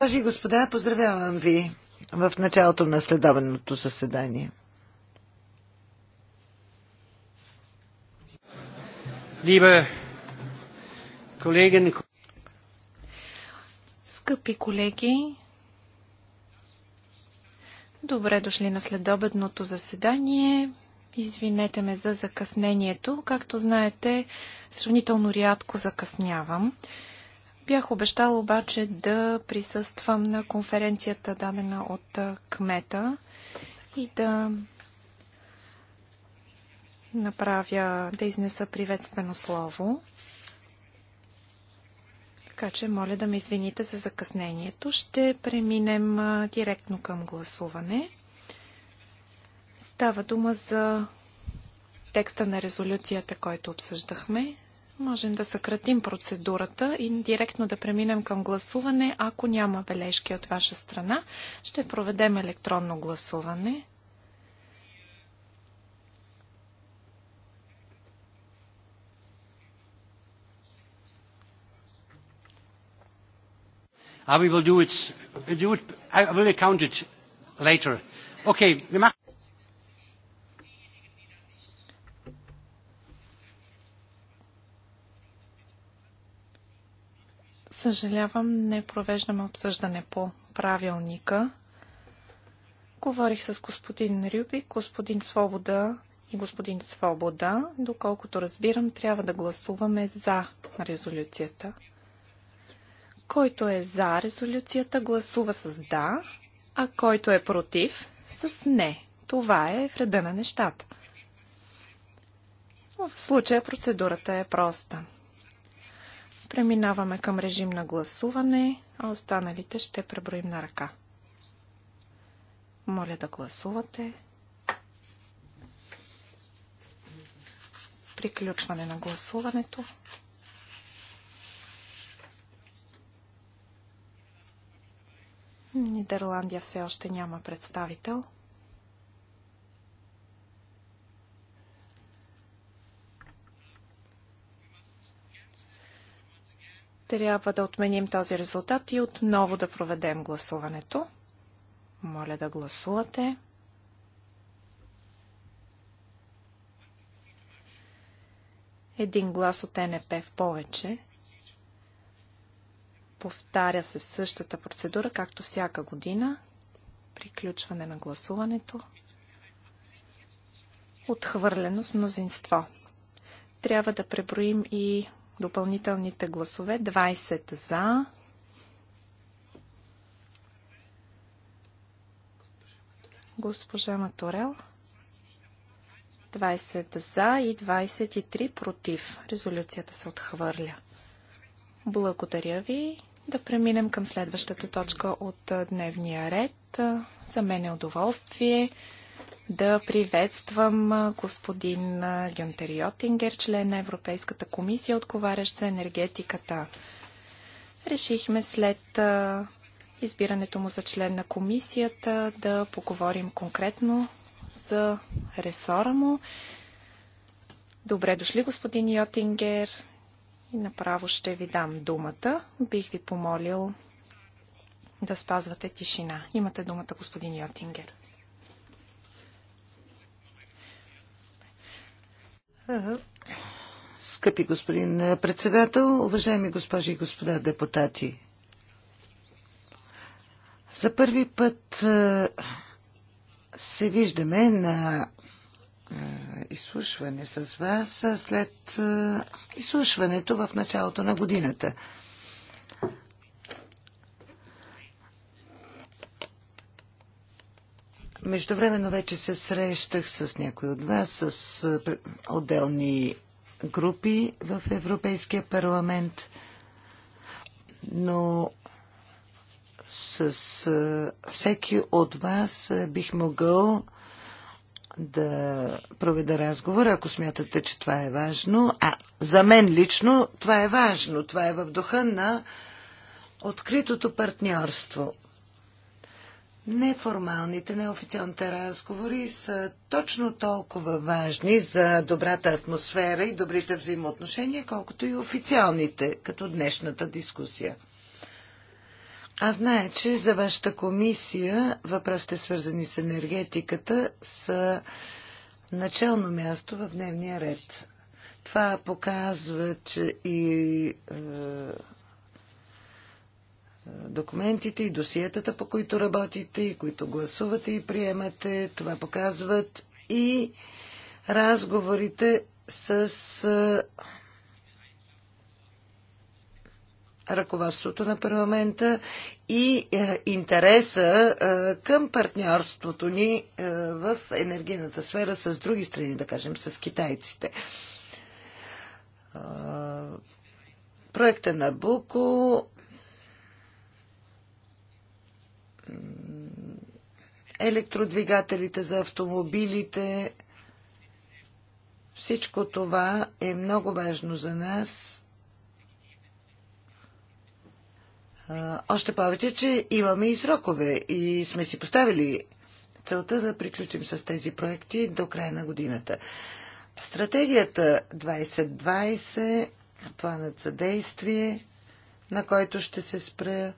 Дами и господа, поздравявам ви в началото на следобедното заседание. Либе колеги, Скъпи колеги, добре дошли на следобедното заседание. Извинете ме за закъснението. Както знаете, сравнително рядко закъснявам. Бях обещала обаче да присъствам на конференцията, дадена от кмета и да направя, да изнеса приветствено слово. Така че моля да ме извините за закъснението. Ще преминем директно към гласуване. Става дума за текста на резолюцията, който обсъждахме. Можем да съкратим процедурата и директно да преминем към гласуване. Ако няма бележки от ваша страна, ще проведем електронно гласуване. I uh, will do it, do it, I will account it later. Okay, Съжалявам, не провеждаме обсъждане по правилника. Говорих с господин Рюбик, господин Свобода и господин Свобода. Доколкото разбирам, трябва да гласуваме за резолюцията. Който е за резолюцията, гласува с да, а който е против, с не. Това е вреда на нещата. В случая процедурата е проста. Преминаваме към режим на гласуване, а останалите ще преброим на ръка. Моля да гласувате. Приключване на гласуването. Нидерландия все още няма представител. Трябва да отменим този резултат и отново да проведем гласуването. Моля да гласувате. Един глас от НП в повече. Повтаря се същата процедура, както всяка година. Приключване на гласуването. Отхвърлено с мнозинство. Трябва да преброим и допълнителните гласове. 20 за. Госпожа Маторел. 20 за и 23 против. Резолюцията се отхвърля. Благодаря ви. Да преминем към следващата точка от дневния ред. За мен е удоволствие да приветствам господин Гюнтер Йотингер, член на Европейската комисия, отговарящ за енергетиката. Решихме след избирането му за член на комисията да поговорим конкретно за ресора му. Добре дошли, господин Йотингер. И направо ще ви дам думата. Бих ви помолил да спазвате тишина. Имате думата, господин Йотингер. Скъпи господин председател, уважаеми госпожи и господа депутати, за първи път е, се виждаме на е, изслушване с вас след е, изслушването в началото на годината – Междувременно вече се срещах с някои от вас, с е, отделни групи в Европейския парламент, но с е, всеки от вас е, бих могъл да проведа разговор, ако смятате, че това е важно. А за мен лично това е важно. Това е в духа на откритото партньорство. Неформалните, неофициалните разговори са точно толкова важни за добрата атмосфера и добрите взаимоотношения, колкото и официалните, като днешната дискусия. Аз знае, че за вашата комисия въпросите свързани с енергетиката са начално място в дневния ред. Това показва, че и е, документите и досиетата, по които работите и които гласувате и приемате. Това показват и разговорите с ръководството на парламента и интереса към партньорството ни в енергийната сфера с други страни, да кажем с китайците. Проекта на Буко електродвигателите за автомобилите. Всичко това е много важно за нас. Още повече, че имаме и срокове и сме си поставили целта да приключим с тези проекти до края на годината. Стратегията 2020, планът за действие, на който ще се спра,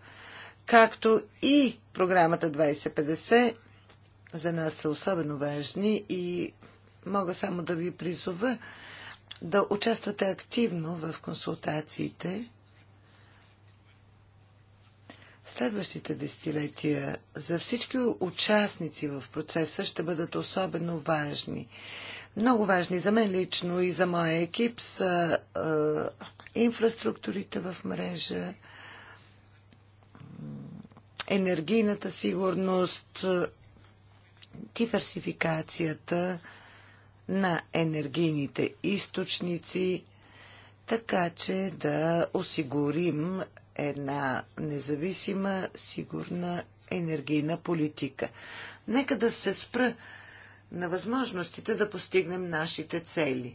както и програмата 2050 за нас са особено важни и мога само да ви призова да участвате активно в консултациите. Следващите десетилетия за всички участници в процеса ще бъдат особено важни. Много важни за мен лично и за моя екип са е, инфраструктурите в мрежа, енергийната сигурност, диверсификацията на енергийните източници, така че да осигурим една независима, сигурна енергийна политика. Нека да се спра на възможностите да постигнем нашите цели.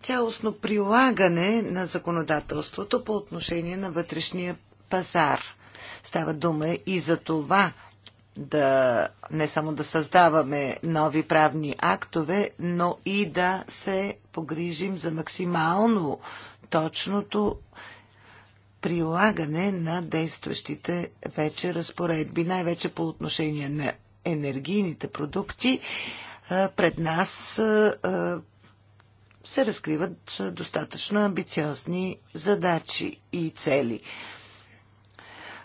Цялостно прилагане на законодателството по отношение на вътрешния пазар. Става дума и за това да не само да създаваме нови правни актове, но и да се погрижим за максимално точното прилагане на действащите вече разпоредби, най-вече по отношение на енергийните продукти. Пред нас се разкриват достатъчно амбициозни задачи и цели.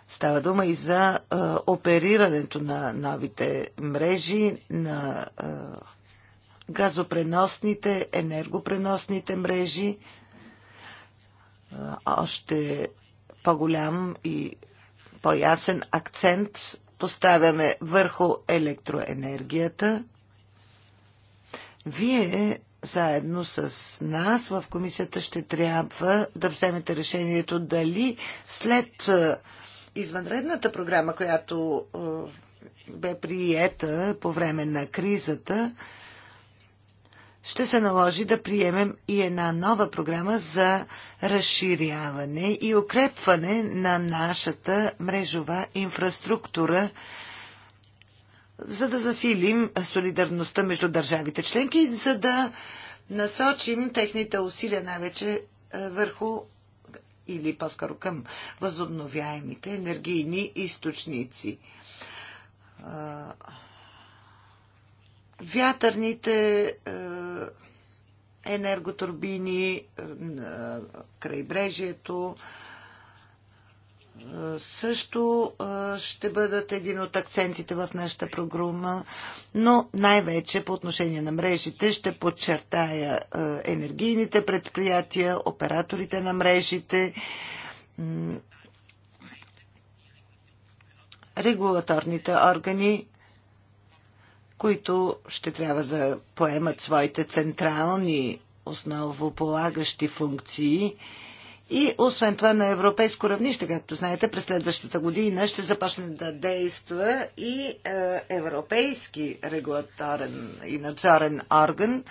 Става дума и за а, оперирането на новите мрежи, на а, газопреносните, енергопреносните мрежи. А, още по-голям и по-ясен акцент поставяме върху електроенергията. Вие заедно с нас в комисията ще трябва да вземете решението дали след извънредната програма, която е, бе приета по време на кризата, ще се наложи да приемем и една нова програма за разширяване и укрепване на нашата мрежова инфраструктура, за да засилим солидарността между държавите членки и за да насочим техните усилия най-вече е, върху или по-скоро към възобновяемите енергийни източници. Вятърните енерготурбини, крайбрежието, е, също е, ще бъдат един от акцентите в нашата програма, но най-вече по отношение на мрежите ще подчертая е, енергийните предприятия, операторите на мрежите, регулаторните органи, които ще трябва да поемат своите централни основополагащи функции – и освен това на европейско равнище, както знаете, през следващата година ще започне да действа и е, европейски регулаторен и надзорен орган,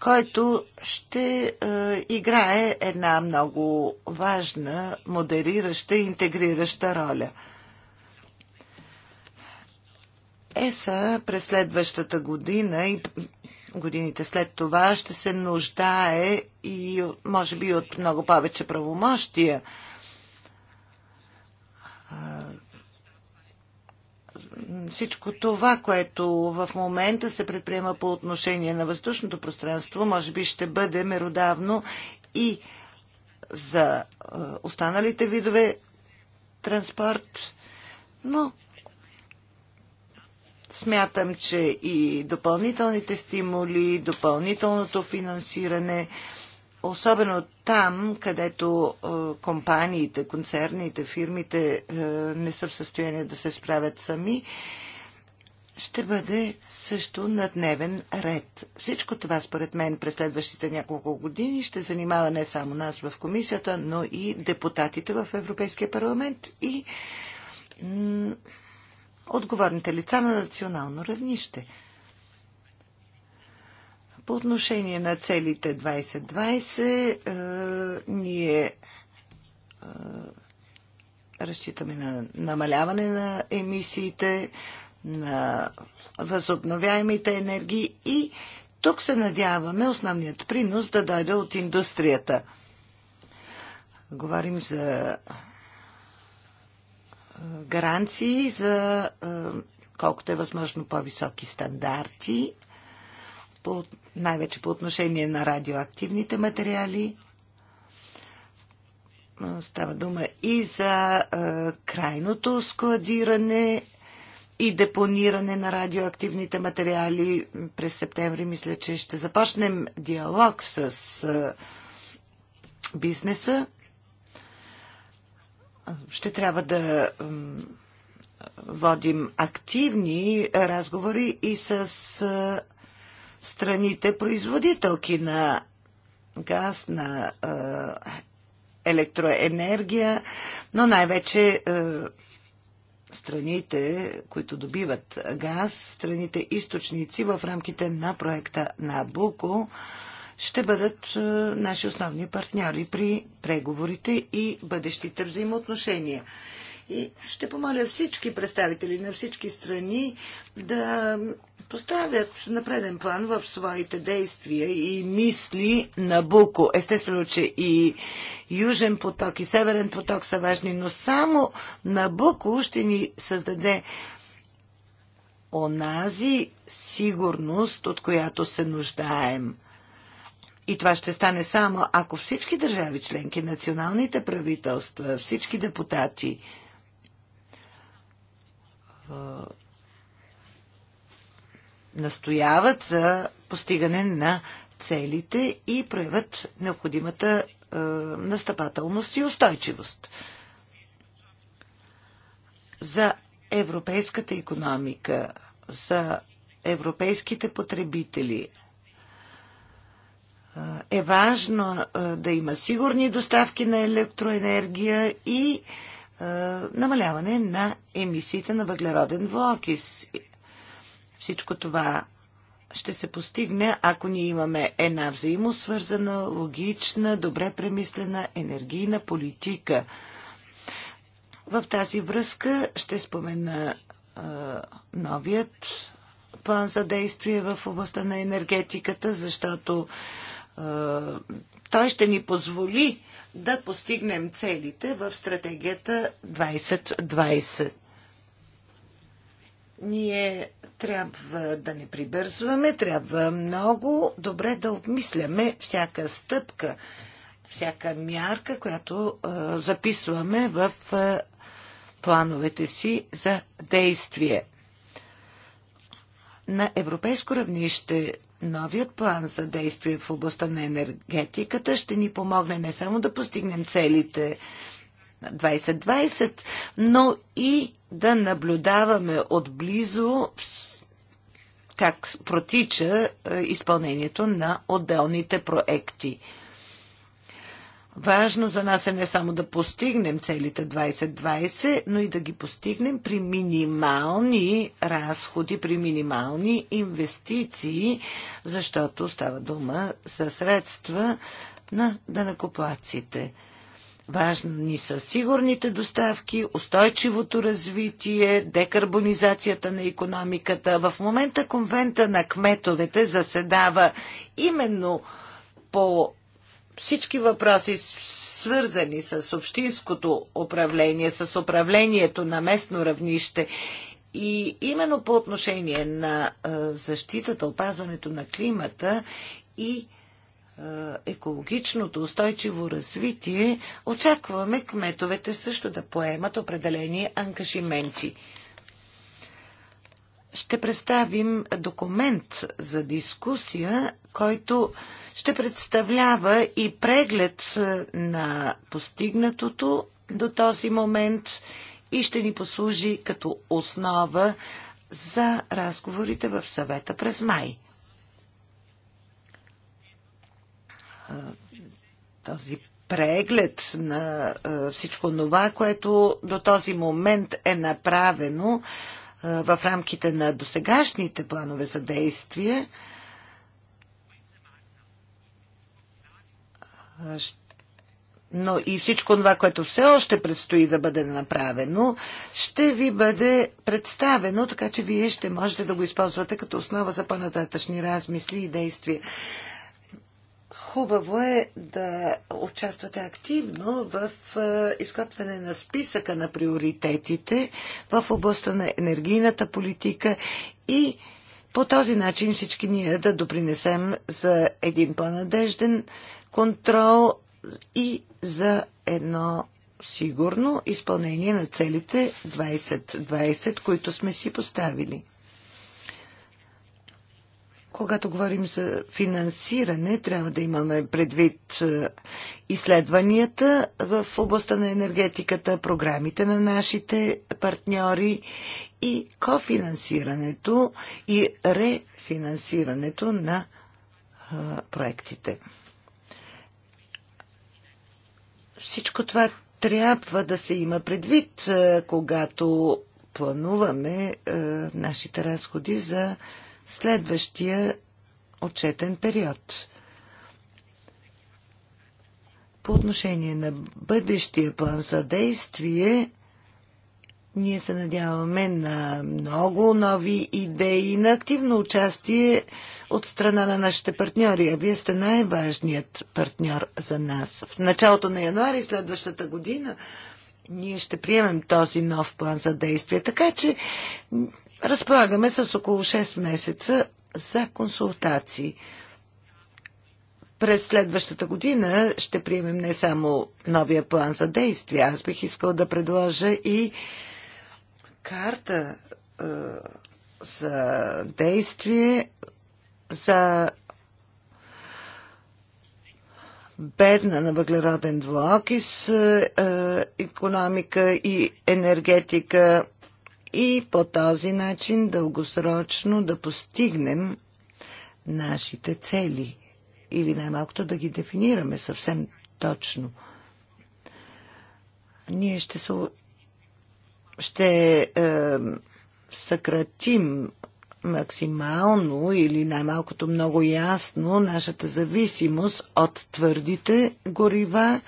който ще е, играе една много важна, модерираща и интегрираща роля. ЕСА през следващата година и годините след това ще се нуждае и може би от много повече правомощия. Всичко това, което в момента се предприема по отношение на въздушното пространство, може би ще бъде меродавно и за останалите видове транспорт, но Смятам, че и допълнителните стимули, допълнителното финансиране, особено там, където е, компаниите, концерните, фирмите е, не са в състояние да се справят сами, ще бъде също на дневен ред. Всичко това, според мен, през следващите няколко години ще занимава не само нас в комисията, но и депутатите в Европейския парламент и отговорните лица на национално равнище. По отношение на целите 2020, е, ние е, разчитаме на намаляване на емисиите, на възобновяемите енергии и тук се надяваме основният принос да дойде от индустрията. Говорим за гаранции за колкото е възможно по-високи стандарти, по, най-вече по отношение на радиоактивните материали. Става дума и за крайното складиране и депониране на радиоактивните материали. През септември мисля, че ще започнем диалог с бизнеса ще трябва да водим активни разговори и с страните производителки на газ, на електроенергия, но най-вече страните, които добиват газ, страните източници в рамките на проекта на Буко ще бъдат е, наши основни партньори при преговорите и бъдещите взаимоотношения. И ще помоля всички представители на всички страни да поставят на преден план в своите действия и мисли на Буко. Естествено, че и Южен поток и Северен поток са важни, но само на Буко ще ни създаде онази сигурност, от която се нуждаем – и това ще стане само ако всички държави членки, националните правителства, всички депутати настояват за постигане на целите и проявят необходимата настъпателност и устойчивост. За европейската економика, за европейските потребители, е важно да има сигурни доставки на електроенергия и намаляване на емисиите на въглероден двуокис. Всичко това ще се постигне, ако ние имаме една взаимосвързана, логична, добре премислена енергийна политика. В тази връзка ще спомена е, новият план за действие в областта на енергетиката, защото е, е, той ще ни позволи да постигнем целите в стратегията 2020. Ние трябва да не прибързваме, трябва много добре да обмисляме всяка стъпка, всяка мярка, която е, записваме в е, плановете си за действие. На европейско равнище Новият план за действие в областта на енергетиката ще ни помогне не само да постигнем целите 2020, но и да наблюдаваме отблизо как протича е, изпълнението на отделните проекти. Важно за нас е не само да постигнем целите 2020, но и да ги постигнем при минимални разходи, при минимални инвестиции, защото става дума за средства на данакоплаците. Важни са сигурните доставки, устойчивото развитие, декарбонизацията на економиката. В момента конвента на кметовете заседава именно по всички въпроси, свързани с общинското управление, с управлението на местно равнище и именно по отношение на защитата, опазването на климата и екологичното устойчиво развитие, очакваме кметовете също да поемат определени ангажименти ще представим документ за дискусия, който ще представлява и преглед е, на постигнатото до този момент и ще ни послужи като основа за разговорите в съвета през май. Е, този преглед на е, всичко това, което до този момент е направено, в рамките на досегашните планове за действие но и всичко това, което все още предстои да бъде направено, ще ви бъде представено, така че вие ще можете да го използвате като основа за по-нататъчни размисли и действия. Хубаво е да участвате активно в е, изготвяне на списъка на приоритетите в областта на енергийната политика и по този начин всички ние да допринесем за един по-надежден контрол и за едно сигурно изпълнение на целите 2020, които сме си поставили. Когато говорим за финансиране, трябва да имаме предвид е, изследванията в областта на енергетиката, програмите на нашите партньори и кофинансирането и рефинансирането на е, проектите. Всичко това трябва да се има предвид, е, когато плануваме нашите разходи за следващия отчетен период. По отношение на бъдещия план за действие, ние се надяваме на много нови идеи и на активно участие от страна на нашите партньори. А вие сте най-важният партньор за нас. В началото на януари следващата година ние ще приемем този нов план за действие. Така че разполагаме с около 6 месеца за консултации. През следващата година ще приемем не само новия план за действие, аз бих искал да предложа и карта е, за действие за бедна на въглероден двуокис, е, економика и енергетика и по този начин дългосрочно да постигнем нашите цели или най-малкото да ги дефинираме съвсем точно. Ние ще, се, ще е, съкратим максимално или най-малкото много ясно нашата зависимост от твърдите горива,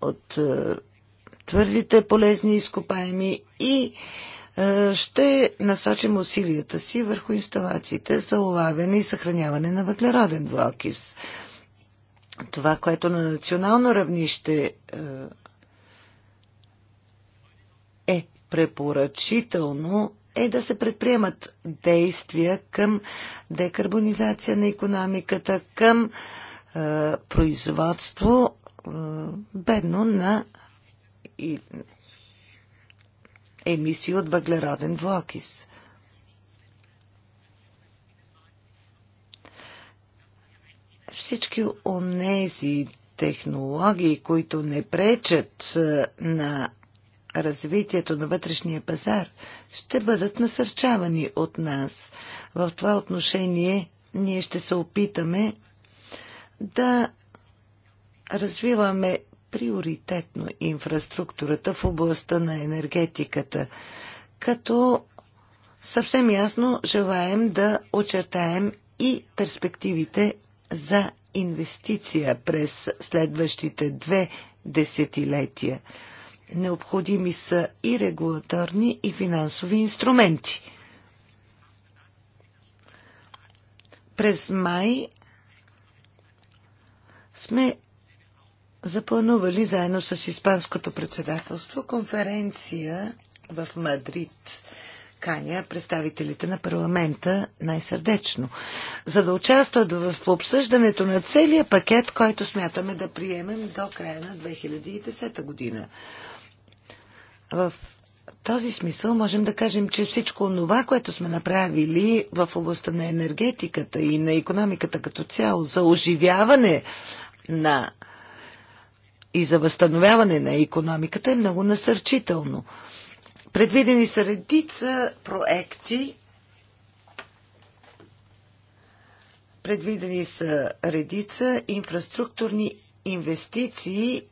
от е, твърдите полезни изкопаеми и е, ще насочим усилията си върху инсталациите за улавяне и съхраняване на въглероден двуокис. Това, което на национално равнище е, е препоръчително, е да се предприемат действия към декарбонизация на економиката, към е, производство бедно на и емисии от въглероден двуокис. Всички онези технологии, които не пречат е, на развитието на вътрешния пазар, ще бъдат насърчавани от нас. В това отношение ние ще се опитаме да развиваме приоритетно инфраструктурата в областта на енергетиката, като съвсем ясно желаем да очертаем и перспективите за инвестиция през следващите две десетилетия. Необходими са и регулаторни и финансови инструменти. През май сме запланували заедно с Испанското председателство конференция в Мадрид. Каня представителите на парламента най-сърдечно, за да участват в обсъждането на целия пакет, който смятаме да приемем до края на 2010 година. В този смисъл можем да кажем, че всичко това, което сме направили в областта на енергетиката и на економиката като цяло за оживяване на и за възстановяване на економиката е много насърчително. Предвидени са редица проекти, предвидени са редица инфраструктурни инвестиции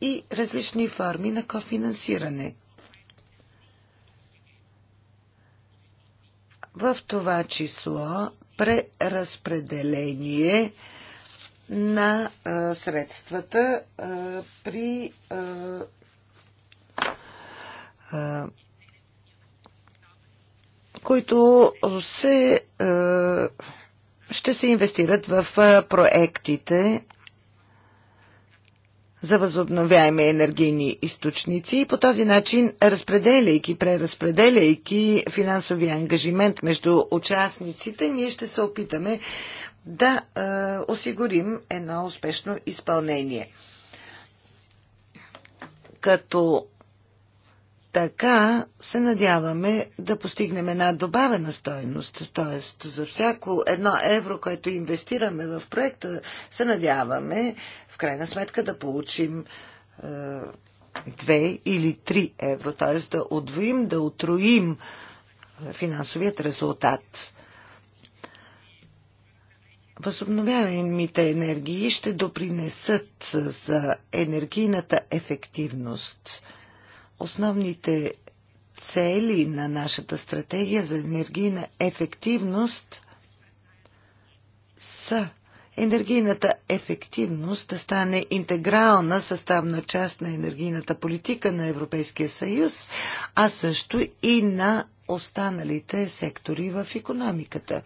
и различни форми на кофинансиране. В това число преразпределение на а, средствата а, при а, а, които се, а, ще се инвестират в а, проектите за възобновяеми енергийни източници и по този начин разпределяйки, преразпределяйки финансовия ангажимент между участниците, ние ще се опитаме да е, осигурим едно успешно изпълнение. Като така се надяваме да постигнем една добавена стойност, т.е. за всяко едно евро, което инвестираме в проекта, се надяваме в крайна сметка да получим е, 2 или 3 евро, т.е. да отвоим, да утроим е, финансовият резултат. Възобновяемите енергии ще допринесат за енергийната ефективност. Основните цели на нашата стратегия за енергийна ефективност са енергийната ефективност да стане интегрална съставна част на енергийната политика на Европейския съюз, а също и на останалите сектори в економиката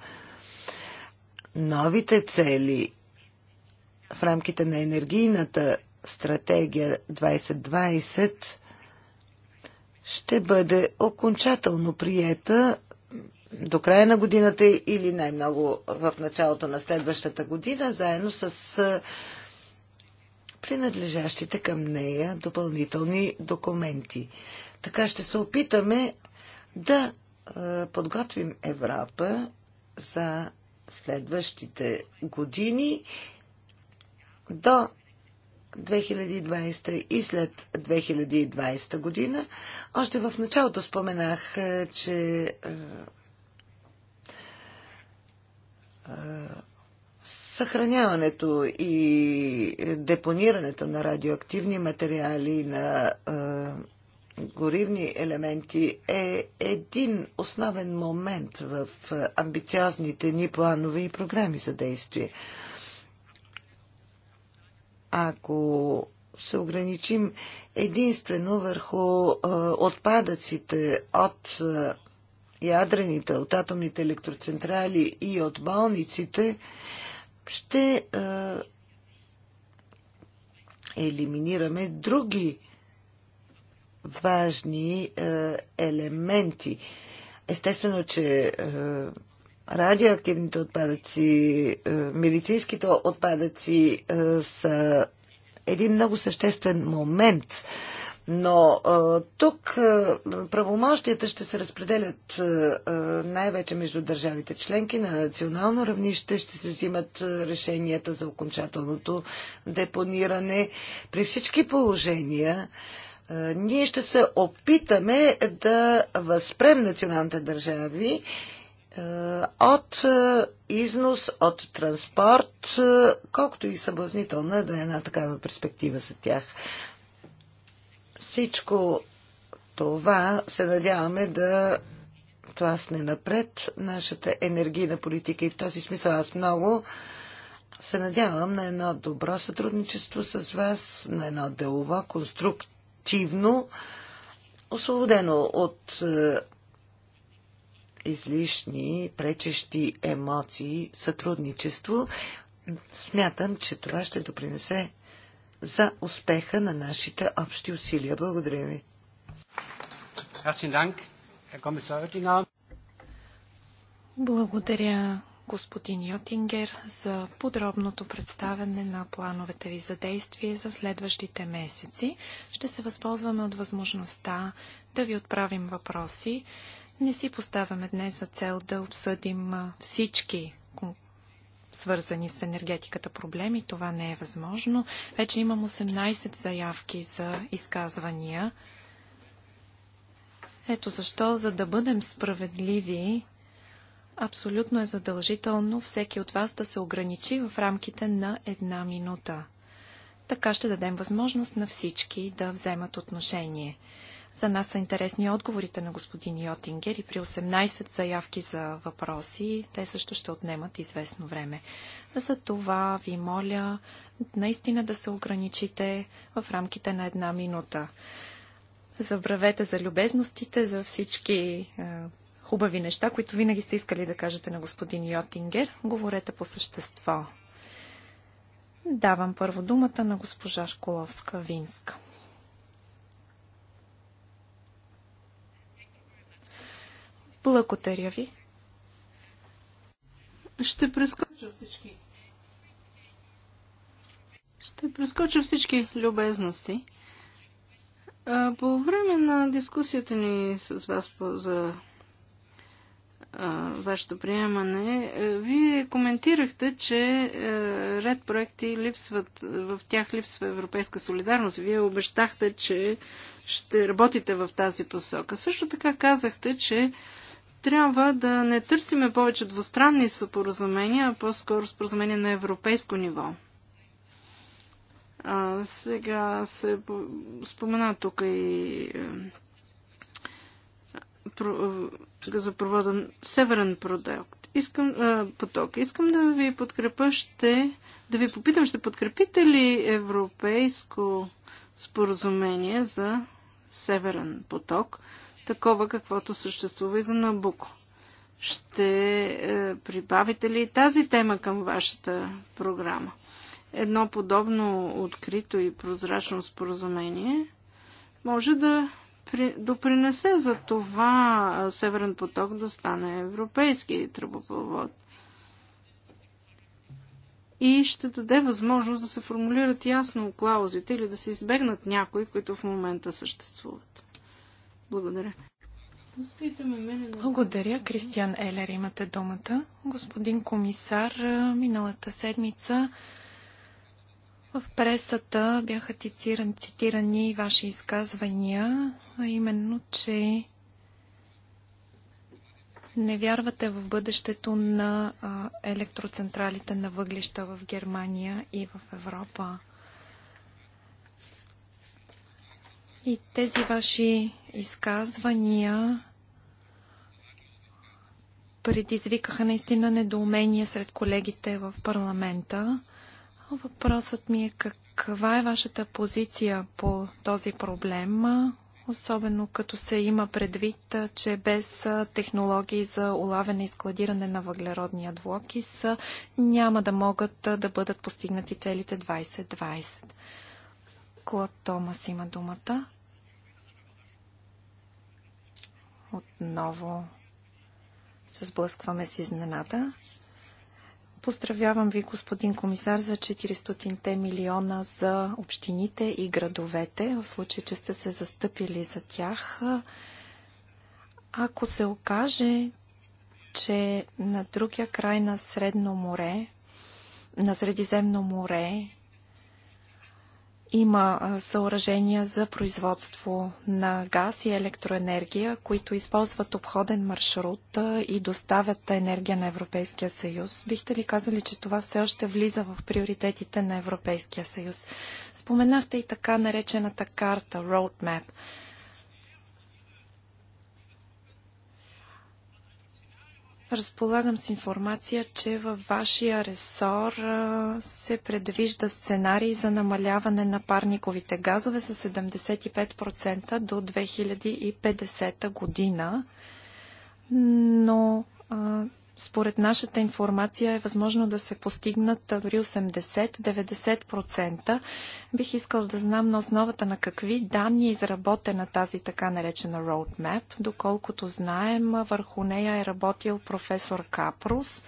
новите цели в рамките на енергийната стратегия 2020 ще бъде окончателно приета до края на годината или най-много в началото на следващата година, заедно с принадлежащите към нея допълнителни документи. Така ще се опитаме да подготвим Европа за следващите години до 2020 и след 2020 година. Още в началото споменах, е, че е, е, съхраняването и депонирането на радиоактивни материали, на горивни елементи е един основен момент в амбициозните ни планове и програми за действие. Ако се ограничим единствено върху отпадъците от ядрените, от атомните електроцентрали и от болниците, ще елиминираме други важни е, елементи. Естествено, че е, радиоактивните отпадъци, е, медицинските отпадъци са един много съществен момент. Но а, тук а, правомощията ще се разпределят най-вече между държавите членки на национално равнище, ще се взимат решенията за окончателното депониране. При всички положения е, ние ще се опитаме да възпрем националните държави е, от е, износ, от транспорт, колкото и съблазнителна да е една такава перспектива за тях. Всичко това се надяваме да тласне напред нашата енергийна политика и в този смисъл аз много се надявам на едно добро сътрудничество с вас, на едно делово, конструкт активно, освободено от е, излишни, пречещи емоции, сътрудничество, смятам, че това ще допринесе за успеха на нашите общи усилия. Благодаря ви. Благодаря, господин Йотингер, за подробното представяне на плановете ви за действие за следващите месеци. Ще се възползваме от възможността да ви отправим въпроси. Не си поставяме днес за цел да обсъдим всички свързани с енергетиката проблеми. Това не е възможно. Вече имам 18 заявки за изказвания. Ето защо, за да бъдем справедливи, абсолютно е задължително всеки от вас да се ограничи в рамките на една минута. Така ще дадем възможност на всички да вземат отношение. За нас са интересни отговорите на господин Йотингер и при 18 заявки за въпроси те също ще отнемат известно време. За това ви моля наистина да се ограничите в рамките на една минута. Забравете за любезностите, за всички е, хубави неща, които винаги сте искали да кажете на господин Йотингер. Говорете по същество. Давам първо думата на госпожа Школовска-Винска. Благодаря ви. Ще прескоча всички. Ще прескоча всички любезности. По време на дискусията ни с вас за вашето приемане, е, вие коментирахте, че е, ред проекти липсват, в тях липсва европейска солидарност. Вие обещахте, че ще работите в тази посока. Също така казахте, че трябва да не търсиме повече двустранни споразумения, а по-скоро споразумения на европейско ниво. А, сега се спомена тук и е, газопровода Северен продукт. Искам, а, поток. Искам да ви подкрепа, ще, да ви попитам, ще подкрепите ли европейско споразумение за Северен поток, такова каквото съществува и за Набуко? Ще а, е, прибавите ли тази тема към вашата програма? Едно подобно открито и прозрачно споразумение може да допринесе за това Северен поток да стане европейски тръбопровод. И ще даде възможност да се формулират ясно клаузите или да се избегнат някои, които в момента съществуват. Благодаря. Благодаря, Кристиан Елер. Имате думата. Господин комисар, миналата седмица в пресата бяха цитирани ваши изказвания, а именно, че не вярвате в бъдещето на електроцентралите на въглища в Германия и в Европа. И тези ваши изказвания предизвикаха наистина недоумение сред колегите в парламента. Въпросът ми е каква е вашата позиция по този проблем, особено като се има предвид, че без технологии за улавяне и складиране на въглеродния двуокис няма да могат да бъдат постигнати целите 2020. Клод Томас има думата. Отново се сблъскваме с изненада. Поздравявам ви, господин комисар, за 400-те милиона за общините и градовете, в случай, че сте се застъпили за тях. Ако се окаже, че на другия край на Средно море, на Средиземно море има съоръжения за производство на газ и електроенергия, които използват обходен маршрут и доставят енергия на Европейския съюз. Бихте ли казали, че това все още влиза в приоритетите на Европейския съюз? Споменахте и така наречената карта, roadmap – разполагам с информация, че във вашия ресор се предвижда сценарий за намаляване на парниковите газове с 75% до 2050 година, но според нашата информация е възможно да се постигнат дори 80-90%. Бих искал да знам на основата на какви данни е изработена тази така наречена roadmap. Доколкото знаем, върху нея е работил професор Капрус.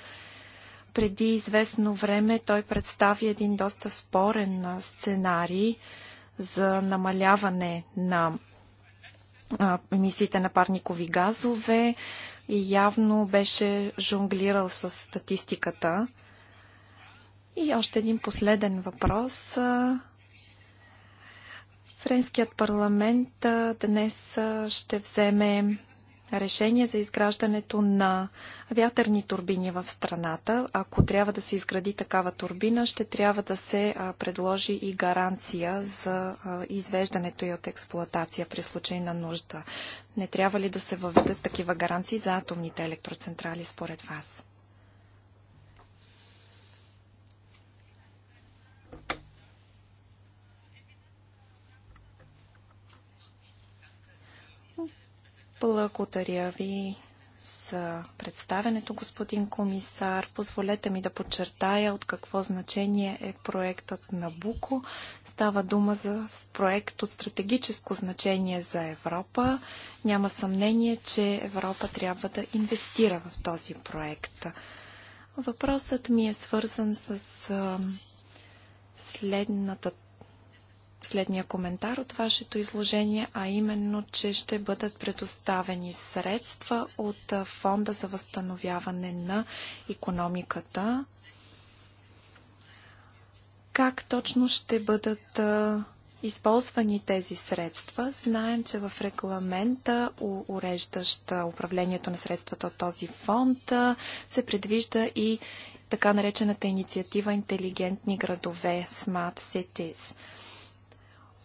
Преди известно време той представи един доста спорен сценарий за намаляване на емисиите на парникови газове, и явно беше жонглирал с статистиката. И още един последен въпрос. Френският парламент днес ще вземе решение за изграждането на вятърни турбини в страната. Ако трябва да се изгради такава турбина, ще трябва да се предложи и гаранция за извеждането и от експлоатация при случай на нужда. Не трябва ли да се въведат такива гаранции за атомните електроцентрали според вас? Благодаря ви за представенето, господин комисар. Позволете ми да подчертая от какво значение е проектът на Буко. Става дума за проект от стратегическо значение за Европа. Няма съмнение, че Европа трябва да инвестира в този проект. Въпросът ми е свързан с следната следния коментар от вашето изложение, а именно, че ще бъдат предоставени средства от Фонда за възстановяване на економиката. Как точно ще бъдат използвани тези средства. Знаем, че в регламента, уреждащ управлението на средствата от този фонд, се предвижда и така наречената инициатива Интелигентни градове Smart Cities.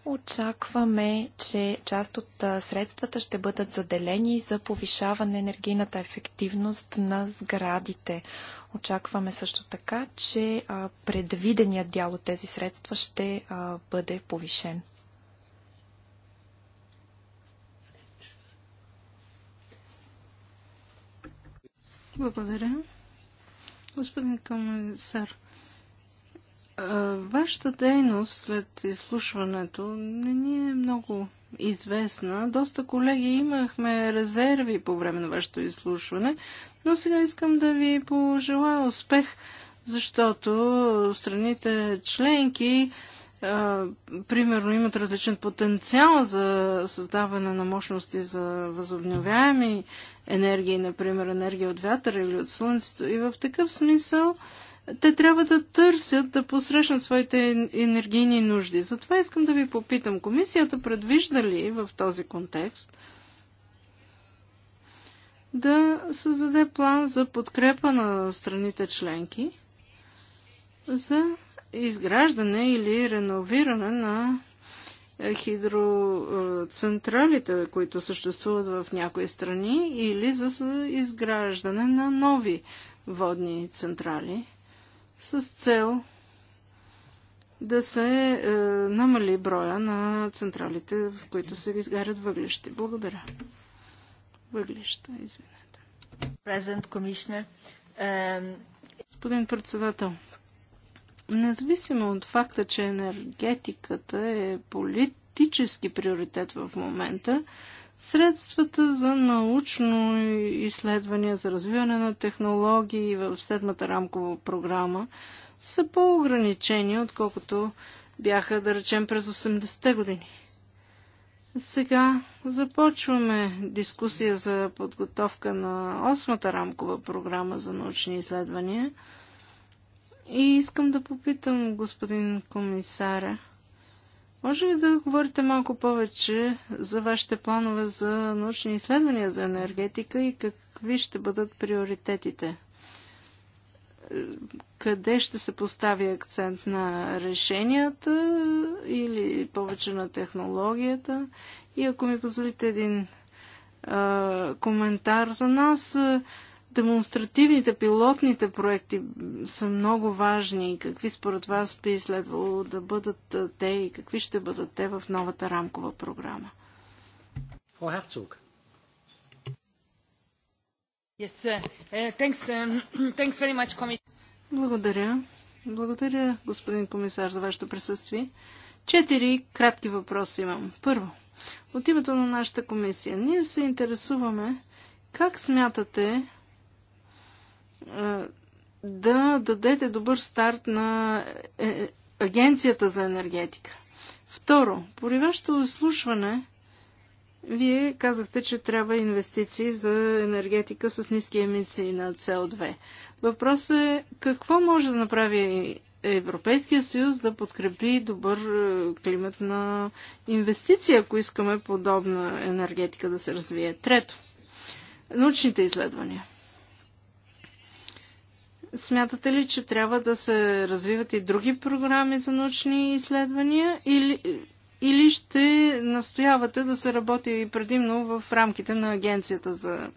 Очакваме, че част от средствата ще бъдат заделени за повишаване на енергийната ефективност на сградите. Очакваме също така, че предвиденият дял от тези средства ще бъде повишен. Благодаря. Господин комисар, Вашата дейност след изслушването не ни е много известна. Доста колеги имахме резерви по време на вашето изслушване, но сега искам да ви пожелая успех, защото страните членки примерно имат различен потенциал за създаване на мощности за възобновяеми енергии, например енергия от вятъра или от слънцето. И в такъв смисъл те трябва да търсят да посрещнат своите енергийни нужди. Затова искам да ви попитам, комисията предвижда ли в този контекст да създаде план за подкрепа на страните членки за изграждане или реновиране на е, хидроцентралите, които съществуват в някои страни, или за изграждане на нови водни централи с цел да се е, намали броя на централите, в които се изгарят въглища. Благодаря. Въглища, извинете. Президент комишнер. Господин председател, независимо от факта, че енергетиката е политически приоритет в момента, Средствата за научно изследване, за развиване на технологии в седмата рамкова програма са по-ограничени, отколкото бяха, да речем, през 80-те години. Сега започваме дискусия за подготовка на 8-та рамкова програма за научни изследвания. И искам да попитам господин комисаря. Може ли да говорите малко повече за вашите планове за научни изследвания за енергетика и какви ще бъдат приоритетите? Къде ще се постави акцент на решенията или повече на технологията? И ако ми позволите един а, коментар за нас, а, Демонстративните, пилотните проекти са много важни. Какви според вас би следвало да бъдат те и какви ще бъдат те в новата рамкова програма? Uh, um, Благодаря. Благодаря, господин комисар, за вашето присъствие. Четири кратки въпроса имам. Първо, от името на нашата комисия, ние се интересуваме как смятате е, да дадете добър старт на е, е, Агенцията за енергетика. Второ, поради вашето изслушване, вие казахте, че трябва инвестиции за енергетика с ниски емисии на со 2 Въпросът е какво може да направи Европейския съюз да подкрепи добър климат на инвестиции, ако искаме подобна енергетика да се развие. Трето, научните изследвания. Смятате ли, че трябва да се развиват и други програми за научни изследвания или, или ще настоявате да се работи предимно в рамките на Агенцията за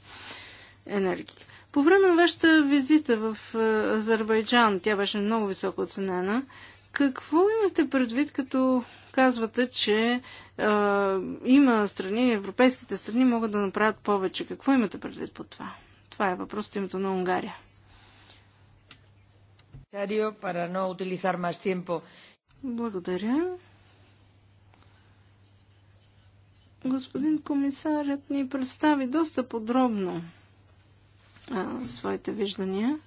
енергия? По време на вашата визита в е, Азербайджан, тя беше много високо оценена, какво имате предвид, като казвате, че е, има страни, европейските страни могат да направят повече? Какво имате предвид по това? Това е въпросът името на Унгария. Благодаря. Господин комисарят ни представи доста подробно а, своите виждания.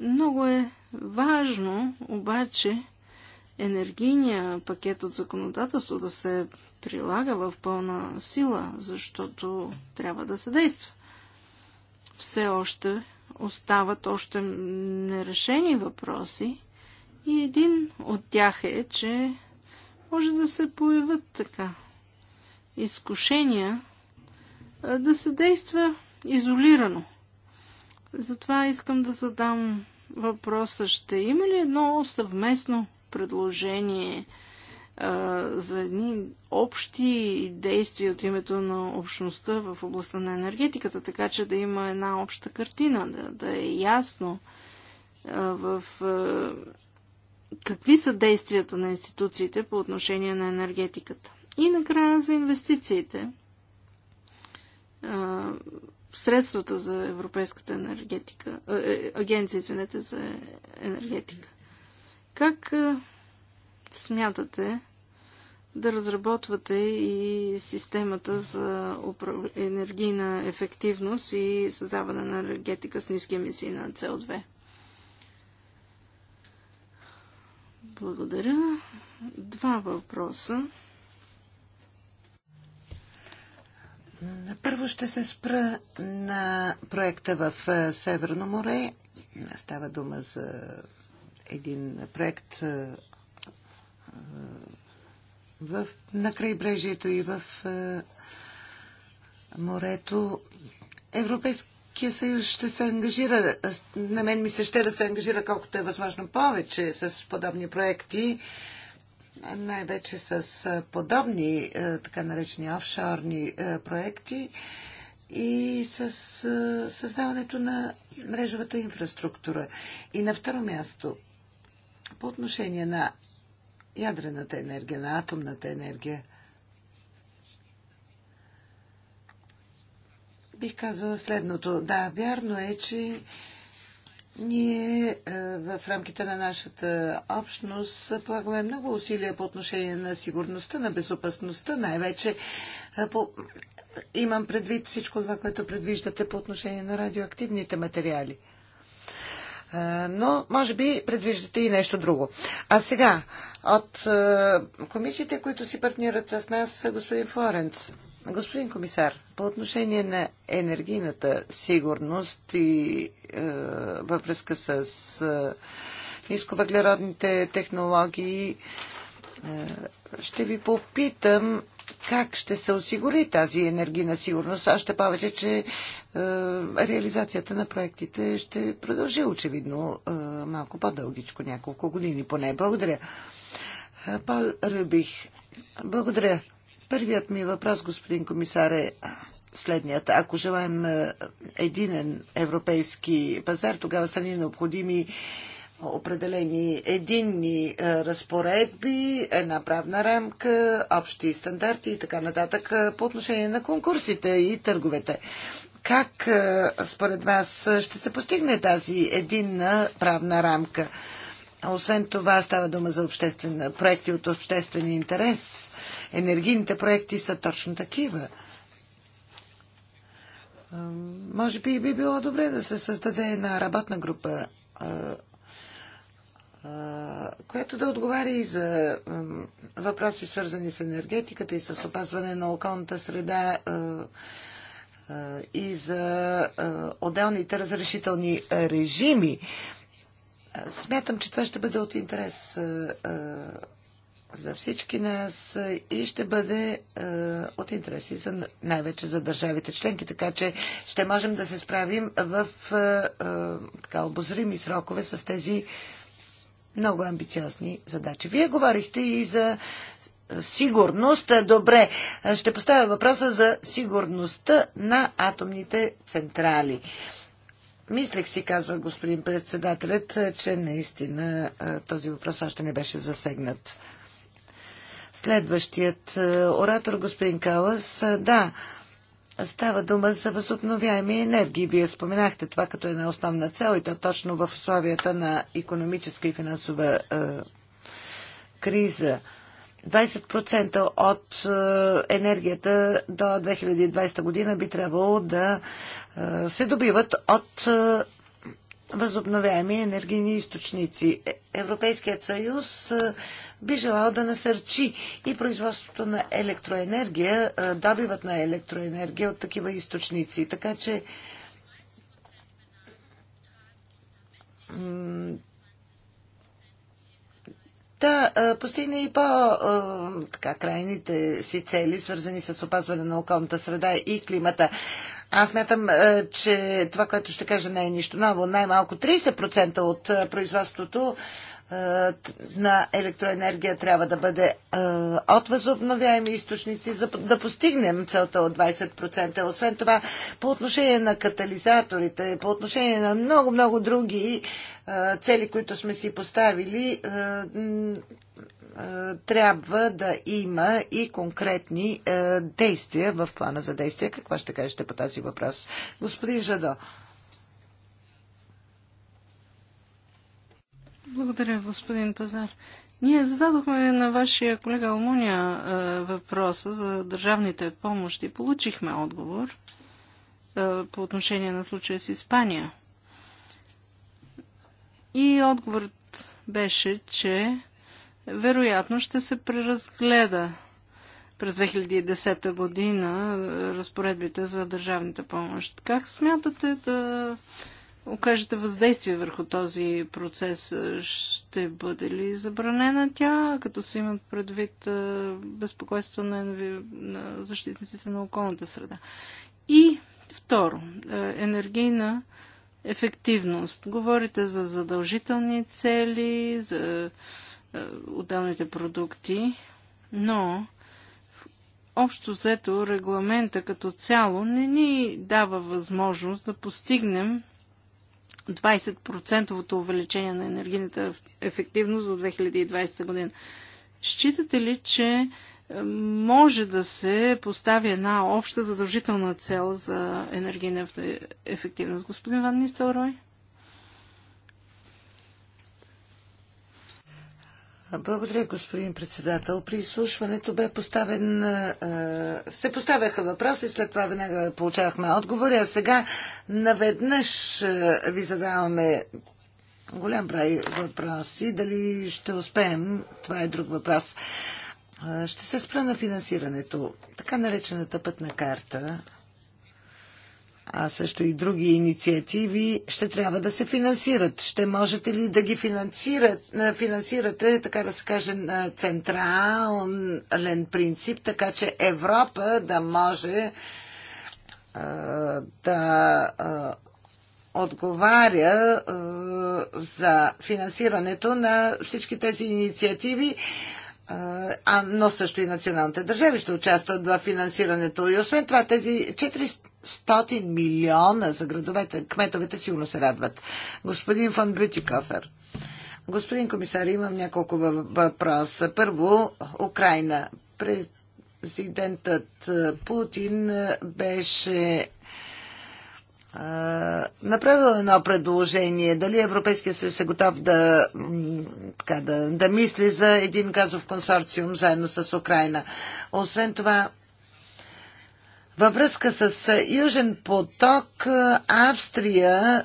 Много е важно, обаче, енергийния пакет от законодателство да се прилага в пълна сила, защото трябва да се действа. Все още остават още нерешени въпроси и един от тях е, че може да се появят така изкушения да се действа изолирано. Затова искам да задам въпроса, ще има ли едно съвместно предложение – за едни общи действия от името на общността в областта на енергетиката, така че да има една обща картина, да, да е ясно в какви са действията на институциите по отношение на енергетиката. И накрая за инвестициите. средствата за Европейската енергетика, е, агенция, извинете, за енергетика. Как смятате да разработвате и системата за енергийна ефективност и създаване на енергетика с ниски емисии на CO2. Благодаря. Два въпроса. Първо ще се спра на проекта в е, Северно море. Става дума за един проект е, е, в, на крайбрежието и в е, морето. Европейския съюз ще се ангажира, на мен ми се ще да се ангажира колкото е възможно повече с подобни проекти, най-вече с е, подобни е, така наречени офшорни е, проекти и с е, създаването на мрежовата инфраструктура. И на второ място, по отношение на ядрената енергия, на атомната енергия. Бих казала следното. Да, вярно е, че ние е, в рамките на нашата общност полагаме много усилия по отношение на сигурността, на безопасността, най-вече е, по... имам предвид всичко това, което предвиждате по отношение на радиоактивните материали но може би предвиждате и нещо друго. А сега, от комисиите, които си партнират с нас, господин Флоренц. Господин комисар, по отношение на енергийната сигурност и е, във връзка с е, нисковъглеродните технологии, е, ще ви попитам как ще се осигури тази енергийна сигурност, още повече, че е, реализацията на проектите ще продължи очевидно е, малко по-дългичко, няколко години поне. Благодаря. Е, Пал Рубих, благодаря. Първият ми въпрос, господин комисар, е следният. Ако желаем е, единен европейски пазар, тогава са ни необходими определени единни е, разпоредби, една правна рамка, общи стандарти и така нататък е, по отношение на конкурсите и търговете. Как е, според вас ще се постигне тази единна правна рамка? Освен това става дума за обществени проекти от обществен интерес. Енергийните проекти са точно такива. Може би би било добре да се създаде една работна група която да отговаря и за въпроси, свързани с енергетиката и с опазване на околната среда и за отделните разрешителни режими. Смятам, че това ще бъде от интерес за всички нас и ще бъде от интереси за, най-вече за държавите членки, така че ще можем да се справим в така обозрими срокове с тези много амбициозни задачи. Вие говорихте и за сигурност. Добре, ще поставя въпроса за сигурността на атомните централи. Мислех си, казва господин председателят, че наистина този въпрос още не беше засегнат. Следващият оратор, господин Калас, да, Става дума за възобновяеми енергии. Вие споменахте това като една основна цел и то точно в условията на економическа и финансова е, криза. 20% от е, енергията до 2020 година би трябвало да е, се добиват от е, възобновяеми енергийни източници. Е, Европейският съюз е, би желал да насърчи и производството на електроенергия, е, добивът на електроенергия от такива източници. Така че да постигне и по-крайните си цели, свързани с опазване на околната среда и климата. Аз мятам, е, че това, което ще кажа, не е нищо ново. Най-малко 30% от е, производството е, на електроенергия трябва да бъде от възобновяеми източници, за да постигнем целта от 20%. Освен това, по отношение на катализаторите, по отношение на много-много други цели, които сме си поставили, е, трябва да има и конкретни е, действия в плана за действие. Какво ще кажете по тази въпрос? Господин Жадо. Благодаря, господин Пазар. Ние зададохме на вашия колега Алмуния е, въпроса за държавните помощи. Получихме отговор е, по отношение на случая с Испания. И отговорът беше, че вероятно ще се преразгледа през 2010 година е, разпоредбите за държавната помощ. Как смятате да окажете въздействие върху този процес? Е, ще бъде ли забранена тя, като се имат предвид е, безпокойство на, на защитниците на околната среда? И второ, енергийна ефективност. Говорите за задължителни цели, за е, отделните продукти, но общо взето регламента като цяло не ни дава възможност да постигнем 20 увеличение на енергийната ефективност до 2020 година. Считате ли, че е, може да се постави една обща задължителна цел за енергийна ефективност? Господин Ван Нистелрой? Благодаря, господин председател. При изслушването бе поставен, се поставяха въпроси, след това веднага получавахме отговори, а сега наведнъж ви задаваме голям брай въпроси. Дали ще успеем, това е друг въпрос. Ще се спра на финансирането. Така наречената пътна карта а също и други инициативи ще трябва да се финансират. Ще можете ли да ги финансират, финансирате, така да се каже, на централен принцип, така че Европа да може да отговаря за финансирането на всички тези инициативи а, но също и националните държави ще участват в финансирането. И освен това, тези 400 милиона за градовете, кметовете сигурно се радват. Господин Фан Бютикофер. Господин комисар, имам няколко въпроса. Първо, Украина. Президентът Путин беше направил едно предложение. Дали Европейския съюз е готов да, така, да, да мисли за един газов консорциум заедно с Украина. Освен това, във връзка с Южен поток, Австрия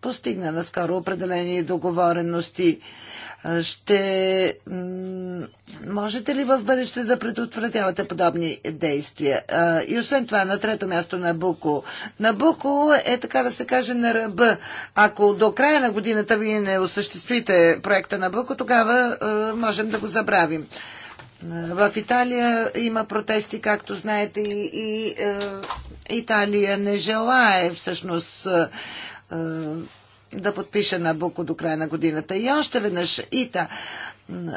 постигна наскоро определени договорености. Ще можете ли в бъдеще да предотвратявате подобни действия? И освен това, на трето място на Буко. На Буко е така да се каже на ръба. Ако до края на годината вие не осъществите проекта на Буко, тогава можем да го забравим. В Италия има протести, както знаете, и, и Италия не желае всъщност да подпише на Буко до края на годината. И още веднъж, ИТА,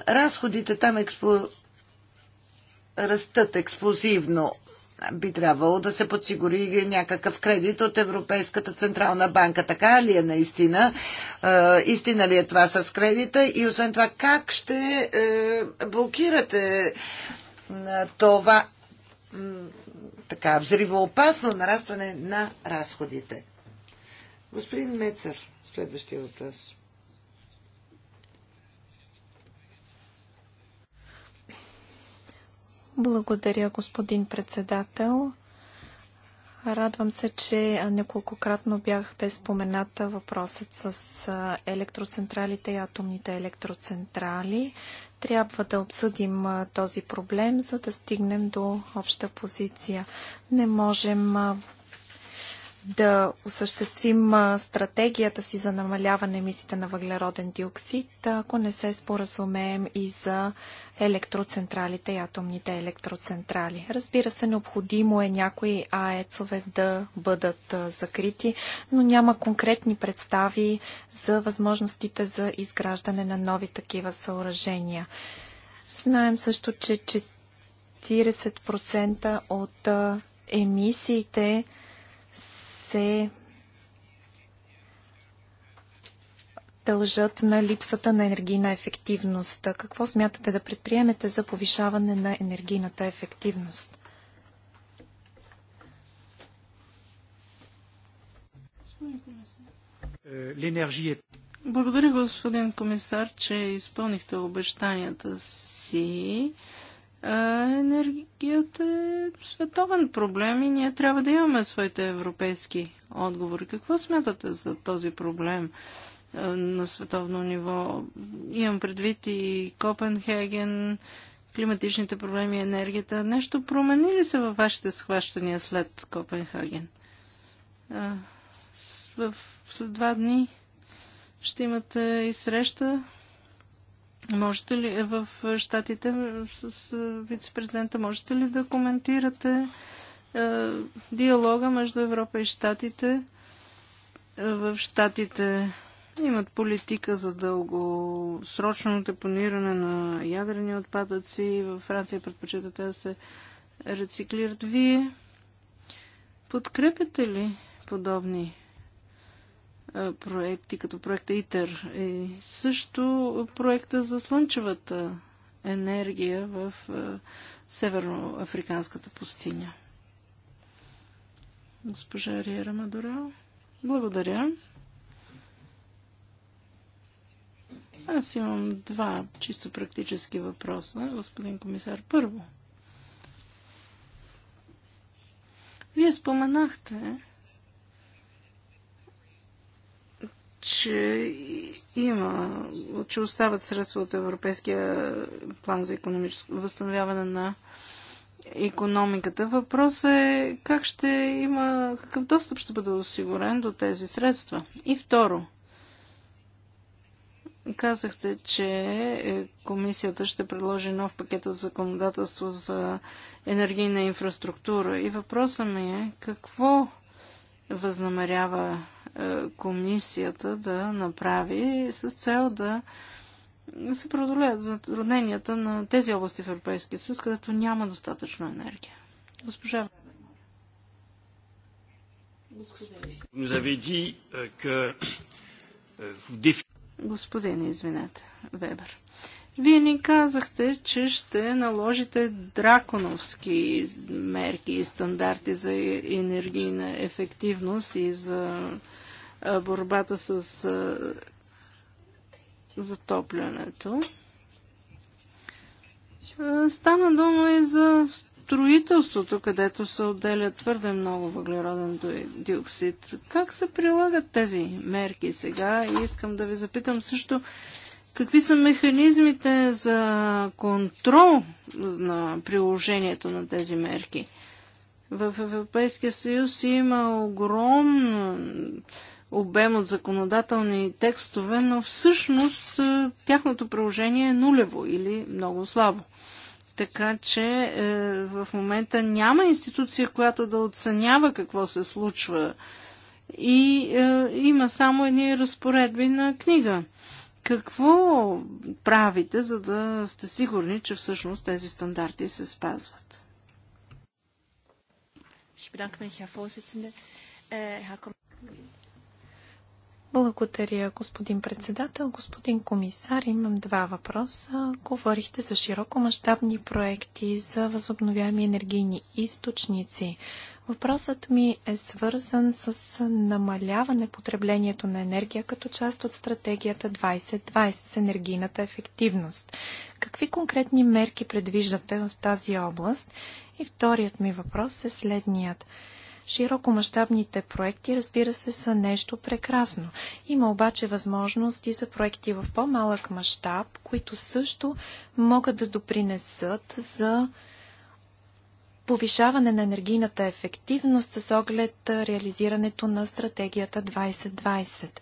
разходите там експо... растат експлозивно. Би трябвало да се подсигури някакъв кредит от Европейската Централна банка. Така ли е наистина? истина ли е това с кредита? И освен това, как ще е, блокирате това така взривоопасно нарастване на разходите? Господин Мецър, следващия въпрос. Благодаря, господин председател. Радвам се, че неколкократно бях без спомената въпросът с електроцентралите и атомните електроцентрали. Трябва да обсъдим този проблем, за да стигнем до обща позиция. Не можем да осъществим стратегията си за намаляване емисиите на въглероден диоксид, ако не се споразумеем и за електроцентралите и атомните електроцентрали. Разбира се, необходимо е някои АЕЦове да бъдат закрити, но няма конкретни представи за възможностите за изграждане на нови такива съоръжения. Знаем също, че 40% от емисиите се дължат на липсата на енергийна ефективност. Какво смятате да предприемете за повишаване на енергийната ефективност? Благодаря, господин комисар, че изпълнихте обещанията си енергията е световен проблем и ние трябва да имаме своите европейски отговори. Какво смятате за този проблем на световно ниво? Имам предвид и Копенхаген, климатичните проблеми, енергията. Нещо промени ли се във вашите схващания след Копенхаген? След два дни ще имате и среща Можете ли е, в е, щатите е, с вице-президента, можете ли да коментирате е, диалога между Европа и щатите? В щатите имат политика за дългосрочно депониране на ядрени отпадъци. Във Франция предпочитат да се рециклират. Вие подкрепяте ли подобни проекти, като проекта ИТЕР и също проекта за слънчевата енергия в Северноафриканската пустиня. Госпожа Ариера Мадорал, благодаря. Аз имам два чисто практически въпроса, господин комисар. Първо, вие споменахте, че има, че остават средства от Европейския план за економическо възстановяване на економиката. Въпросът е как ще има, какъв достъп ще бъде осигурен до тези средства. И второ, казахте, че комисията ще предложи нов пакет от законодателство за енергийна инфраструктура. И въпросът ми е какво възнамерява е, комисията да направи с цел да се преодолеят затрудненията на тези области в Европейския съюз, където няма достатъчно енергия. Госпожа euh, euh, Господин, извинете, Вебер. Вие ни казахте, че ще наложите драконовски мерки и стандарти за енергийна ефективност и за борбата с затоплянето. Стана дума и за строителството, където се отделя твърде много въглероден диоксид. Как се прилагат тези мерки сега? И искам да ви запитам също Какви са механизмите за контрол на приложението на тези мерки? В Европейския съюз има огромен обем от законодателни текстове, но всъщност е, тяхното приложение е нулево или много слабо. Така че е, в момента няма институция, която да оценява какво се случва и е, има само едни разпоредби на книга. Какво правите, за да сте сигурни, че всъщност тези стандарти се спазват? Äh, Благодаря, господин председател. Господин комисар, имам два въпроса. Говорихте за широко проекти за възобновяеми енергийни източници. Въпросът ми е свързан с намаляване потреблението на енергия като част от стратегията 2020 с енергийната ефективност. Какви конкретни мерки предвиждате в тази област? И вторият ми въпрос е следният. Широкомащабните проекти, разбира се, са нещо прекрасно. Има обаче възможности за проекти в по-малък мащаб, които също могат да допринесат за повишаване на енергийната ефективност с оглед реализирането на стратегията 2020.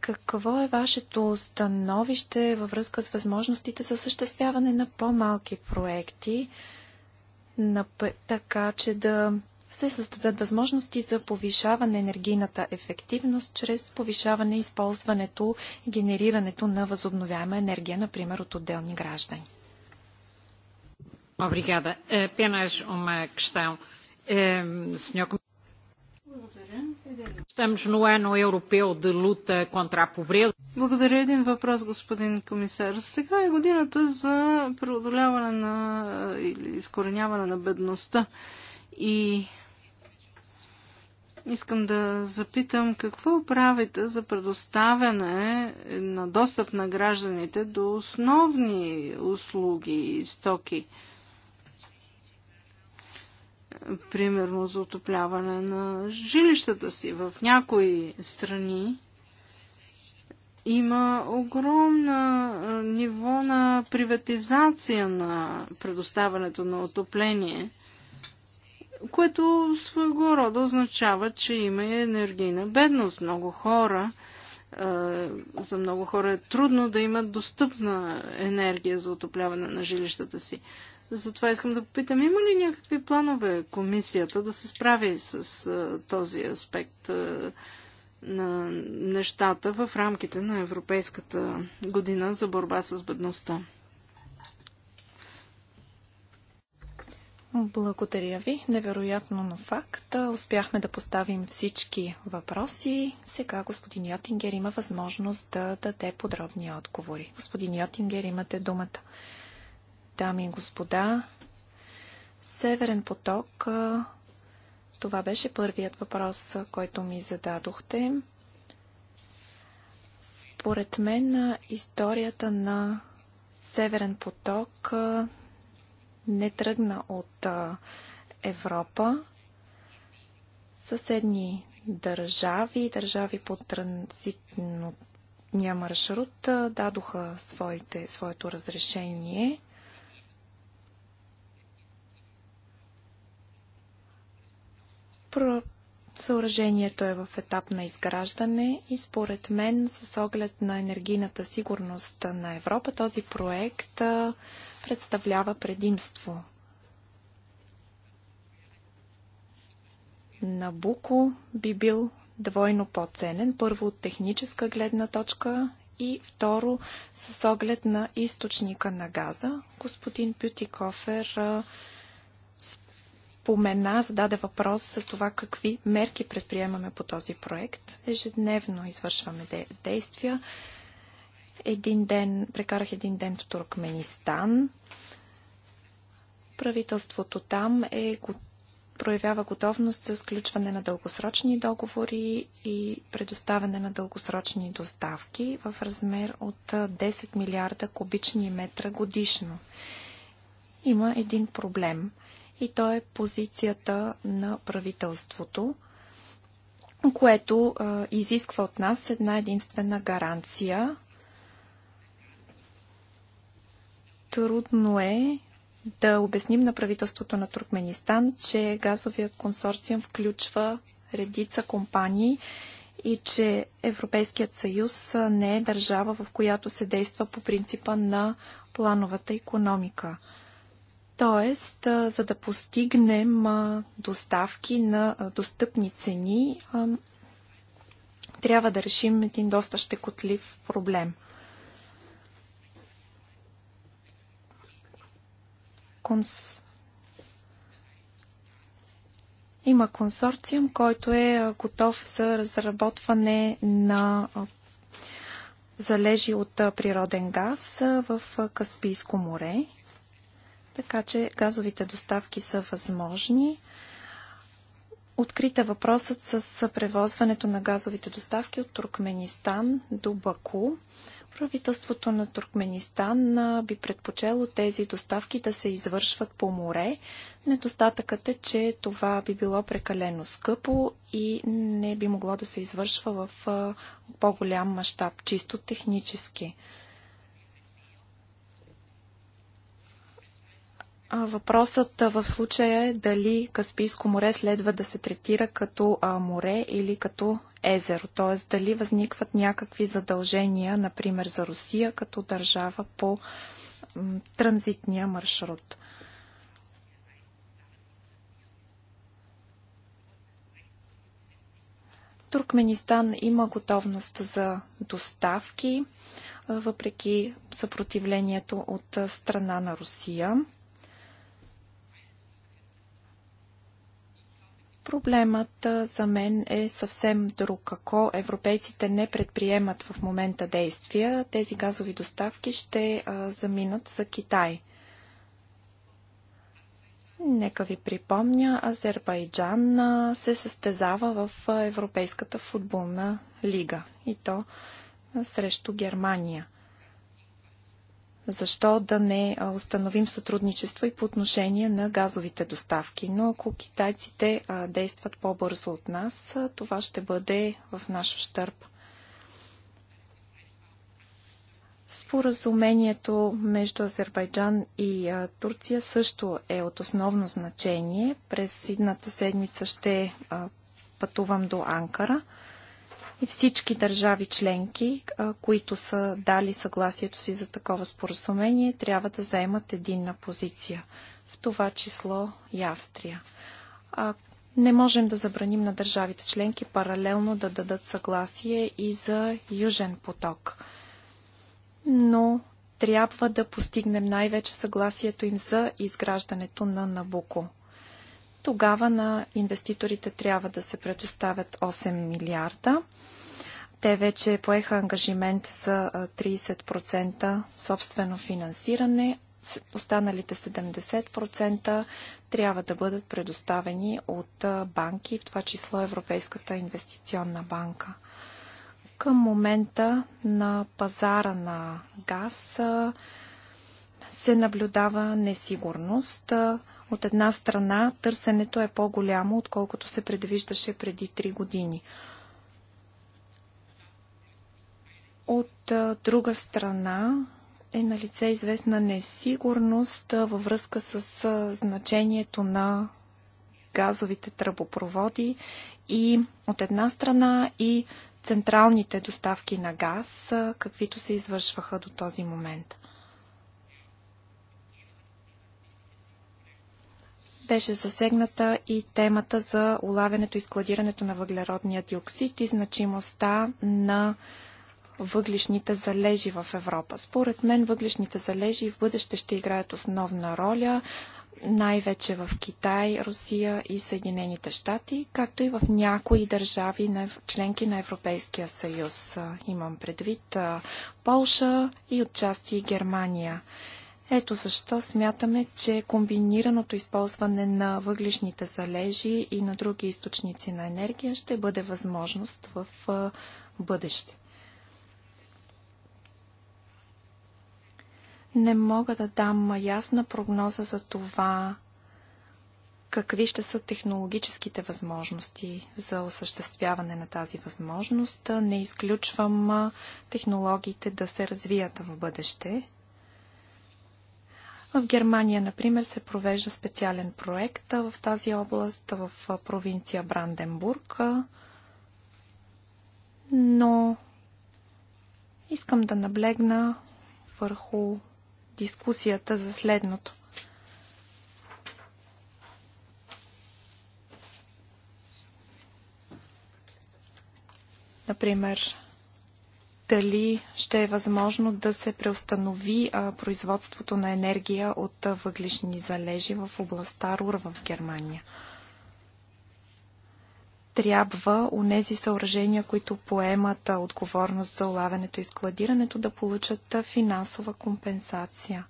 Какво е вашето становище във връзка с възможностите за осъществяване на по-малки проекти, така че да се създадат възможности за повишаване на енергийната ефективност чрез повишаване използването и генерирането на възобновяема енергия, например от отделни граждани? Obrigada. Apenas uma questão, ehm, Estamos no ano europeu de luta contra a pobreza. Благодаря. Един въпрос, господин комисар. Сега е годината за преодоляване на или изкореняване на бедността. И искам да запитам какво правите за предоставяне на достъп на гражданите до основни услуги и стоки примерно за отопляване на жилищата си. В някои страни има огромна ниво на приватизация на предоставянето на отопление, което своего рода означава, че има и енергийна бедност. Много хора, за много хора е трудно да имат достъпна енергия за отопляване на жилищата си. Затова искам да попитам, има ли някакви планове комисията да се справи с а, този аспект а, на нещата в рамките на Европейската година за борба с бедността? Благодаря ви. Невероятно, на факт. Успяхме да поставим всички въпроси. Сега господин Йотингер има възможност да даде подробни отговори. Господин Йотингер, имате думата дами и господа. Северен поток. Това беше първият въпрос, който ми зададохте. Според мен историята на Северен поток не тръгна от Европа. Съседни държави, държави по няма маршрут дадоха своите, своето разрешение. Про... Съоръжението е в етап на изграждане и според мен с оглед на енергийната сигурност на Европа този проект представлява предимство. Набуко би бил двойно по-ценен. Първо от техническа гледна точка и второ с оглед на източника на газа. Господин Пютикофер. Кофер спомена, зададе въпрос за това какви мерки предприемаме по този проект. Ежедневно извършваме де- действия. Един ден, прекарах един ден в Туркменистан. Правителството там е проявява готовност за сключване на дългосрочни договори и предоставяне на дългосрочни доставки в размер от 10 милиарда кубични метра годишно. Има един проблем – и то е позицията на правителството, което а, изисква от нас една единствена гаранция. Трудно е да обясним на правителството на Туркменистан, че газовият консорциум включва редица компании и че Европейският съюз не е държава, в която се действа по принципа на плановата економика. Тоест, за да постигнем доставки на достъпни цени, трябва да решим един доста щекотлив проблем. Конс... Има консорциум, който е готов за разработване на залежи от природен газ в Каспийско море. Така че газовите доставки са възможни. Открита въпросът с превозването на газовите доставки от Туркменистан до Баку. Правителството на Туркменистан би предпочело тези доставки да се извършват по море. Недостатъкът е, че това би било прекалено скъпо и не би могло да се извършва в по-голям мащаб, чисто технически. Въпросът в случая е дали Каспийско море следва да се третира като море или като езеро, т.е. дали възникват някакви задължения, например за Русия като държава по транзитния маршрут. Туркменистан има готовност за доставки, въпреки съпротивлението от страна на Русия. Проблемът за мен е съвсем друг. Ако европейците не предприемат в момента действия, тези газови доставки ще заминат за Китай. Нека ви припомня, Азербайджан се състезава в Европейската футболна лига и то срещу Германия. Защо да не установим сътрудничество и по отношение на газовите доставки? Но ако китайците действат по-бързо от нас, това ще бъде в наш ущърп. Споразумението между Азербайджан и Турция също е от основно значение. През едната седмица ще пътувам до Анкара и всички държави членки, които са дали съгласието си за такова споразумение, трябва да заемат единна позиция, в това число и Австрия. А, не можем да забраним на държавите членки паралелно да дадат съгласие и за Южен поток. Но трябва да постигнем най-вече съгласието им за изграждането на Набуко. Тогава на инвеститорите трябва да се предоставят 8 милиарда. Те вече поеха ангажимент за 30% собствено финансиране. Останалите 70% трябва да бъдат предоставени от банки, в това число Европейската инвестиционна банка. Към момента на пазара на газ се наблюдава несигурност. От една страна, търсенето е по-голямо, отколкото се предвиждаше преди 3 години. От друга страна, е на лице известна несигурност във връзка с значението на газовите тръбопроводи и от една страна и централните доставки на газ, каквито се извършваха до този момент. Беше засегната и темата за улавянето и складирането на въглеродния диоксид и значимостта на въглишните залежи в Европа. Според мен въглишните залежи в бъдеще ще играят основна роля, най-вече в Китай, Русия и Съединените щати, както и в някои държави на членки на Европейския съюз. Имам предвид Полша и отчасти Германия. Ето защо смятаме, че комбинираното използване на въглишните залежи и на други източници на енергия ще бъде възможност в бъдеще. Не мога да дам ясна прогноза за това, какви ще са технологическите възможности за осъществяване на тази възможност. Не изключвам технологиите да се развият в бъдеще. В Германия, например, се провежда специален проект в тази област в провинция Бранденбург. Но искам да наблегна върху дискусията за следното. Например, дали ще е възможно да се преустанови производството на енергия от въглишни залежи в областта Рур в Германия. Трябва унези съоръжения, които поемат отговорност за улавянето и складирането, да получат финансова компенсация.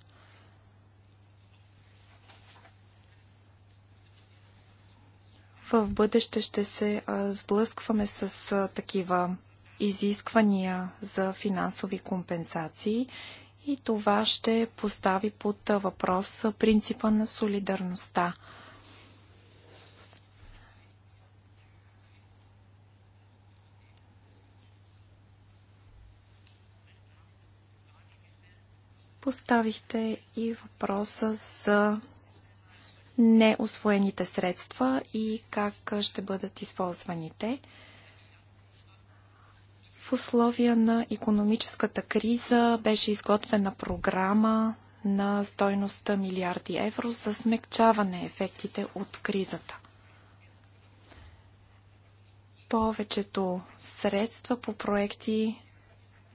В бъдеще ще се сблъскваме с такива изисквания за финансови компенсации и това ще постави под въпрос принципа на солидарността. Поставихте и въпроса за неосвоените средства и как ще бъдат използваните в условия на економическата криза беше изготвена програма на стойността милиарди евро за смекчаване ефектите от кризата. Повечето средства по проекти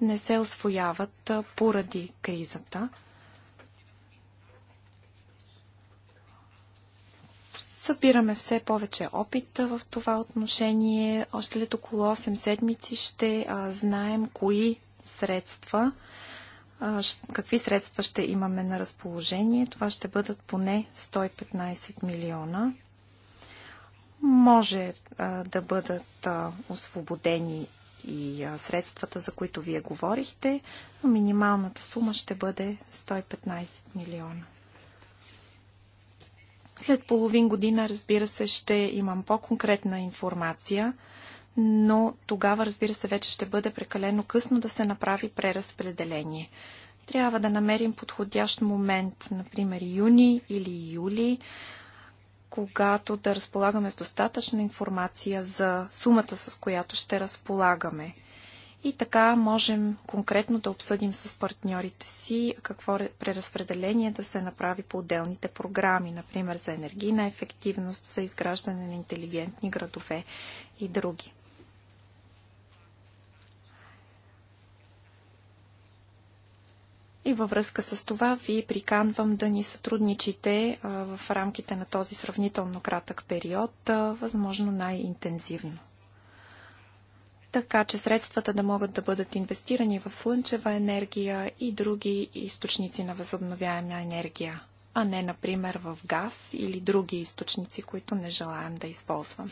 не се освояват поради кризата – Събираме все повече опит в това отношение. Още след около 8 седмици ще а, знаем кои средства, а, какви средства ще имаме на разположение. Това ще бъдат поне 115 милиона. Може а, да бъдат освободени и средствата, за които вие говорихте, но минималната сума ще бъде 115 милиона. След половин година, разбира се, ще имам по-конкретна информация, но тогава, разбира се, вече ще бъде прекалено късно да се направи преразпределение. Трябва да намерим подходящ момент, например юни или юли, когато да разполагаме с достатъчна информация за сумата, с която ще разполагаме. И така можем конкретно да обсъдим с партньорите си какво преразпределение да се направи по отделните програми, например за енергийна ефективност, за изграждане на интелигентни градове и други. И във връзка с това ви приканвам да ни сътрудничите в рамките на този сравнително кратък период, възможно най-интензивно така че средствата да могат да бъдат инвестирани в слънчева енергия и други източници на възобновяема енергия, а не, например, в газ или други източници, които не желаем да използвам.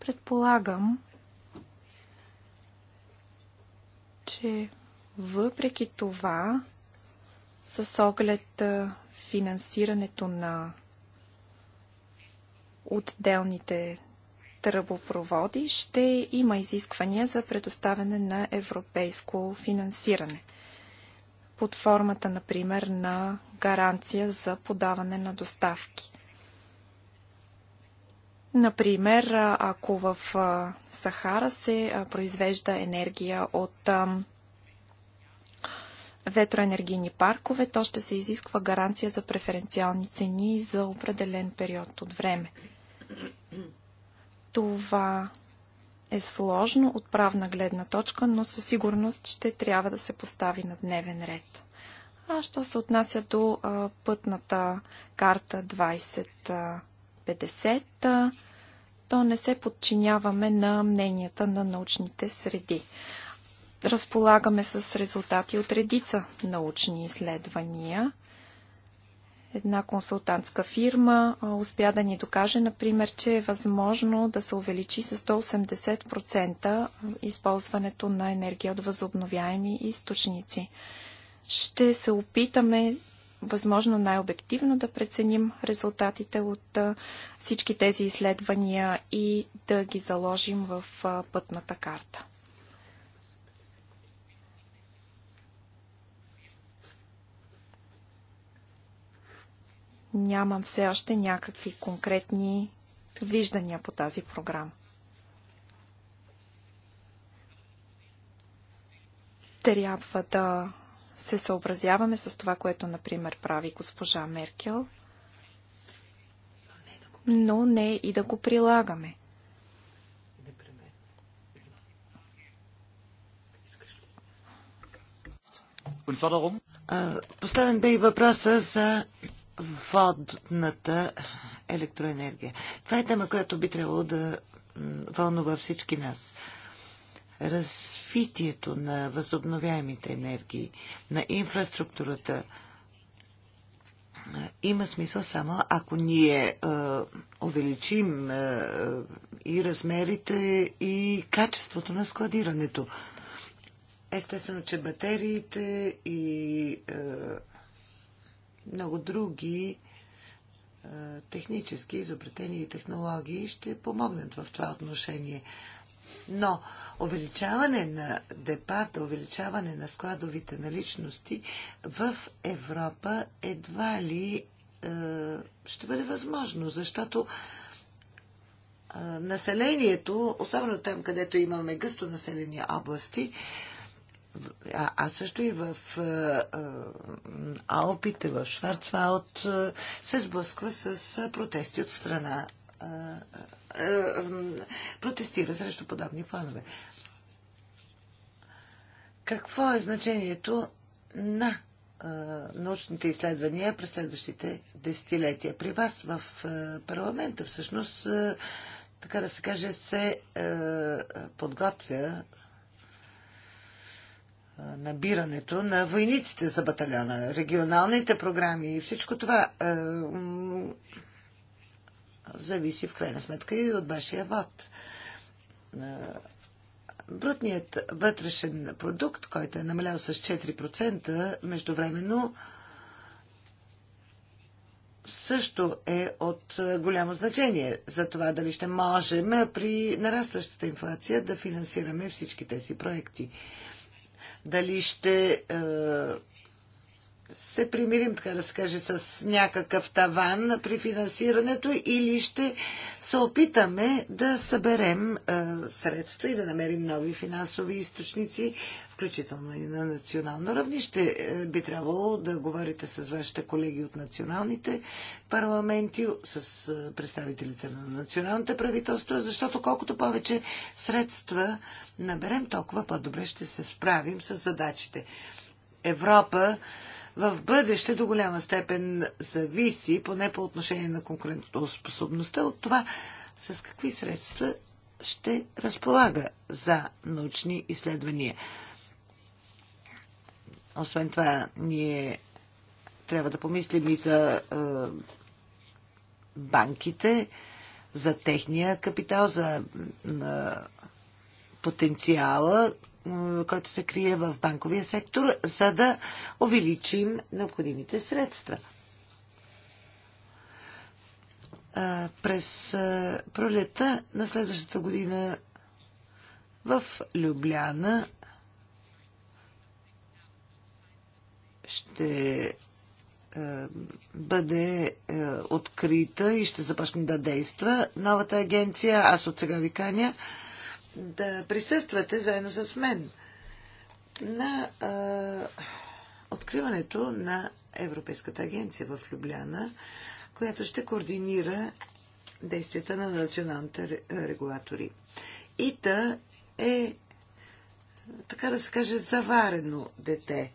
Предполагам, че въпреки това, с оглед финансирането на отделните тръбопроводи ще има изисквания за предоставяне на европейско финансиране под формата, например, на гаранция за подаване на доставки. Например, ако в Сахара се произвежда енергия от ветроенергийни паркове, то ще се изисква гаранция за преференциални цени за определен период от време. Това е сложно от правна гледна точка, но със сигурност ще трябва да се постави на дневен ред. А що се отнася до а, пътната карта 2050, то не се подчиняваме на мненията на научните среди. Разполагаме с резултати от редица научни изследвания – Една консултантска фирма успя да ни докаже, например, че е възможно да се увеличи с 180% използването на енергия от възобновяеми източници. Ще се опитаме възможно най-обективно да преценим резултатите от всички тези изследвания и да ги заложим в пътната карта. нямам все още някакви конкретни виждания по тази програма. Трябва да се съобразяваме с това, което, например, прави госпожа Меркел, но не и да го прилагаме. Поставен бе и въпроса за водната електроенергия. Това е тема, която би трябвало да вълнува всички нас. Развитието на възобновяемите енергии, на инфраструктурата, има смисъл само ако ние е, увеличим е, и размерите, и качеството на складирането. Естествено, че батериите и е, много други е, технически изобретения и технологии ще помогнат в това отношение. Но увеличаване на депата, увеличаване на складовите наличности в Европа едва ли е, ще бъде възможно, защото е, населението, особено там, където имаме гъсто населени области, е, а, а също и в а, а, Алпите, в Шварцвалд а, се сблъсква с протести от страна. А, а, а, протестира срещу подобни планове. Какво е значението на а, научните изследвания през следващите десетилетия? При вас в а, парламента всъщност, а, така да се каже, се а, подготвя набирането на войниците за батальона, регионалните програми и всичко това е, зависи в крайна сметка и от вашия вод. Брутният вътрешен продукт, който е намалял с 4%, междувременно също е от голямо значение за това дали ще можем при нарастващата инфлация да финансираме всички тези проекти. Дали ще е, се примирим, така да се каже, с някакъв таван при финансирането или ще се опитаме да съберем е, средства и да намерим нови финансови източници включително и на национално равнище. Е, би трябвало да говорите с вашите колеги от националните парламенти, с е, представителите на националните правителства, защото колкото повече средства наберем, толкова по-добре ще се справим с задачите. Европа в бъдеще до голяма степен зависи, поне по отношение на конкурентоспособността, от това с какви средства ще разполага за научни изследвания. Освен това, ние трябва да помислим и за е, банките, за техния капитал, за е, потенциала, който се крие в банковия сектор, за да увеличим необходимите средства. Е, през е, пролета на следващата година в Любляна ще е, бъде е, открита и ще започне да действа новата агенция. Аз от сега ви каня да присъствате заедно с мен на е, откриването на Европейската агенция в Любляна, която ще координира действията на националните регулатори. ИТА е, така да се каже, заварено дете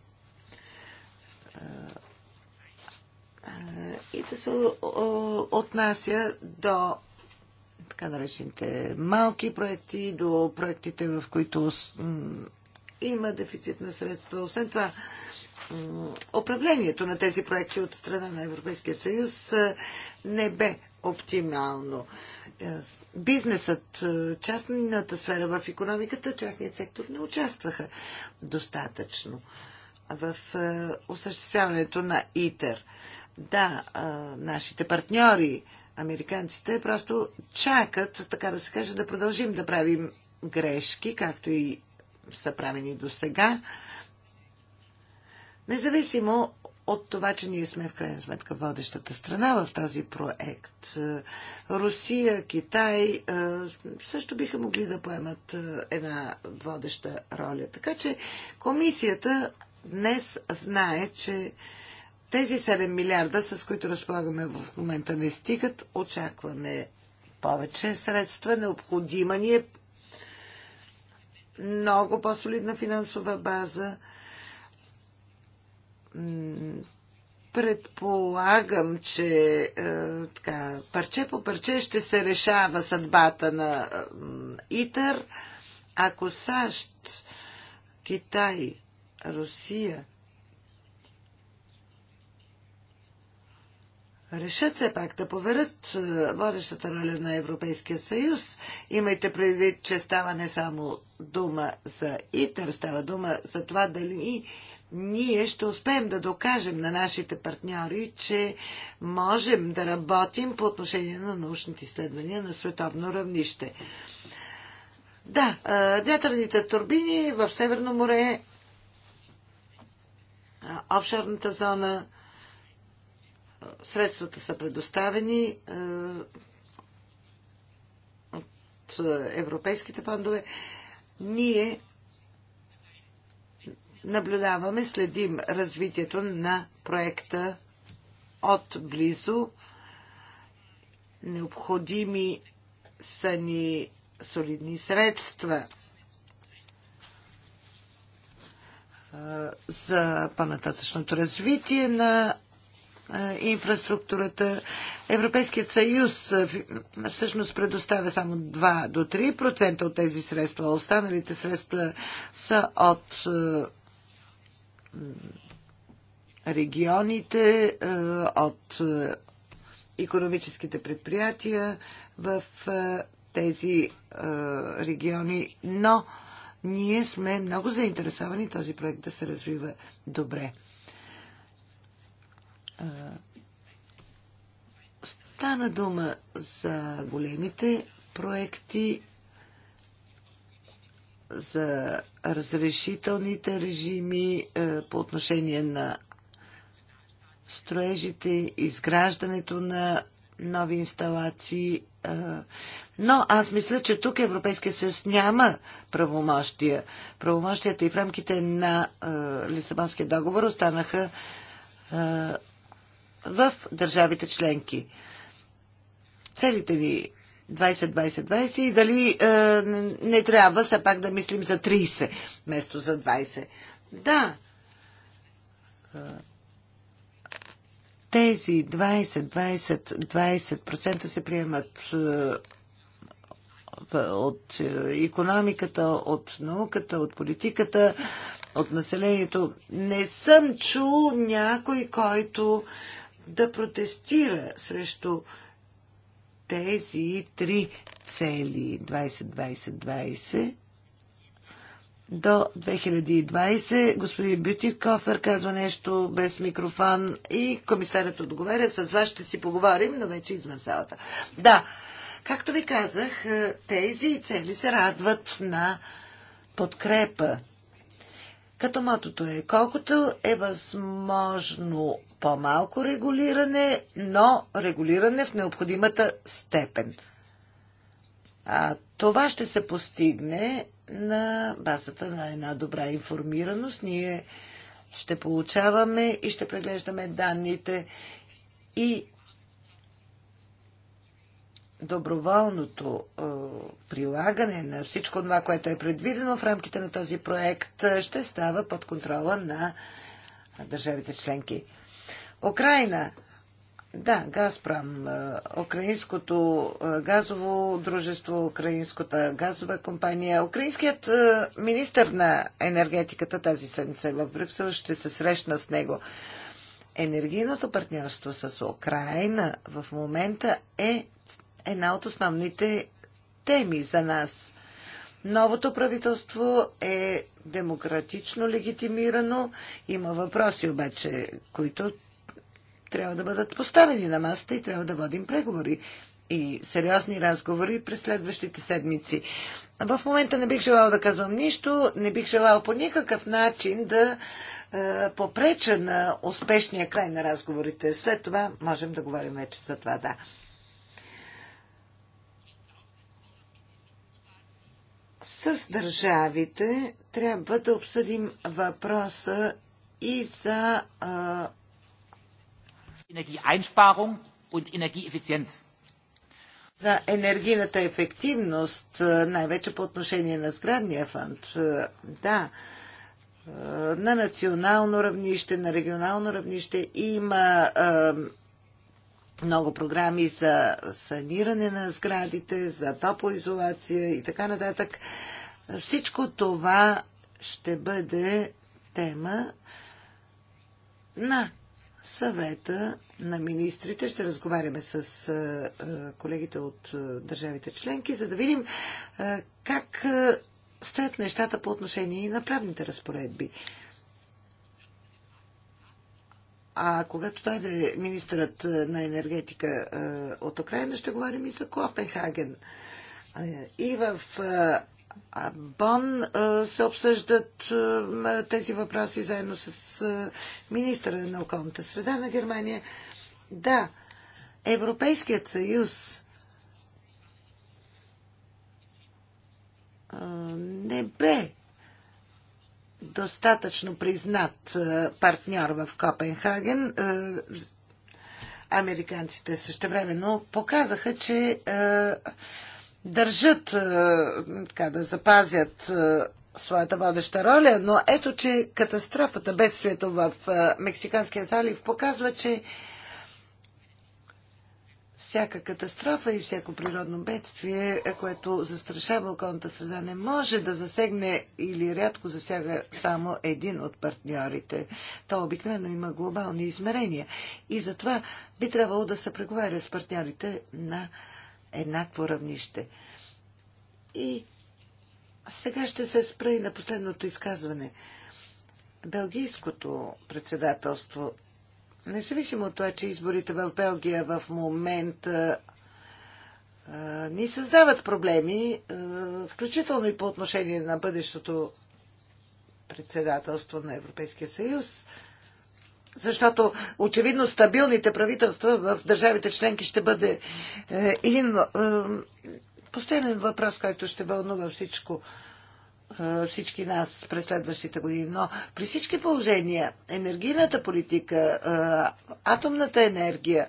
и да се отнася до така наречените малки проекти, до проектите, в които има дефицит на средства. Освен това, управлението на тези проекти от страна на Европейския съюз не бе оптимално. Е, бизнесът, е, частната сфера в економиката, частният сектор не участваха достатъчно в е, осъществяването на ИТЕР. Да, е, нашите партньори, американците, просто чакат, така да се каже, да продължим да правим грешки, както и са правени до сега. Независимо от това, че ние сме в крайна сметка водещата страна в този проект. Е, Русия, Китай също биха могли да поемат една водеща роля. Така че комисията днес знае, че тези 7 милиарда, с които разполагаме в момента, не стигат. Очакваме повече средства. Необходима ни е много по-солидна финансова база. Предполагам, че е, така, парче по парче ще се решава съдбата на е, Ако САЩ, Китай, Русия. решат все пак да поверят е, водещата роля на Европейския съюз. Имайте предвид, че става не само дума за ИТЕР, става дума за това дали ние ще успеем да докажем на нашите партньори, че можем да работим по отношение на научните изследвания на световно равнище. Да, е, вятърните турбини в Северно море офшорната зона. Средствата са предоставени от европейските фондове. Ние наблюдаваме, следим развитието на проекта от близо. Необходими са ни солидни средства за по-нататъчното развитие на инфраструктурата. Европейският съюз всъщност предоставя само 2 до 3% от тези средства, а останалите средства са от регионите, от економическите предприятия в тези региони, но ние сме много заинтересовани този проект да се развива добре. Стана дума за големите проекти, за разрешителните режими по отношение на строежите, изграждането на нови инсталации но аз мисля, че тук Европейския съюз няма правомощия. Правомощията и в рамките на Лисабонския договор останаха в държавите членки. Целите ви 20-20-20 и дали е, не трябва все пак да мислим за 30 вместо за 20. Да тези 20-20-20% се приемат е, от економиката, от науката, от политиката, от населението. Не съм чул някой, който да протестира срещу тези три цели 20-20-20 до 2020. Господин Бютикофер казва нещо без микрофон и комисарят отговаря. С вас ще си поговорим, но вече извън салата. Да, както ви казах, е, тези цели се радват на подкрепа. Като мотото е колкото е възможно по-малко регулиране, но регулиране в необходимата степен. А това ще се постигне на базата на една добра информираност. Ние ще получаваме и ще преглеждаме данните и доброволното е, прилагане на всичко това, което е предвидено в рамките на този проект, ще става под контрола на държавите членки. Украина да, Газпром, украинското газово дружество, украинската газова компания. Украинският министр на енергетиката тази седмица е в Брюксел ще се срещна с него. Енергийното партньорство с Украина в момента е една от основните теми за нас. Новото правителство е демократично легитимирано. Има въпроси обаче, които трябва да бъдат поставени на масата и трябва да водим преговори и сериозни разговори през следващите седмици. В момента не бих желал да казвам нищо, не бих желал по никакъв начин да е, попреча на успешния край на разговорите. След това можем да говорим вече за това, да. С държавите трябва да обсъдим въпроса и за е, Energieeinsparung und Energieeffizienz. За енергийната ефективност, е, най-вече по отношение на сградния фонд, е, да, е, на национално равнище, на регионално равнище има много програми за саниране на сградите, за топлоизолация и така нататък. Всичко това ще бъде тема на съвета на министрите. Ще разговаряме с колегите от държавите членки, за да видим как стоят нещата по отношение и на правните разпоредби. А когато дойде министърът на енергетика от Украина, ще говорим и за Копенхаген. И в Бон се обсъждат тези въпроси заедно с министъра на околната среда на Германия. Да, Европейският съюз не бе достатъчно признат партньор в Копенхаген. Американците също времено показаха, че държат е, така, да запазят е, своята водеща роля, но ето, че катастрофата, бедствието в е, Мексиканския залив показва, че всяка катастрофа и всяко природно бедствие, което застрашава околната среда, не може да засегне или рядко засяга само един от партньорите. То обикновено има глобални измерения. И затова би трябвало да се преговаря с партньорите на еднакво равнище. И сега ще се спра и на последното изказване. Белгийското председателство, независимо от това, че изборите в Белгия в момента ни създават проблеми, включително и по отношение на бъдещото председателство на Европейския съюз, защото очевидно стабилните правителства в държавите членки ще бъде е, един е, постоянен въпрос, който ще вълнува всичко, е, всички нас през следващите години. Но при всички положения, енергийната политика, атомната енергия,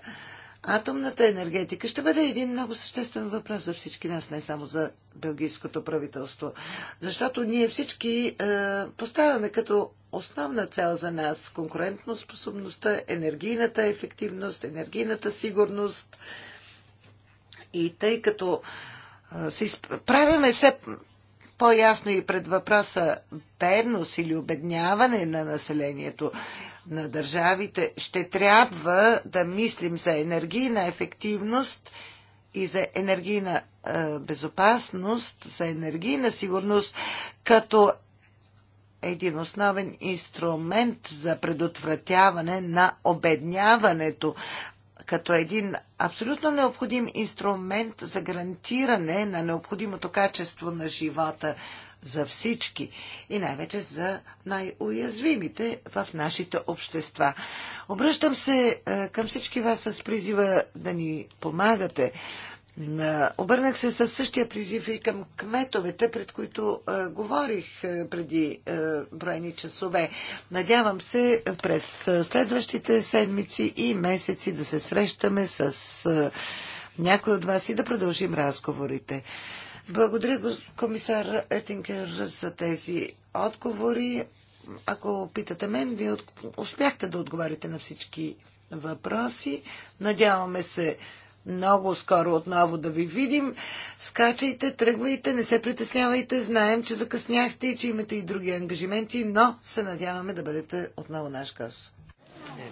атомната енергетика ще бъде един много съществен въпрос за всички нас, не само за белгийското правителство. Защото ние всички поставяме като основна цел за нас конкурентно способността, енергийната ефективност, енергийната сигурност. И тъй като се изправяме все по-ясно и пред въпроса бедност или обедняване на населението на държавите, ще трябва да мислим за енергийна ефективност и за енергийна безопасност, за енергийна сигурност, като един основен инструмент за предотвратяване на обедняването, като един абсолютно необходим инструмент за гарантиране на необходимото качество на живота за всички и най-вече за най-уязвимите в нашите общества. Обръщам се е, към всички вас с призива да ни помагате Обърнах се със същия призив и към кметовете, пред които а, говорих а, преди а, броени часове. Надявам се през следващите седмици и месеци да се срещаме с а, някой от вас и да продължим разговорите. Благодаря, комисар Етингер, за тези отговори. Ако питате мен, вие успяхте да отговарите на всички въпроси. Надяваме се много скоро отново да ви видим. Скачайте, тръгвайте, не се притеснявайте. Знаем, че закъсняхте и че имате и други ангажименти, но се надяваме да бъдете отново наш гост. Е,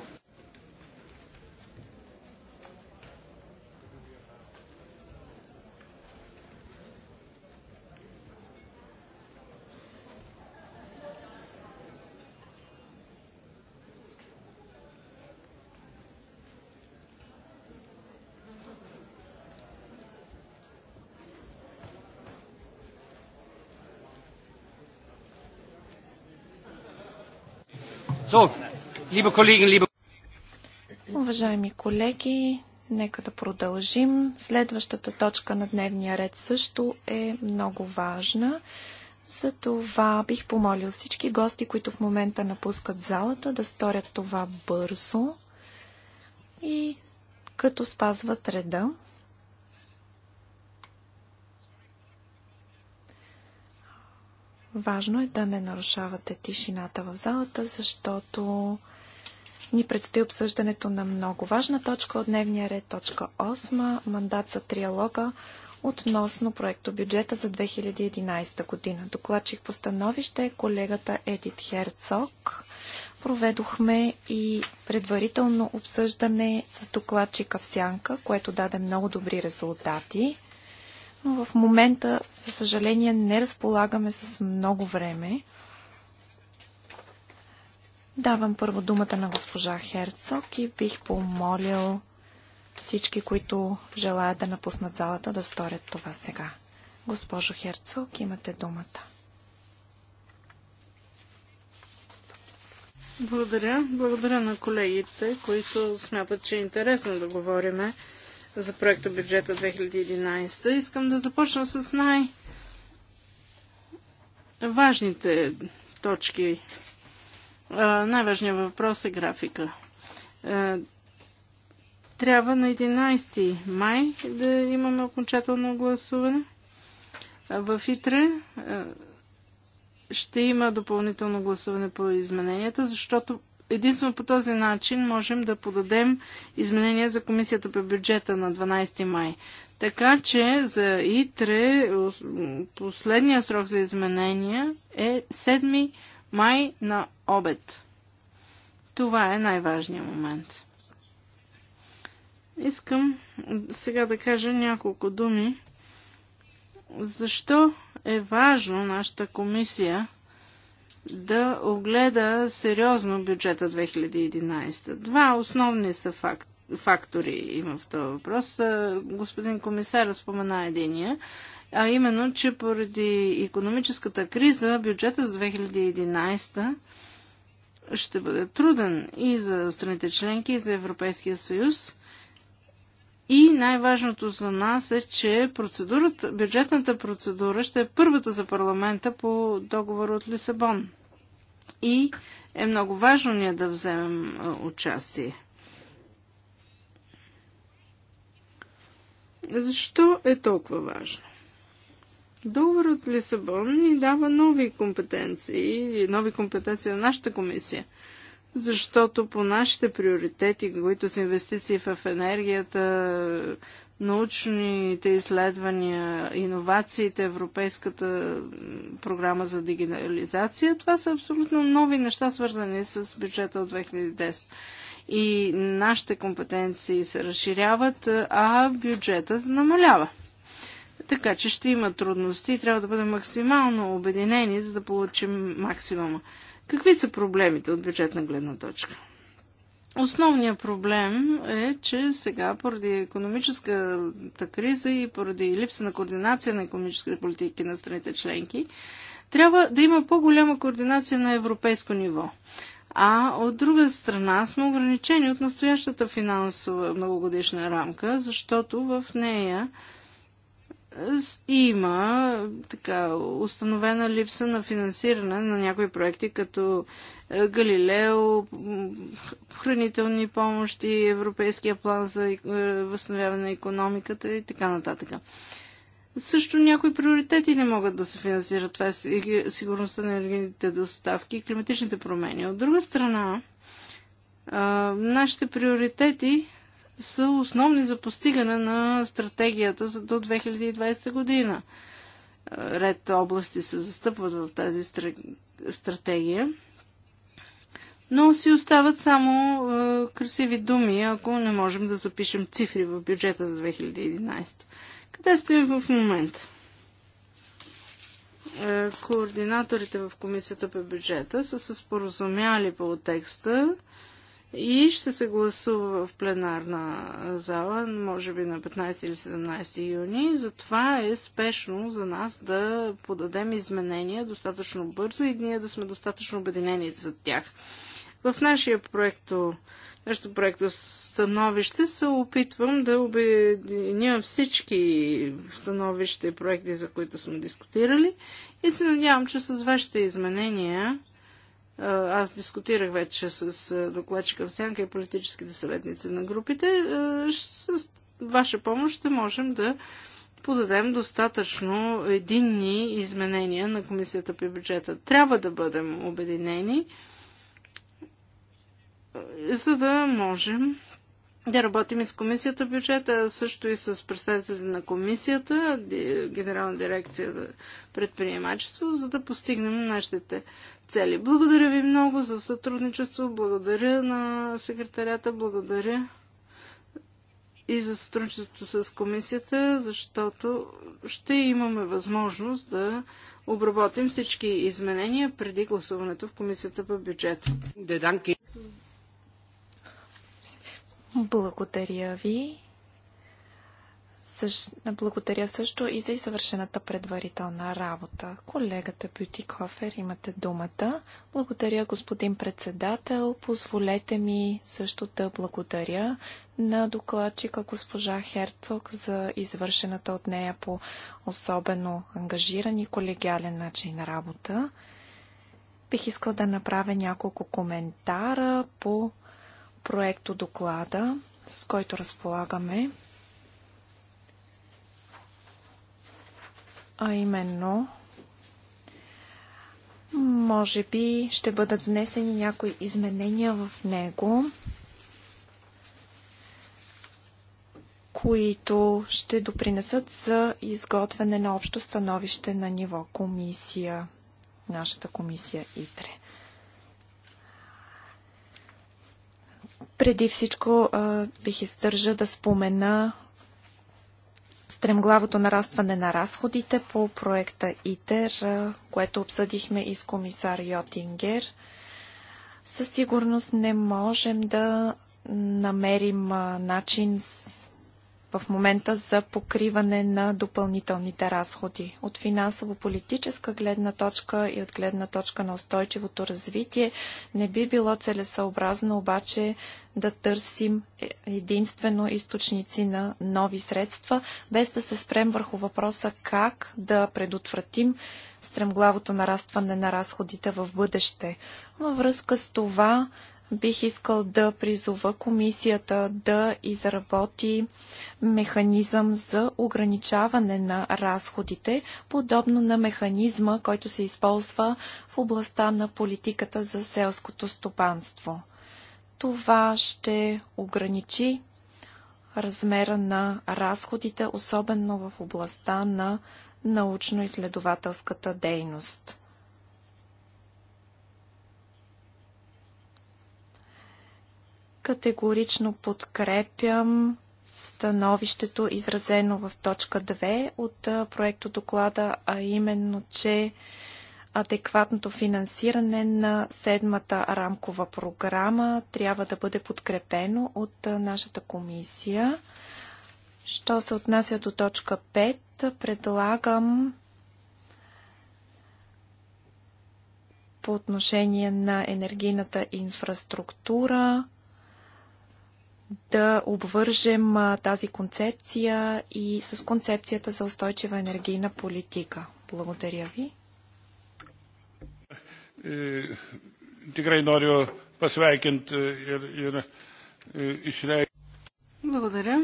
Уважаеми колеги, нека да продължим. Следващата точка на дневния ред също е много важна. За това бих помолил всички гости, които в момента напускат залата, да сторят това бързо и като спазват реда. Важно е да не нарушавате тишината в залата, защото ни предстои обсъждането на много важна точка от дневния ред, точка 8, мандат за триалога относно проекто бюджета за 2011 година. Докладчих по становище е колегата Едит Херцог. Проведохме и предварително обсъждане с докладчика в Сянка, което даде много добри резултати но в момента, за съжаление, не разполагаме с много време. Давам първо думата на госпожа Херцог и бих помолил всички, които желаят да напуснат залата, да сторят това сега. Госпожо Херцог, имате думата. Благодаря. Благодаря на колегите, които смятат, че е интересно да говориме за проекта бюджета 2011. Искам да започна с най- важните точки. Най-важният въпрос е графика. трябва на 11 май да имаме окончателно гласуване. А, в ИТРЕ ще има допълнително гласуване по измененията, защото единствено по този начин можем да подадем изменения за комисията по бюджета на 12 май. Така че за ИТРЕ последния срок за изменения е 7 май на обед. Това е най-важният момент. Искам сега да кажа няколко думи. Защо е важно нашата комисия да огледа сериозно бюджета 2011. Два основни са факт, фактори има в този въпрос. Е, господин комисар спомена единия, а именно, че поради економическата криза бюджета за 2011 ще бъде труден и за страните членки, и за Европейския съюз и най-важното за нас е, че процедурата, бюджетната процедура ще е първата за парламента по договор от Лисабон. И е много важно ние да вземем участие. Защо е толкова важно? Договор от Лисабон ни дава нови компетенции, нови компетенции на нашата комисия – защото по нашите приоритети, които са инвестиции в енергията, научните изследвания, иновациите, Европейската програма за дигитализация, това са абсолютно нови неща, свързани с бюджета от 2010. И нашите компетенции се разширяват, а бюджетът намалява. Така че ще има трудности и трябва да бъдем максимално обединени, за да получим максимума. Какви са проблемите от бюджетна гледна точка? Основният проблем е, че сега поради економическата криза и поради липса на координация на економическите политики на страните членки, трябва да има по-голяма координация на европейско ниво. А от друга страна сме ограничени от настоящата финансова многогодишна рамка, защото в нея има така установена липса на финансиране на някои проекти, като е, Галилео, хранителни помощи, Европейския план за е, възстановяване на економиката и така нататък. Също някои приоритети не могат да се финансират. Това е сигурността на енергийните доставки и климатичните промени. От друга страна, нашите приоритети са основни за постигане на стратегията за до 2020 година. Ред области се застъпват в тази стратегия, но си остават само е, красиви думи, ако не можем да запишем цифри в бюджета за 2011. Къде стоим в момента? Е, координаторите в комисията по бюджета са се споразумяли по текста и ще се гласува в пленарна зала, може би на 15 или 17 юни. Затова е спешно за нас да подадем изменения достатъчно бързо и ние да сме достатъчно обединени за тях. В нашия проект, нашето проекто становище се опитвам да обединя всички становища и проекти, за които сме дискутирали и се надявам, че с вашите изменения аз дискутирах вече с докладчика в Сянка и политическите съветници на групите, с ваша помощ ще можем да подадем достатъчно единни изменения на Комисията по бюджета. Трябва да бъдем обединени, за да можем да работим и с комисията бюджета, също и с представителите на комисията, Генерална дирекция за предприемачество, за да постигнем нашите цели. Благодаря ви много за сътрудничество, благодаря на секретарята, благодаря и за сътрудничеството с комисията, защото ще имаме възможност да обработим всички изменения преди гласуването в комисията по бюджета. Благодаря ви. Същ... Благодаря също и за извършената предварителна работа. Колегата Бюти Кофер, имате думата. Благодаря, господин председател. Позволете ми също да благодаря на докладчика госпожа Херцог за извършената от нея по особено ангажиран и колегиален начин работа. Бих искал да направя няколко коментара по проекто доклада, с който разполагаме, а именно може би ще бъдат внесени някои изменения в него, които ще допринесат за изготвяне на общо становище на ниво комисия, нашата комисия ИТРЕ. Преди всичко бих издържа да спомена стремглавото нарастване на разходите по проекта ИТЕР, което обсъдихме и с комисар Йотингер. Със сигурност не можем да намерим начин с в момента за покриване на допълнителните разходи. От финансово-политическа гледна точка и от гледна точка на устойчивото развитие не би било целесъобразно обаче да търсим е, единствено източници на нови средства, без да се спрем върху въпроса как да предотвратим стремглавото нарастване на разходите в бъдеще. Във връзка с това бих искал да призова комисията да изработи механизъм за ограничаване на разходите, подобно на механизма, който се използва в областта на политиката за селското стопанство. Това ще ограничи размера на разходите, особено в областта на научно-изследователската дейност. Категорично подкрепям становището, изразено в точка 2 от проекто доклада, а именно, че адекватното финансиране на седмата рамкова програма трябва да бъде подкрепено от нашата комисия. Що се отнася до точка 5, предлагам по отношение на енергийната инфраструктура – да обвържем тази концепция и с концепцията за устойчива енергийна политика. Благодаря ви. Е, е, е, Благодаря.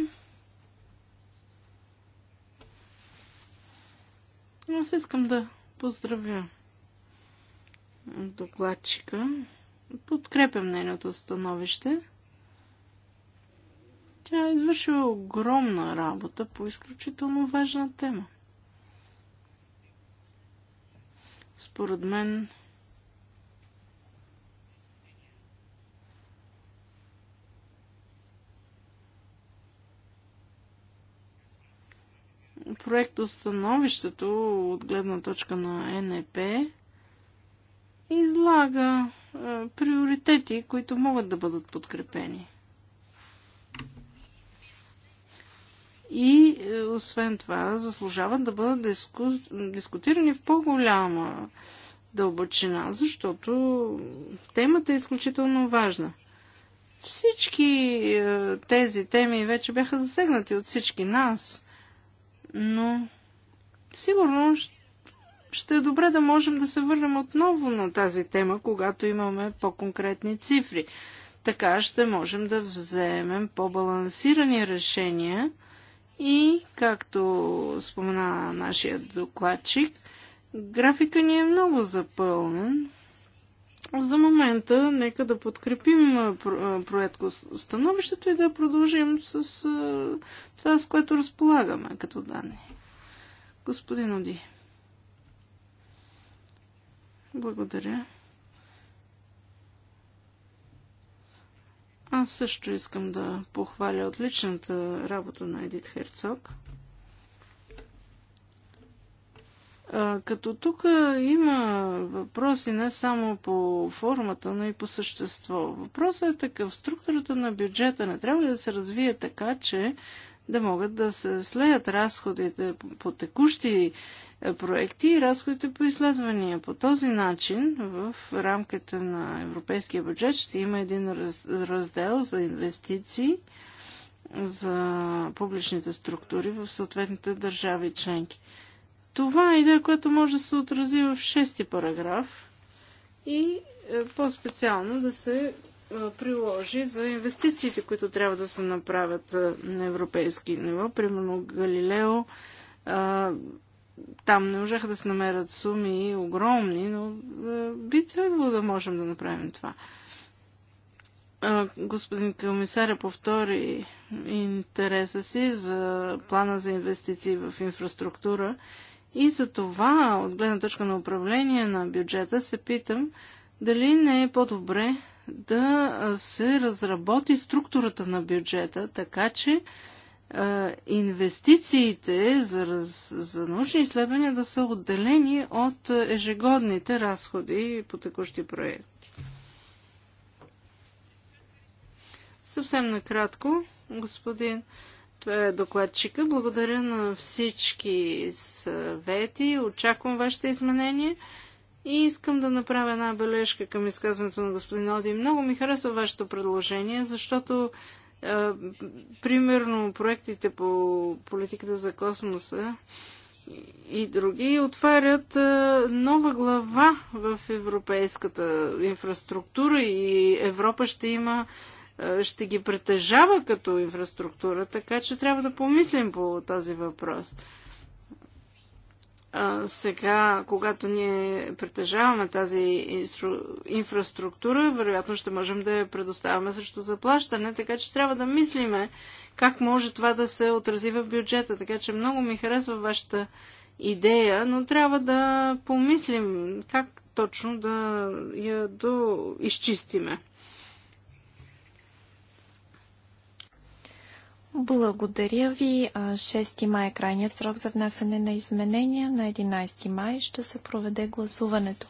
Аз искам да поздравя докладчика. Подкрепям нейното становище. Тя е извършила огромна работа по изключително важна тема. Според мен проектостановището от гледна точка на НЕП излага е, приоритети, които могат да бъдат подкрепени. и е, освен това заслужават да бъдат диску... дискутирани в по-голяма дълбочина, защото темата е изключително важна. Всички е, тези теми вече бяха засегнати от всички нас, но сигурно ще е добре да можем да се върнем отново на тази тема, когато имаме по-конкретни цифри. Така ще можем да вземем по-балансирани решения – и, както спомена нашия докладчик, графика ни е много запълнен. За момента нека да подкрепим проектко становището и да продължим с това, с което разполагаме като данни. Господин Оди. Благодаря. Аз също искам да похваля отличната работа на Едит Херцог. Като тук има въпроси не само по формата, но и по същество. Въпросът е такъв. Структурата на бюджета не трябва да се развие така, че да могат да се слеят разходите по текущи е, проекти и разходите по изследвания. По този начин в рамката на европейския бюджет ще има един раздел за инвестиции за публичните структури в съответните държави членки. Това е идея, която може да се отрази в шести параграф и е, по-специално да се е, приложи за инвестициите, които трябва да се направят на европейски ниво. Примерно Галилео, там не можаха да се намерят суми огромни, но е, би трябвало да можем да направим това. Господин комисаря повтори интереса си за плана за инвестиции в инфраструктура и за това, от гледна точка на управление на бюджета, се питам дали не е по-добре да се разработи структурата на бюджета, така че инвестициите за, раз, за научни изследвания да са отделени от ежегодните разходи по текущи проекти. Съвсем накратко, господин, това е докладчика. Благодаря на всички съвети. Очаквам вашите изменения. И искам да направя една бележка към изказването на господин Оди. Много ми харесва вашето предложение, защото примерно проектите по политиката за космоса и други отварят нова глава в европейската инфраструктура и Европа ще има ще ги притежава като инфраструктура, така че трябва да помислим по този въпрос сега, когато ние притежаваме тази инстру... инфраструктура, вероятно ще можем да я предоставяме също заплащане, така че трябва да мислиме как може това да се отрази в бюджета. Така че много ми харесва вашата идея, но трябва да помислим как точно да я доизчистиме. Благодаря ви. 6 май е крайният срок за внасяне на изменения. На 11 май ще се проведе гласуването.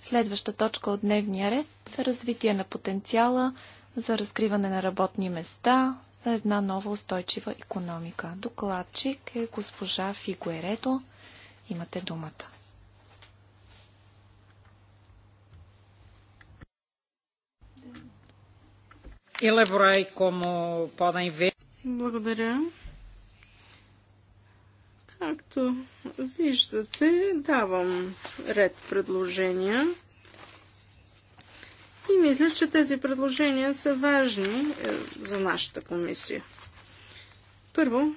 Следваща точка от дневния ред – развитие на потенциала за разкриване на работни места на една нова устойчива економика. Докладчик е госпожа Фигуерето. Имате думата. Elaborei, como podem ver. Благодаря. Както виждате, давам ред предложения. И мисля, че тези предложения са важни е, за нашата комисия. Първо,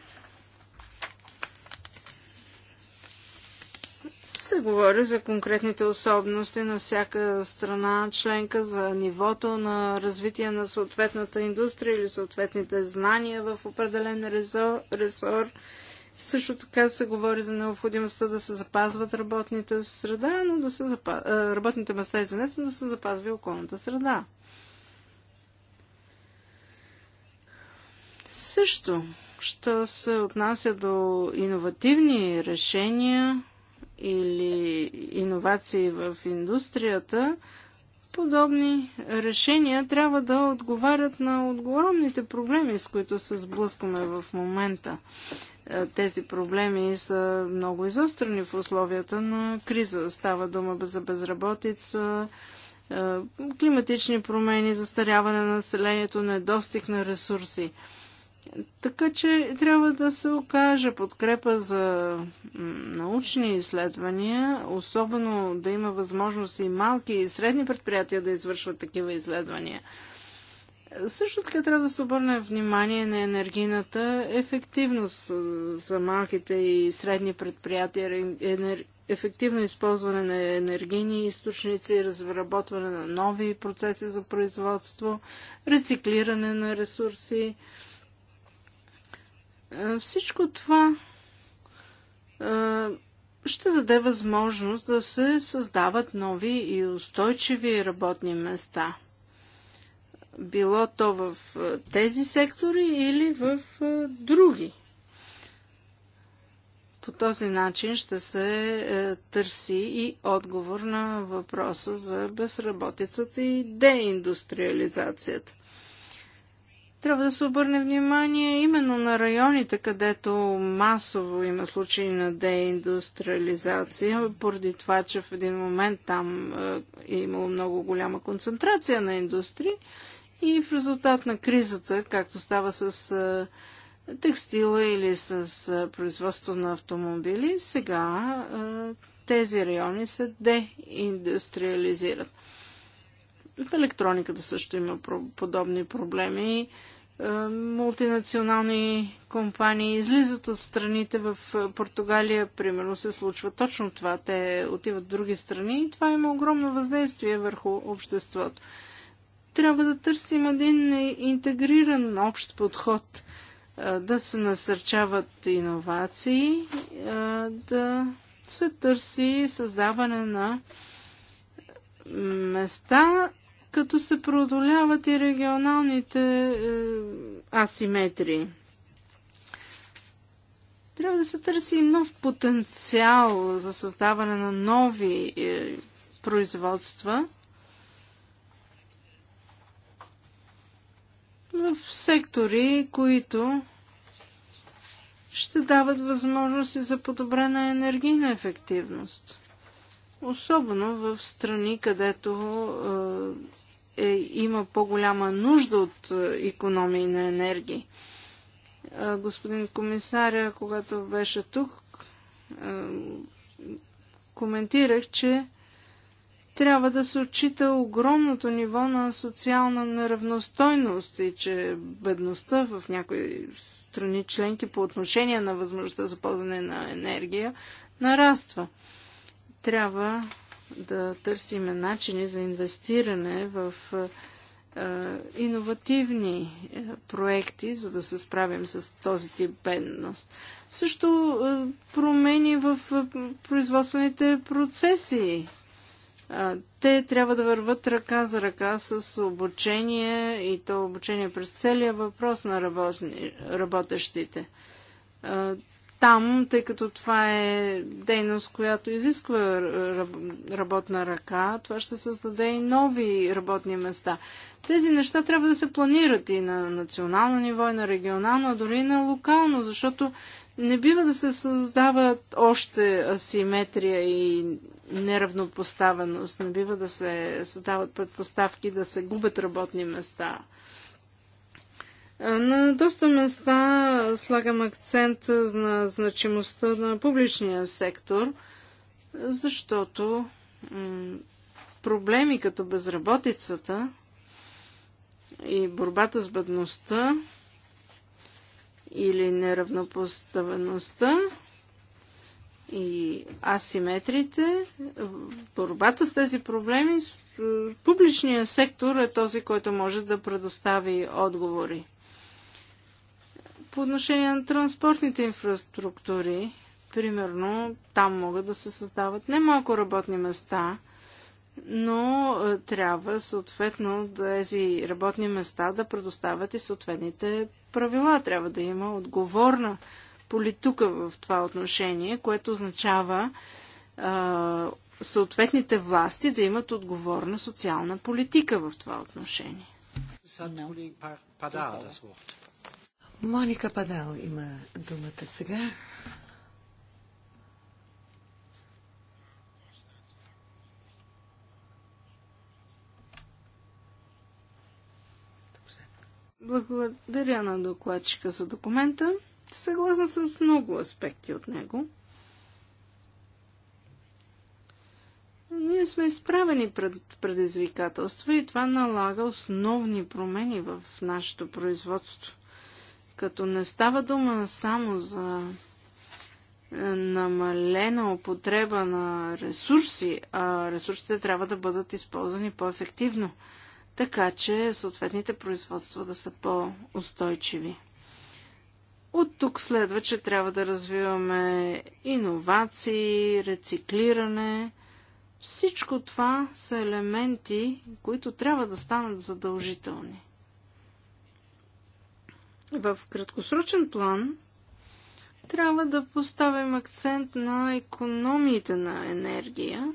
се говори за конкретните особености на всяка страна членка, за нивото на развитие на съответната индустрия или съответните знания в определен резор. резор. Също така се говори за необходимостта да се запазват работните среда, но да се запаз... работните места, извинете, но да се запазва и околната среда. Също, що се отнася до иновативни решения, или иновации в индустрията, подобни решения трябва да отговарят на огромните проблеми, с които се сблъскаме в момента. Е, тези проблеми са много изострени в условията на криза. Става дума за безработица, е, климатични промени, застаряване на населението, недостиг на ресурси. Така че трябва да се окаже подкрепа за научни изследвания, особено да има възможност и малки и средни предприятия да извършват такива изследвания. Също така трябва да се обърне внимание на енергийната ефективност за малките и средни предприятия, енер... ефективно използване на енергийни източници, разработване на нови процеси за производство, рециклиране на ресурси. Е, всичко това е, ще даде възможност да се създават нови и устойчиви работни места. Било то в е, тези сектори или в други. По този начин ще се търси и отговор на въпроса за безработицата и деиндустриализацията. Трябва да се обърне внимание именно на районите, където масово има случаи на деиндустриализация, поради това, че в един момент там е, е имало много голяма концентрация на индустрии и в резултат на кризата, както става с е, текстила или с е, производство на автомобили, сега тези райони се деиндустриализират. В електрониката също има подобни проблеми. Е, мултинационални компании излизат от страните в е, Португалия, примерно се случва точно това. Те отиват в други страни и това има огромно въздействие върху обществото. Трябва да търсим един интегриран общ подход, е, да се насърчават иновации, да се търси създаване на места като се преодоляват и регионалните е, асиметрии. Трябва да се търси и нов потенциал за създаване на нови е, производства в сектори, които ще дават възможности за подобрена енергийна ефективност особено в страни, където е, е, има по-голяма нужда от економии на енергии. Е, господин комисаря, когато беше тук, е, коментирах, че трябва да се отчита огромното ниво на социална неравностойност и че бедността в някои страни членки по отношение на възможността за ползване на енергия нараства. Трябва да търсиме начини за инвестиране в иновативни проекти, за да се справим с този тип бедност. Също промени в производствените процеси. Те трябва да върват ръка за ръка с обучение и то обучение през целия въпрос на работещите там, тъй като това е дейност, която изисква работна ръка, това ще създаде и нови работни места. Тези неща трябва да се планират и на национално ниво, и на регионално, а дори и на локално, защото не бива да се създават още асиметрия и неравнопоставеност, не бива да се създават предпоставки да се губят работни места на доста места слагам акцент на значимостта на публичния сектор, защото проблеми като безработицата и борбата с бедността или неравнопоставеността и асиметрите, борбата с тези проблеми, публичният сектор е този, който може да предостави отговори по отношение на транспортните инфраструктури, примерно, там могат да се създават немалко работни места, но е, трябва съответно тези работни места да предоставят и съответните правила. Трябва да има отговорна политика в това отношение, което означава е, съответните власти да имат отговорна социална политика в това отношение. Сега Моника Падал има думата сега. Благодаря на докладчика за документа. Съгласна съм с много аспекти от него. Ние сме изправени пред предизвикателства и това налага основни промени в нашето производство като не става дума само за е, намалена употреба на ресурси, а ресурсите трябва да бъдат използвани по-ефективно, така че съответните производства да са по-устойчиви. От тук следва, че трябва да развиваме иновации, рециклиране. Всичко това са елементи, които трябва да станат задължителни. В краткосрочен план трябва да поставим акцент на економиите на енергия,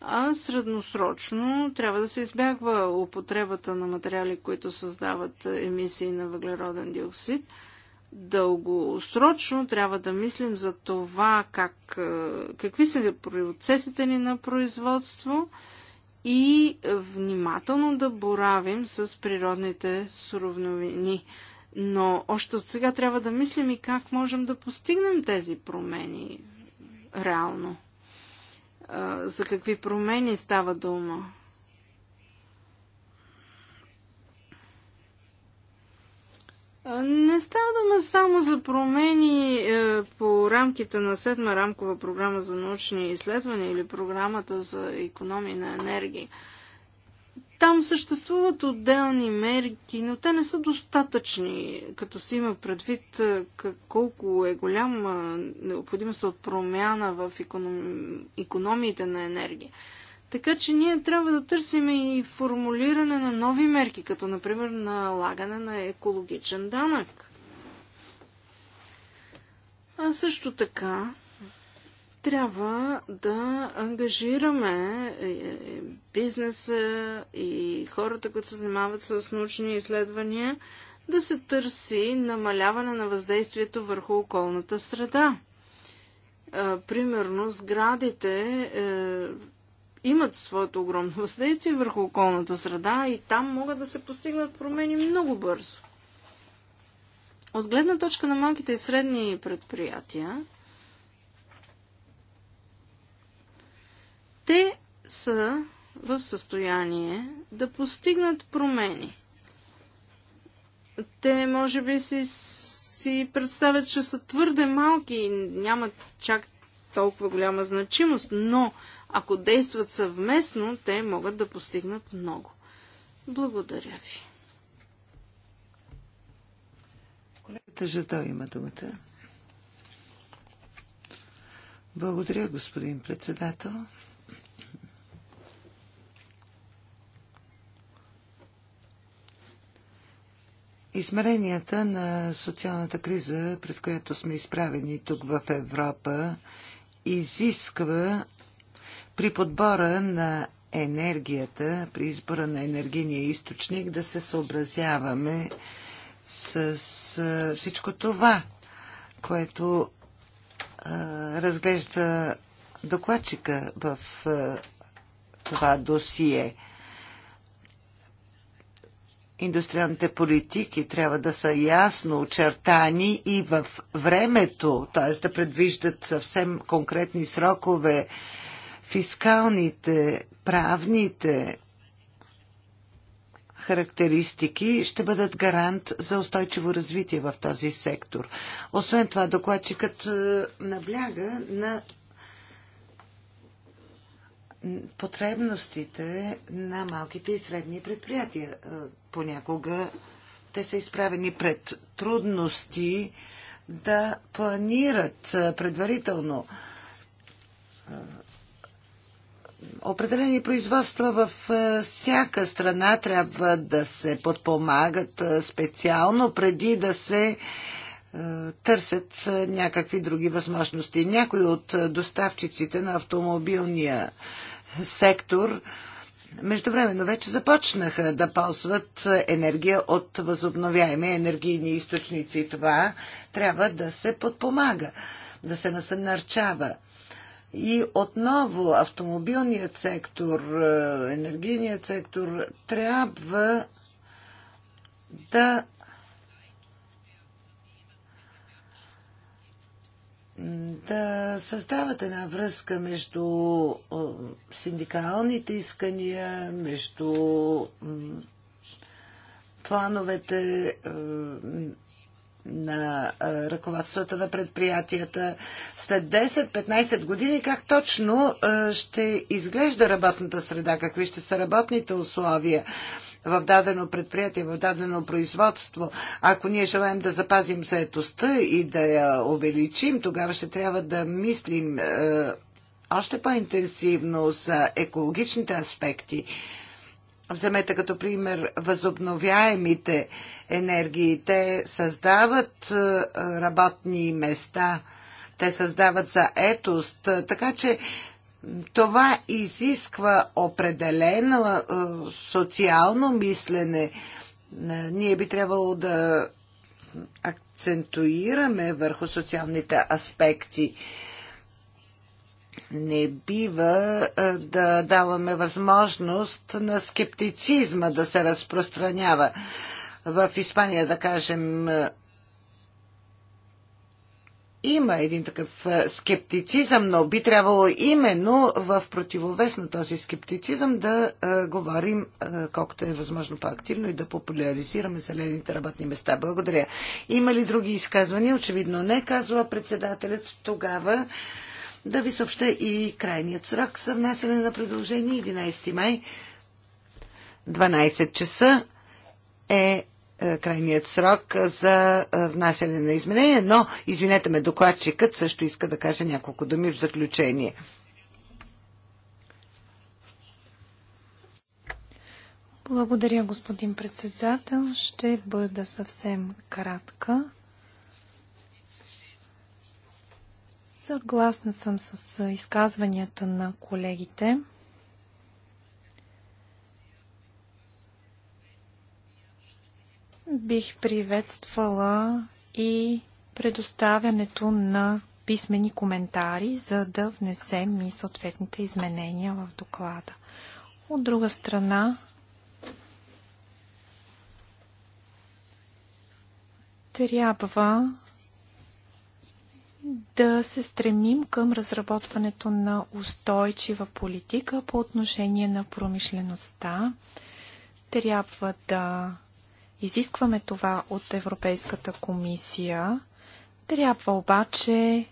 а средносрочно трябва да се избягва употребата на материали, които създават емисии на въглероден диоксид. Дългосрочно трябва да мислим за това как, е, какви са процесите ни на производство и внимателно да боравим с природните суровновини. Но още от сега трябва да мислим и как можем да постигнем тези промени реално. За какви промени става дума? Не става дума само за промени е, по рамките на седма рамкова програма за научни изследвания или програмата за економия на енергия. Там съществуват отделни мерки, но те не са достатъчни, като се има предвид е, колко е голяма е, необходимост от промяна в економиите на енергия. Така че ние трябва да търсим и формулиране на нови мерки, като например налагане на екологичен данък. А също така трябва да ангажираме е, е, бизнеса и хората, които се занимават с научни изследвания, да се търси намаляване на въздействието върху околната среда. Е, примерно, сградите имат своето огромно въздействие върху околната среда и там могат да се постигнат промени много бързо. От гледна точка на малките и средни предприятия, те са в състояние да постигнат промени. Те може би си, си представят, че са твърде малки и нямат чак толкова голяма значимост, но ако действат съвместно, те могат да постигнат много. Благодаря ви. Колегата Жадо има думата. Благодаря, господин председател. Измеренията на социалната криза, пред която сме изправени тук в Европа, изисква при подбора на енергията, при избора на енергийния източник, да се съобразяваме с всичко това, което а, разглежда докладчика в а, това досие – индустриалните политики трябва да са ясно очертани и в времето, т.е. да предвиждат съвсем конкретни срокове, фискалните, правните характеристики ще бъдат гарант за устойчиво развитие в този сектор. Освен това, докладчикът е, набляга на потребностите на малките и средни предприятия. Е, понякога те са изправени пред трудности да планират е, предварително е, определени производства в всяка страна трябва да се подпомагат специално преди да се търсят някакви други възможности. Някои от доставчиците на автомобилния сектор междувременно вече започнаха да ползват енергия от възобновяеми енергийни източници. И това трябва да се подпомага, да се насънарчава. И отново автомобилният сектор, е, енергийният сектор трябва да да създават една връзка между синдикалните искания, между плановете на ръководствата на предприятията след 10-15 години, как точно ще изглежда работната среда, какви ще са работните условия, в дадено предприятие, в дадено производство, ако ние желаем да запазим заетостта и да я увеличим, тогава ще трябва да мислим е, още по-интенсивно за екологичните аспекти. Вземете като пример възобновяемите енергии. Те създават е, работни места, те създават заетост. Така че това изисква определено социално мислене. Ние би трябвало да акцентуираме върху социалните аспекти. Не бива да даваме възможност на скептицизма да се разпространява. В Испания, да кажем, има един такъв е, скептицизъм, но би трябвало именно в противовес на този скептицизъм да а, е, говорим а, е, колкото е възможно по-активно и да популяризираме зелените работни места. Благодаря. Има ли други изказвания? Очевидно не, казва председателят тогава. Да ви съобща и крайният срок за внасяне на предложение 11 май 12 часа е е, крайният срок за е, внасяне на изменения, но, извинете ме, докладчикът също иска да каже няколко думи в заключение. Благодаря, господин председател. Ще бъда съвсем кратка. Съгласна съм с е, изказванията на колегите. Бих приветствала и предоставянето на писмени коментари, за да внесем и съответните изменения в доклада. От друга страна, трябва да се стремим към разработването на устойчива политика по отношение на промишлеността. Трябва да Изискваме това от Европейската комисия. Трябва обаче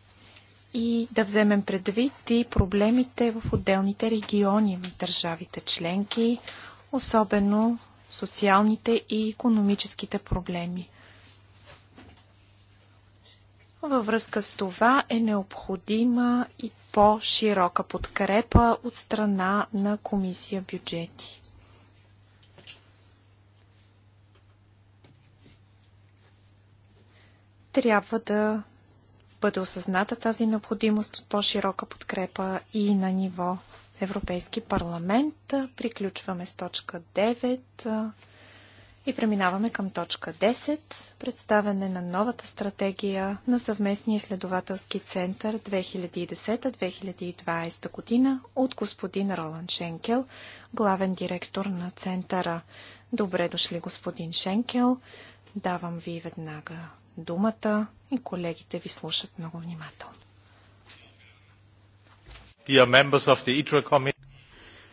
и да вземем предвид и проблемите в отделните региони в държавите членки, особено социалните и економическите проблеми. Във връзка с това е необходима и по-широка подкрепа от страна на Комисия бюджети. трябва да бъде осъзната тази необходимост от по-широка подкрепа и на ниво Европейски парламент. Приключваме с точка 9 и преминаваме към точка 10 представяне на новата стратегия на съвместния изследователски център 2010-2020 година от господин Ролан Шенкел, главен директор на центъра. Добре дошли, господин Шенкел. Давам ви веднага думата и колегите ви слушат много внимателно.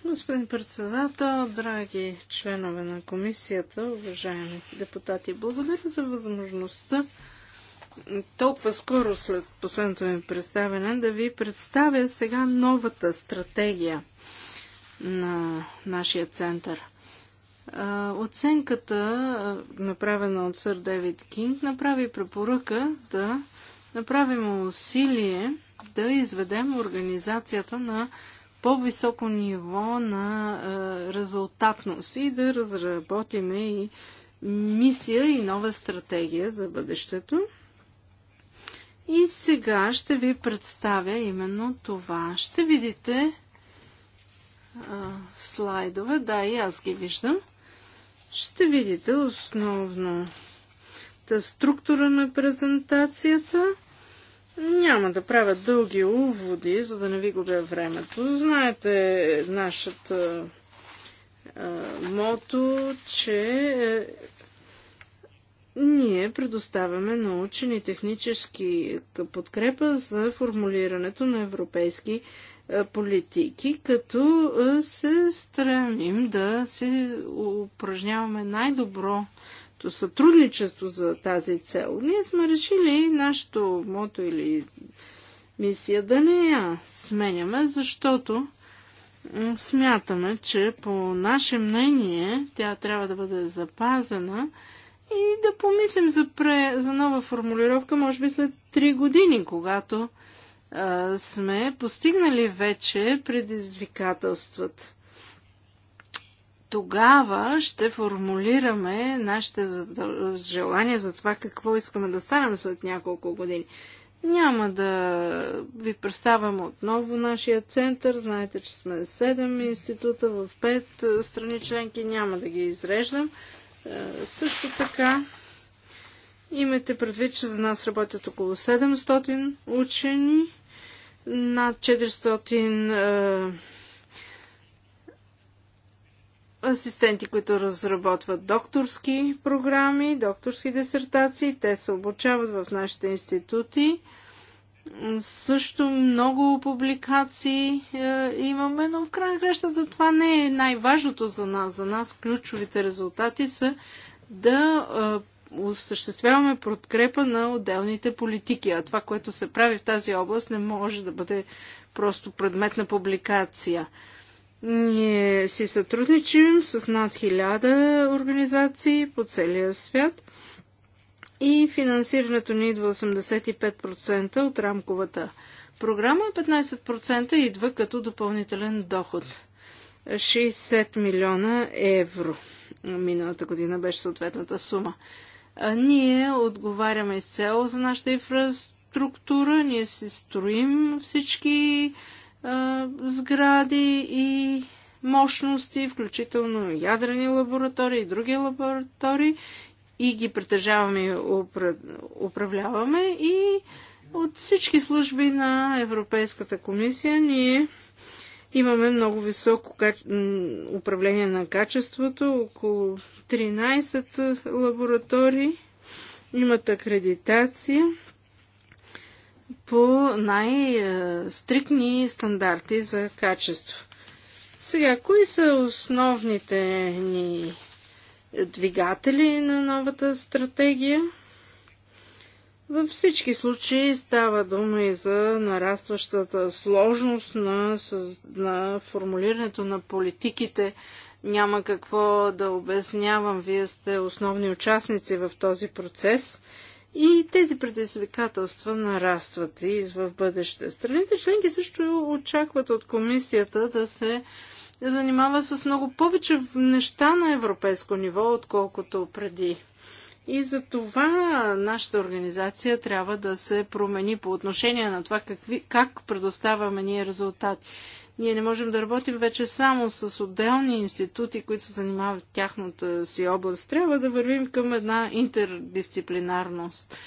Господин председател, драги членове на комисията, уважаеми депутати, благодаря за възможността толкова скоро след последното ми представяне да ви представя сега новата стратегия на нашия център – оценката, направена от сър Девид Кинг, направи препоръка да направим усилие да изведем организацията на по-високо ниво на резултатност и да разработиме и мисия и нова стратегия за бъдещето. И сега ще ви представя именно това. Ще видите а, слайдове, да, и аз ги виждам ще видите основно структура на презентацията. Няма да правя дълги уводи, за да не ви губя времето. Знаете нашата а, мото, че е, ние предоставяме научен и технически подкрепа за формулирането на европейски е, политики, като е, се стремим да се упражняваме най-доброто сътрудничество за тази цел. Ние сме решили нашето мото или мисия да не я сменяме, защото смятаме, че по наше мнение тя трябва да бъде запазена и да помислим за, пре, за нова формулировка, може би след 3 години, когато а, сме постигнали вече предизвикателствата. Тогава ще формулираме нашите желания за това какво искаме да станем след няколко години. Няма да ви представям отново нашия център. Знаете, че сме 7 института в 5 страни членки. Няма да ги изреждам. също така, имате предвид, че за нас работят около 700 учени над 400 е, асистенти, които разработват докторски програми, докторски дисертации. Те се обучават в нашите институти. Също много публикации е, имаме, но в крайна на за това не е най-важното за нас. За нас ключовите резултати са да е, осъществяваме подкрепа на отделните политики, а това, което се прави в тази област, не може да бъде просто предмет на публикация. Ние си сътрудничим с над хиляда организации по целия свят и финансирането ни идва 85% от рамковата програма, 15% идва като допълнителен доход. 60 милиона евро. Миналата година беше съответната сума. Ние отговаряме изцяло за нашата инфраструктура, ние си строим всички а, сгради и мощности, включително ядрени лаборатории и други лаборатории и ги притежаваме и управляваме и от всички служби на Европейската комисия ние имаме много високо управление на качеството, около 13 лаборатории имат акредитация по най-стрикни стандарти за качество. Сега, кои са основните ни двигатели на новата стратегия? Във всички случаи става дума и за нарастващата сложност на, на формулирането на политиките няма какво да обяснявам, вие сте основни участници в този процес и тези предизвикателства нарастват и в бъдеще. Страните членки също очакват от комисията да се занимава с много повече неща на европейско ниво, отколкото преди. И за това нашата организация трябва да се промени по отношение на това какви, как предоставяме ние резултати. Ние не можем да работим вече само с отделни институти, които се занимават тяхната си област. Трябва да вървим към една интердисциплинарност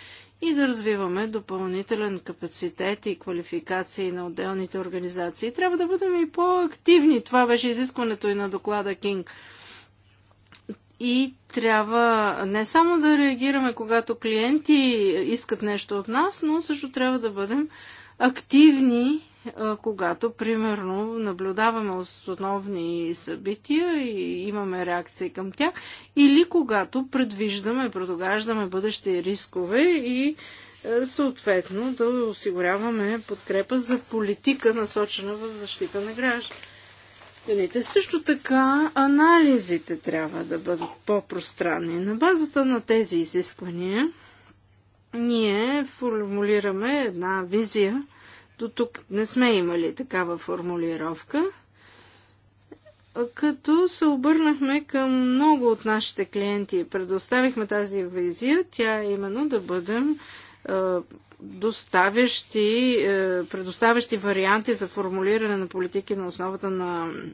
и да развиваме допълнителен капацитет и квалификации на отделните организации. Трябва да бъдем и по-активни. Това беше изискването и на доклада Кинг. И трябва не само да реагираме, когато клиенти искат нещо от нас, но също трябва да бъдем активни когато, примерно, наблюдаваме основни събития и имаме реакции към тях, или когато предвиждаме, предогаждаме бъдещи рискове и съответно да осигуряваме подкрепа за политика, насочена в защита на гражданите. Също така анализите трябва да бъдат по-пространни. На базата на тези изисквания ние формулираме една визия до тук не сме имали такава формулировка. Като се обърнахме към много от нашите клиенти, предоставихме тази визия, тя е именно да бъдем е, доставящи, е, предоставящи варианти за формулиране на политики на основата на е,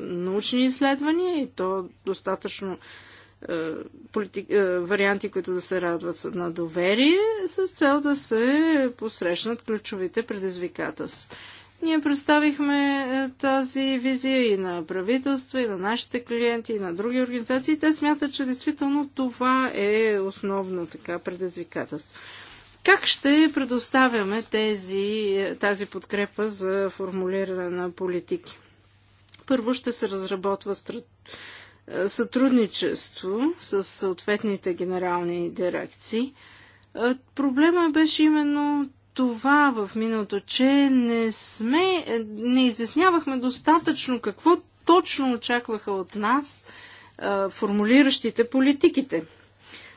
научни изследвания и то достатъчно е, политик, е, варианти, които да се радват на доверие, с цел да се посрещнат ключовите предизвикателства. Ние представихме е, тази визия и на правителства, и на нашите клиенти, и на други организации. Те смятат, че действително това е основно така предизвикателство. Как ще предоставяме тези, тази подкрепа за формулиране на политики? Първо ще се разработва стратегия е, сътрудничество с съответните генерални дирекции. Е, проблема беше именно това в миналото, че не сме, е, не изяснявахме достатъчно какво точно очакваха от нас формулиращите политиките.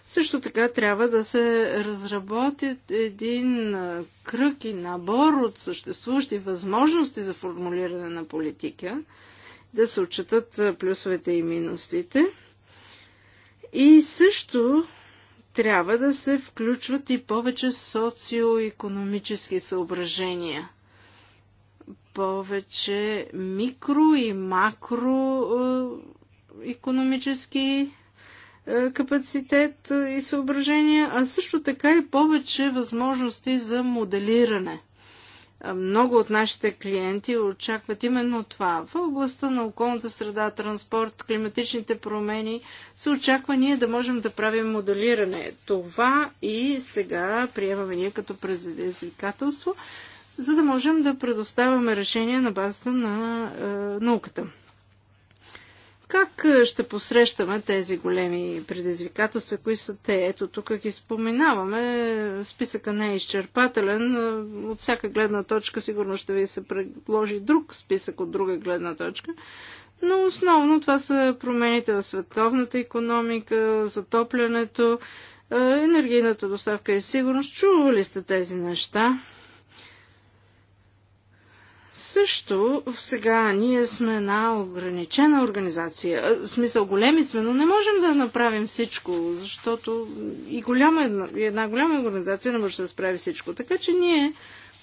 Също така трябва да се разработи един кръг и набор от съществуващи възможности за формулиране на политика, да се отчитат плюсовете и минусите. И също трябва да се включват и повече социо-економически съображения. Повече микро и макро економически капацитет и съображения, а също така и повече възможности за моделиране много от нашите клиенти очакват именно това. В областта на околната среда, транспорт, климатичните промени се очаква ние да можем да правим моделиране. Това и сега приемаме ние като предизвикателство, за да можем да предоставяме решения на базата на е, науката. Как е, ще посрещаме тези големи предизвикателства? Кои са те? Ето тук ги споменаваме. Списъка не е изчерпателен. Е, от всяка гледна точка сигурно ще ви се предложи друг списък от друга гледна точка. Но основно това са промените в световната економика, затоплянето, е, енергийната доставка и сигурност. Чували сте тези неща също сега ние сме една ограничена организация. В смисъл големи сме, но не можем да направим всичко, защото и голяма, една, една голяма организация не може да справи всичко. Така че ние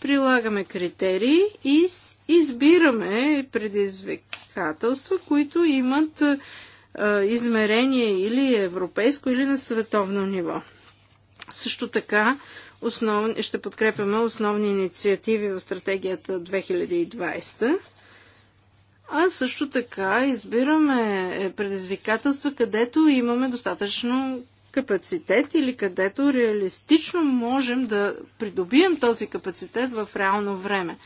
прилагаме критерии и избираме предизвикателства, които имат е, измерение или европейско, или на световно ниво. Също така ще подкрепяме основни инициативи в стратегията 2020. А също така избираме е, предизвикателства, където имаме достатъчно капацитет или където реалистично можем да придобием този капацитет в реално време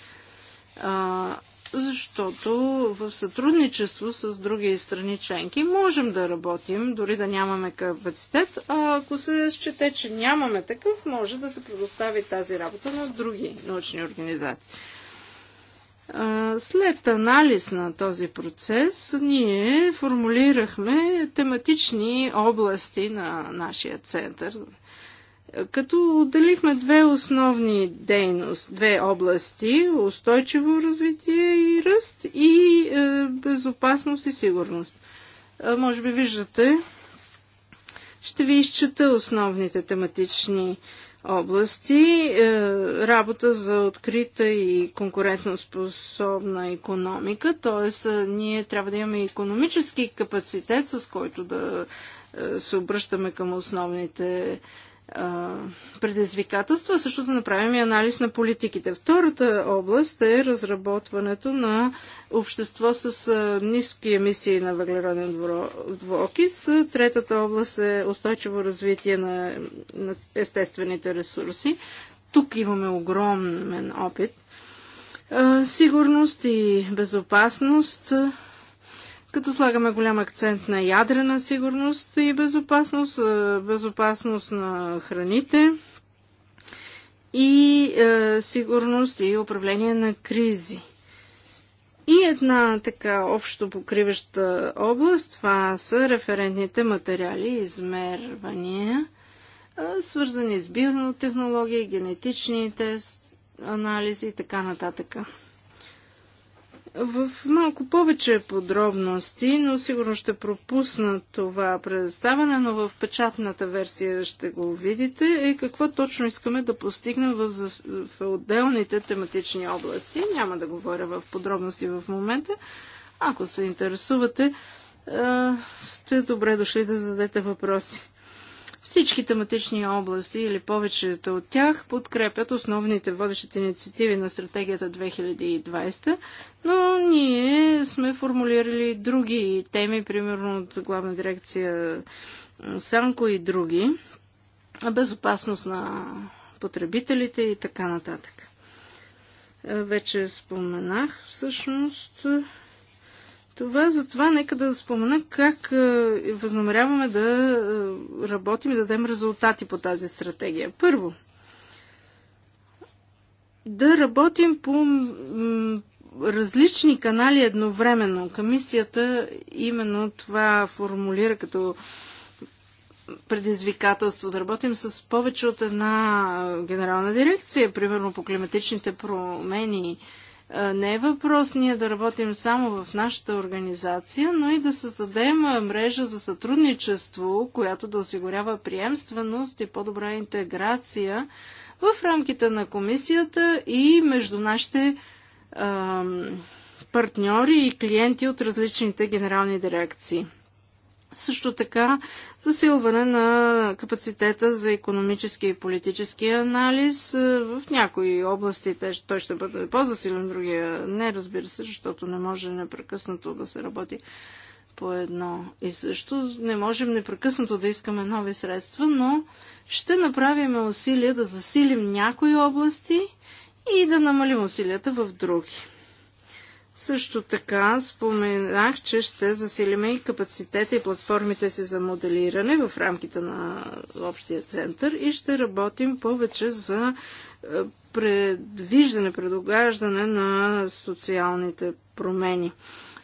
защото в сътрудничество с други страни членки можем да работим, дори да нямаме капацитет, а ако се счете, че нямаме такъв, може да се предостави тази работа на други научни организации. След анализ на този процес, ние формулирахме тематични области на нашия център – като отделихме две основни дейности, две области устойчиво развитие и ръст и е, безопасност и сигурност. Е, може би виждате, ще ви изчета основните тематични области. Е, работа за открита и конкурентоспособна економика, т.е. ние трябва да имаме економически капацитет, с който да е, се обръщаме към основните предизвикателства, също да направим и анализ на политиките. Втората област е разработването на общество с ниски емисии на въглероден двуокис. Третата област е устойчиво развитие на, на естествените ресурси. Тук имаме огромен опит. Сигурност и безопасност като слагаме голям акцент на ядрена сигурност и безопасност, е, безопасност на храните и е, сигурност и управление на кризи. И една така общо покриваща област, това са референтните материали, измервания, е, свързани с биотехнологии, генетичните анализи и така нататък в малко повече подробности, но сигурно ще пропусна това представяне, но в печатната версия ще го видите, и какво точно искаме да постигнем в, в отделните тематични области. Няма да говоря в подробности в момента. Ако се интересувате, сте добре дошли да зададете въпроси. Всички тематични области или повечето от тях подкрепят основните водещите инициативи на стратегията 2020, но ние сме формулирали други теми, примерно от главна дирекция Санко и други, безопасност на потребителите и така нататък. Вече споменах всъщност това, затова нека да спомена как е, възнамеряваме да е, работим и да дадем резултати по тази стратегия. Първо, да работим по различни канали едновременно. Комисията именно това формулира като предизвикателство да работим с повече от една е, генерална дирекция, примерно по климатичните промени, е, не е въпрос ние да работим само в нашата организация, но и да създадем е, мрежа за сътрудничество, която да осигурява приемственост и по-добра интеграция в рамките на комисията и между нашите партньори и клиенти от различните генерални дирекции. Също така засилване на капацитета за економически и политически анализ. Е, в някои области той ще бъде по-засилен, другия не, разбира се, защото не може непрекъснато да се работи по едно и също. Не можем непрекъснато да искаме нови средства, но ще направим усилия да засилим някои области и да намалим усилията в други. Също така споменах, че ще засилиме и капацитета и платформите си за моделиране в рамките на общия център и ще работим повече за е, предвиждане, предогаждане на социалните промени.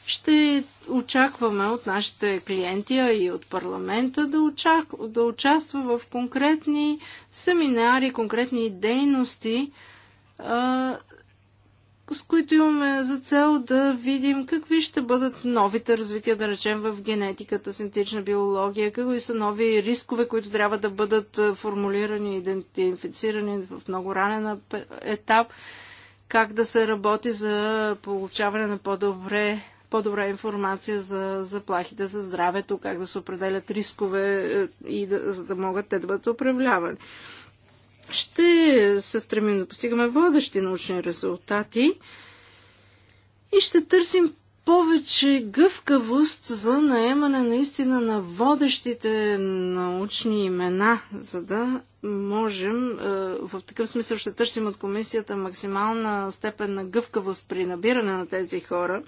Ще очакваме от нашите клиенти, и от парламента да, очак... да участва в конкретни семинари, конкретни дейности, е, с които имаме за цел да видим какви ще бъдат новите развития, да речем, в генетиката, синтетична биология, какви са нови рискове, които трябва да бъдат формулирани, идентифицирани в много ранен етап, как да се работи за получаване на по-добре по-добра информация за заплахите за здравето, как да се определят рискове и да, за да могат те да бъдат управлявани. Ще се стремим да постигаме водещи научни резултати и ще търсим повече гъвкавост за наемане наистина на водещите научни имена, за да можем, е, в такъв смисъл ще търсим от комисията максимална степен на гъвкавост при набиране на тези хора,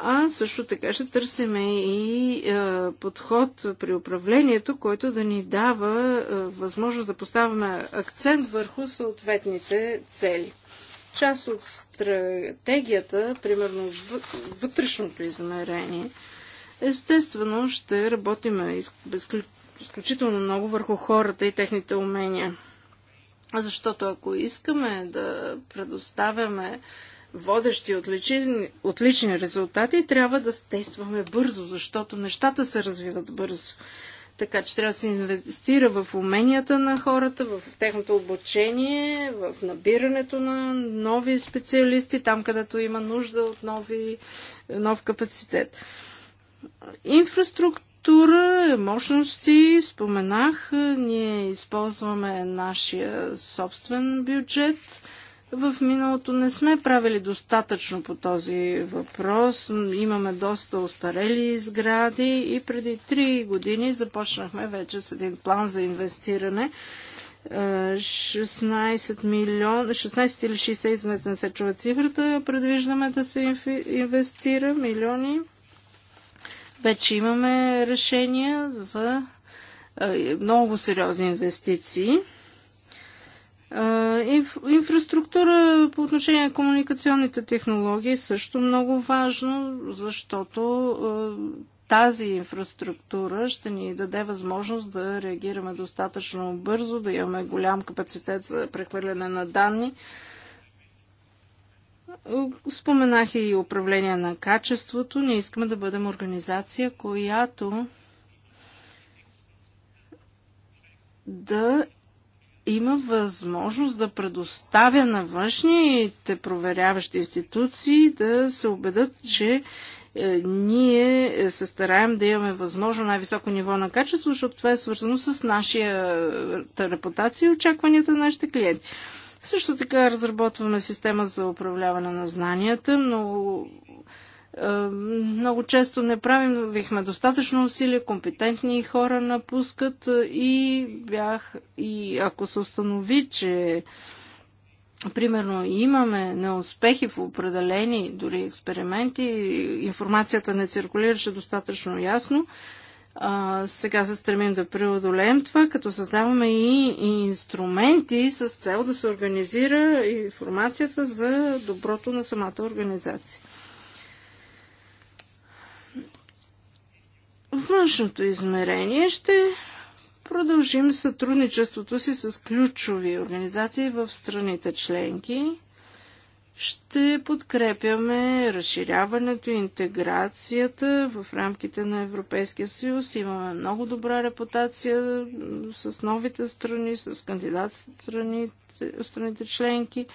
а също така ще търсиме и е, подход при управлението, който да ни дава е, възможност да поставяме акцент върху съответните цели. Част от стратегията, примерно вътрешното измерение, естествено ще работим изключително много върху хората и техните умения. Защото ако искаме да предоставяме водещи отлични, отлични резултати, трябва да действаме бързо, защото нещата се развиват бързо. Така че трябва да се инвестира в уменията на хората, в техното обучение, в набирането на нови специалисти, там където има нужда от нови, нов капацитет. Инфраструктура, мощности, споменах, ние използваме нашия собствен бюджет в миналото не сме правили достатъчно по този въпрос. Имаме доста остарели сгради и преди три години започнахме вече с един план за инвестиране. 16 е, милион, 16 или 60, извинете, не се чува цифрата, предвиждаме да се инвестира милиони. Вече имаме решения за е, много сериозни инвестиции. Инф, инфраструктура по отношение на комуникационните технологии също много важно, защото тази инфраструктура ще ни даде възможност да реагираме достатъчно бързо, да имаме голям капацитет за прехвърляне на данни. Споменах и управление на качеството. Ние искаме да бъдем организация, която да има възможност да предоставя на външните проверяващи институции да се убедат, че е, ние се стараем да имаме възможно най-високо ниво на качество, защото това е свързано с нашата репутация и очакванията на нашите клиенти. Също така разработваме система за управляване на знанията. Много много често не правим, бихме достатъчно усилия, компетентни хора напускат и бях, и ако се установи, че примерно имаме неуспехи в определени дори експерименти, информацията не циркулираше достатъчно ясно, а, сега се стремим да преодолеем това, като създаваме и, и инструменти с цел да се организира информацията за доброто на самата организация. външното измерение ще продължим сътрудничеството си с ключови организации в страните членки. Ще подкрепяме разширяването и интеграцията в рамките на Европейския съюз. Имаме много добра репутация с новите страни, с кандидат страните, страните членки,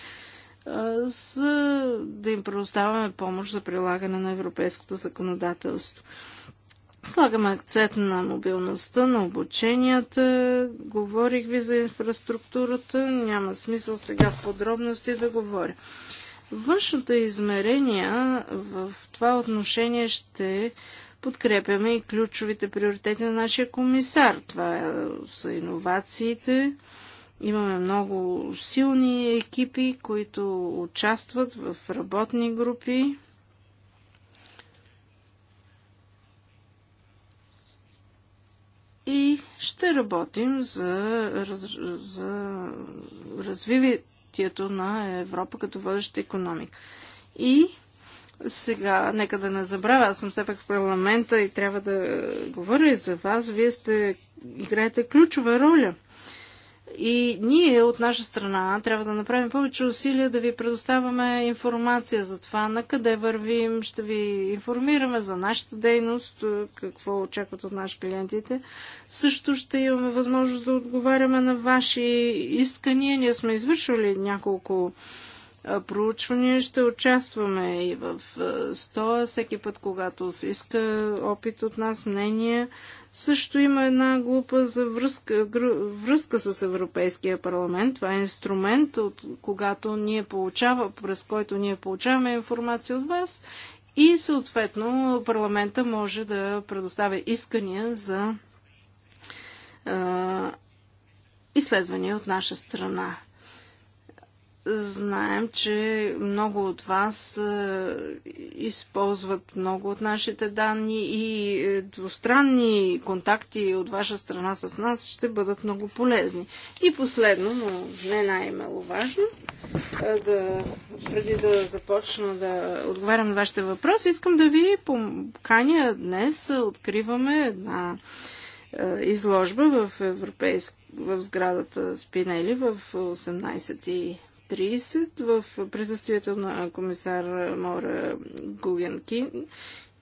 за да им предоставяме помощ за прилагане на европейското законодателство. Слагаме акцент на мобилността, на обученията. Говорих ви за инфраструктурата. Няма смисъл сега в подробности да говоря. Външното измерение в това отношение ще подкрепяме и ключовите приоритети на нашия комисар. Това са иновациите. Имаме много силни екипи, които участват в работни групи и ще работим за, раз, за развитието на Европа като водеща економика. И сега, нека да не забравя, аз съм все пак в парламента и трябва да говоря и за вас. Вие сте, играете ключова роля. И ние от наша страна трябва да направим повече усилия да ви предоставяме информация за това, на къде вървим, ще ви информираме за нашата дейност, е, какво очакват от наши клиентите. Също ще имаме възможност да отговаряме на ваши искания. Ние сме извършвали няколко проучвания. Ще участваме и в стоя, всеки път, когато се иска опит от нас, мнение. Също има една глупа за връзка, връзка с Европейския парламент. Това е инструмент, от когато ние получава, през който ние получаваме информация от вас и съответно парламента може да предоставя искания за изследвания от наша страна. Знаем, че много от вас е, използват много от нашите данни и е, двустранни контакти от ваша страна с нас ще бъдат много полезни. И последно, но не най-маловажно, е, да, преди да започна да отговарям на вашите въпроси, искам да ви поканя днес. Откриваме една изложба в, европейск... в сградата Спинели в 18 30 в присъствието на комисар Мора Гугенкин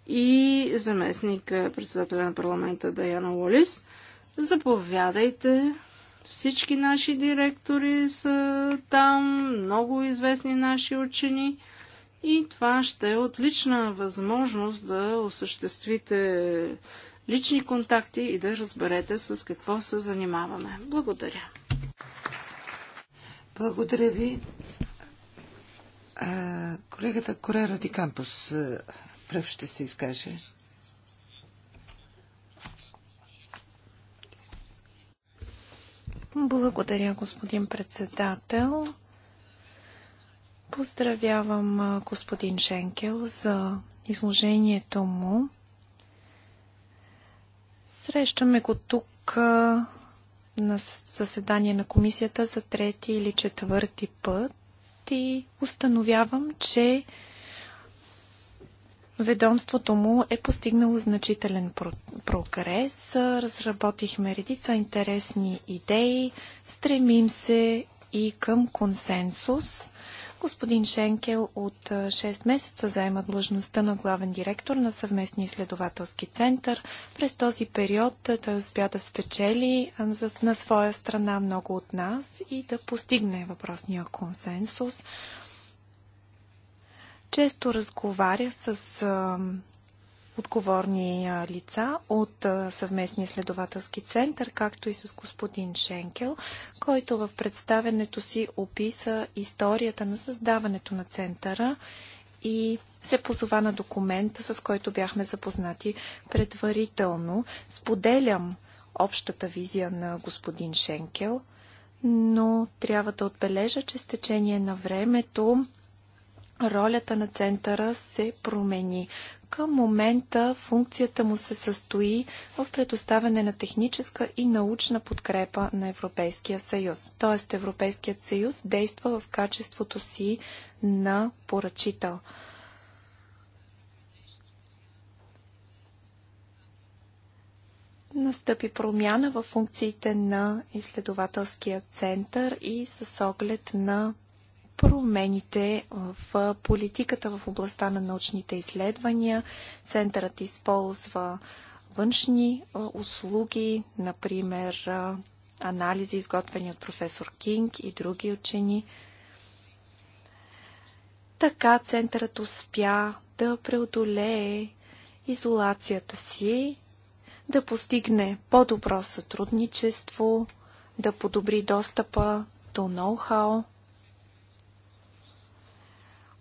и заместник председателя на парламента Даяна Уолис. Заповядайте. Всички наши директори са там, много известни наши учени. И това ще е отлична възможност да осъществите лични контакти и да разберете с какво се занимаваме. Благодаря. Благодаря ви. колегата Корера Дикампус пръв ще се изкаже. Благодаря, господин председател. Поздравявам господин Шенкел за изложението му. Срещаме го тук на съседание на комисията за трети или четвърти път и установявам, че ведомството му е постигнало значителен прогрес. Разработихме редица интересни идеи, стремим се и към консенсус. Господин Шенкел от 6 месеца заема длъжността на главен директор на съвместния изследователски център. През този период той успя да спечели на своя страна много от нас и да постигне въпросния консенсус. Често разговаря с отговорни лица от съвместния следователски център, както и с господин Шенкел, който в представенето си описа историята на създаването на центъра и се позова на документа, с който бяхме запознати предварително. Споделям общата визия на господин Шенкел, но трябва да отбележа, че с течение на времето ролята на центъра се промени. Към момента функцията му се състои в предоставяне на техническа и научна подкрепа на Европейския съюз. Тоест Европейският съюз действа в качеството си на поръчител. настъпи промяна в функциите на изследователския център и с оглед на промените в политиката в областта на научните изследвания. Центърът използва външни услуги, например анализи, изготвени от професор Кинг и други учени. Така центърът успя да преодолее изолацията си, да постигне по-добро сътрудничество, да подобри достъпа до ноу-хау,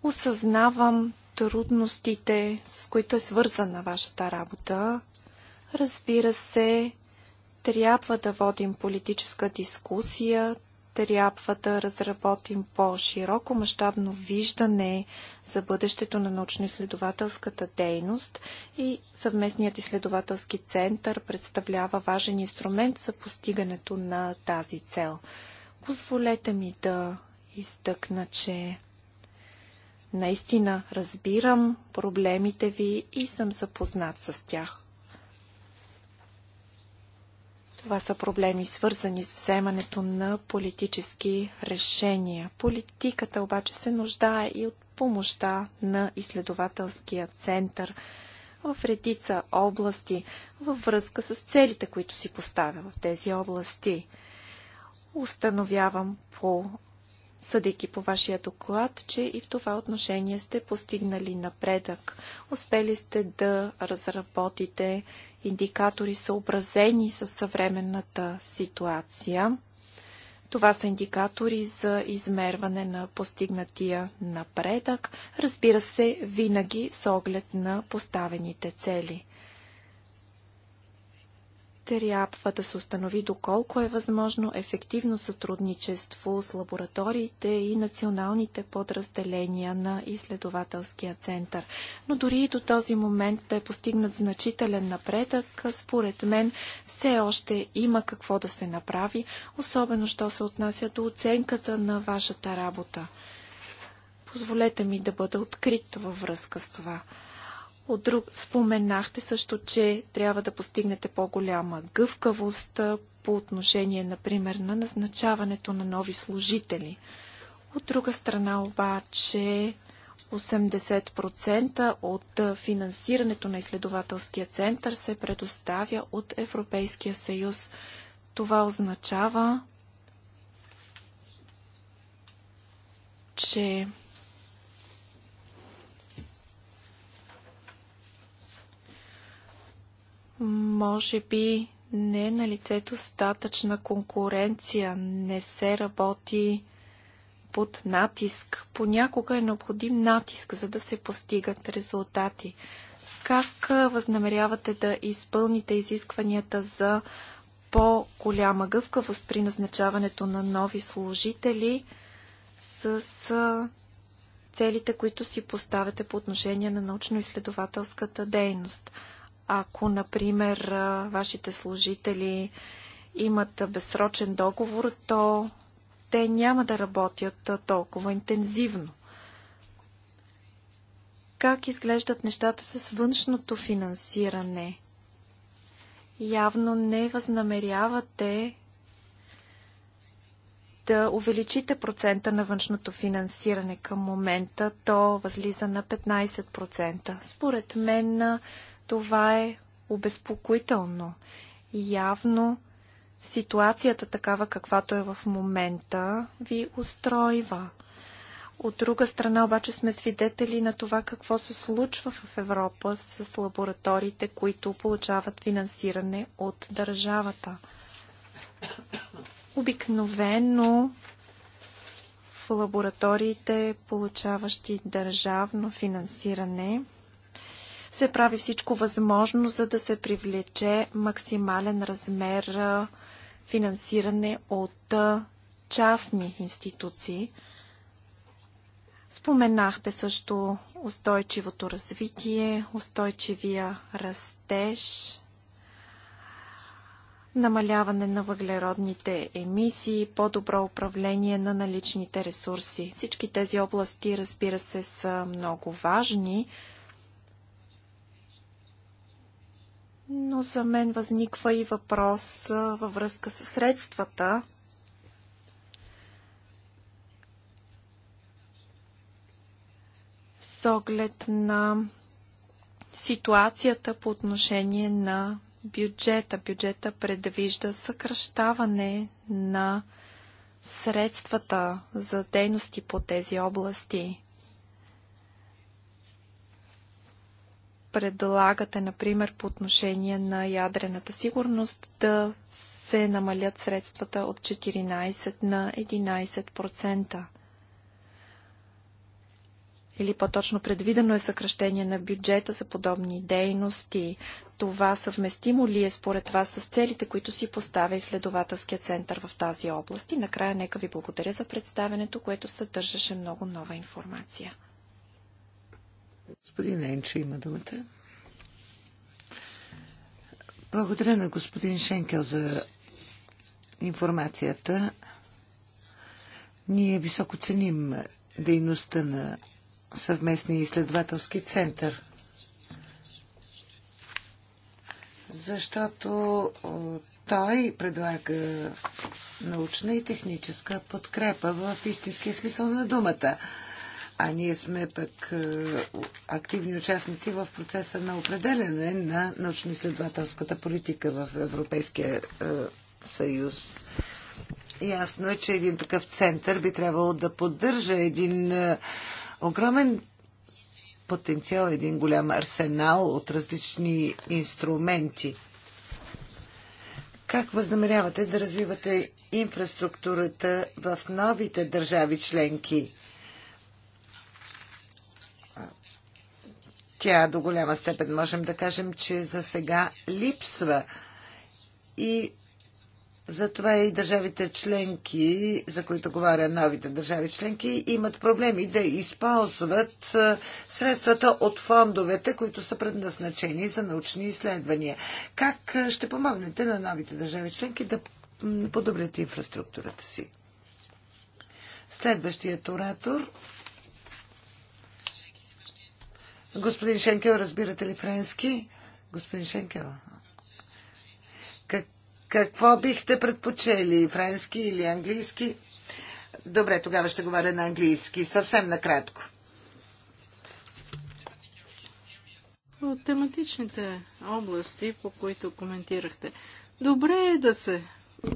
Осъзнавам трудностите, с които е свързана вашата работа. Разбира се, трябва да водим политическа дискусия, трябва да разработим по-широко мащабно виждане за бъдещето на научно-изследователската дейност и съвместният изследователски център представлява важен инструмент за постигането на тази цел. Позволете ми да изтъкна, че Наистина разбирам проблемите ви и съм запознат с тях. Това са проблеми, свързани с вземането на политически решения. Политиката обаче се нуждае и от помощта на изследователския център в редица области във връзка с целите, които си поставя в тези области. Установявам по съдейки по вашия доклад, че и в това отношение сте постигнали напредък. Успели сте да разработите индикатори съобразени с съвременната ситуация. Това са индикатори за измерване на постигнатия напредък, разбира се, винаги с оглед на поставените цели трябва да се установи доколко е възможно ефективно сътрудничество с лабораториите и националните подразделения на изследователския център. Но дори и до този момент да е постигнат значителен напредък, според мен все още има какво да се направи, особено що се отнася до оценката на вашата работа. Позволете ми да бъда открит във връзка с това. От друг, споменахте също, че трябва да постигнете по-голяма гъвкавост по отношение, например, на назначаването на нови служители. От друга страна обаче 80% от финансирането на изследователския център се предоставя от Европейския съюз. Това означава, че Може би не е на лицето достатъчна конкуренция, не се работи под натиск. Понякога е необходим натиск, за да се постигат резултати. Как възнамерявате да изпълните изискванията за по-голяма гъвкавост при назначаването на нови служители с целите, които си поставяте по отношение на научно-изследователската дейност? Ако, например, вашите служители имат безсрочен договор, то те няма да работят толкова интензивно. Как изглеждат нещата с външното финансиране? Явно не възнамерявате да увеличите процента на външното финансиране към момента, то възлиза на 15%. Според мен това е обезпокоително. Явно ситуацията такава каквато е в момента ви устройва. От друга страна обаче сме свидетели на това какво се случва в Европа с лабораториите, които получават финансиране от държавата. Обикновено в лабораториите, получаващи държавно финансиране, се прави всичко възможно, за да се привлече максимален размер финансиране от частни институции. Споменахте също устойчивото развитие, устойчивия растеж, намаляване на въглеродните емисии, по-добро управление на наличните ресурси. Всички тези области, разбира се, са много важни, Но за мен възниква и въпрос във връзка с средствата. С оглед на ситуацията по отношение на бюджета. Бюджета предвижда съкръщаване на средствата за дейности по тези области. предлагате, например, по отношение на ядрената сигурност, да се намалят средствата от 14 на 11%? или по-точно предвидено е съкръщение на бюджета за подобни дейности. Това съвместимо ли е според вас с целите, които си поставя изследователския център в тази област? И накрая нека ви благодаря за представенето, което съдържаше много нова информация. Господин Енчо има думата. Благодаря на господин Шенкел за информацията. Ние високо ценим дейността на съвместния изследователски център, защото той предлага научна и техническа подкрепа в истинския смисъл на думата а ние сме пък е, активни участници в процеса на определене на научно-изследователската политика в Европейския е, съюз. Ясно е, че един такъв център би трябвало да поддържа един е, огромен потенциал, един голям арсенал от различни инструменти. Как възнамерявате да развивате инфраструктурата в новите държави членки? Тя до голяма степен можем да кажем, че за сега липсва. И затова и държавите членки, за които говоря новите държави членки, имат проблеми да използват е, средствата от фондовете, които са предназначени за научни изследвания. Как е, ще помогнете на новите държави членки да подобрят инфраструктурата си? Следващият оратор Господин Шенкел, разбирате ли френски? Господин Шенкел, как, какво бихте предпочели? Френски или английски? Добре, тогава ще говоря на английски, съвсем накратко. От тематичните области, по които коментирахте, добре е да се,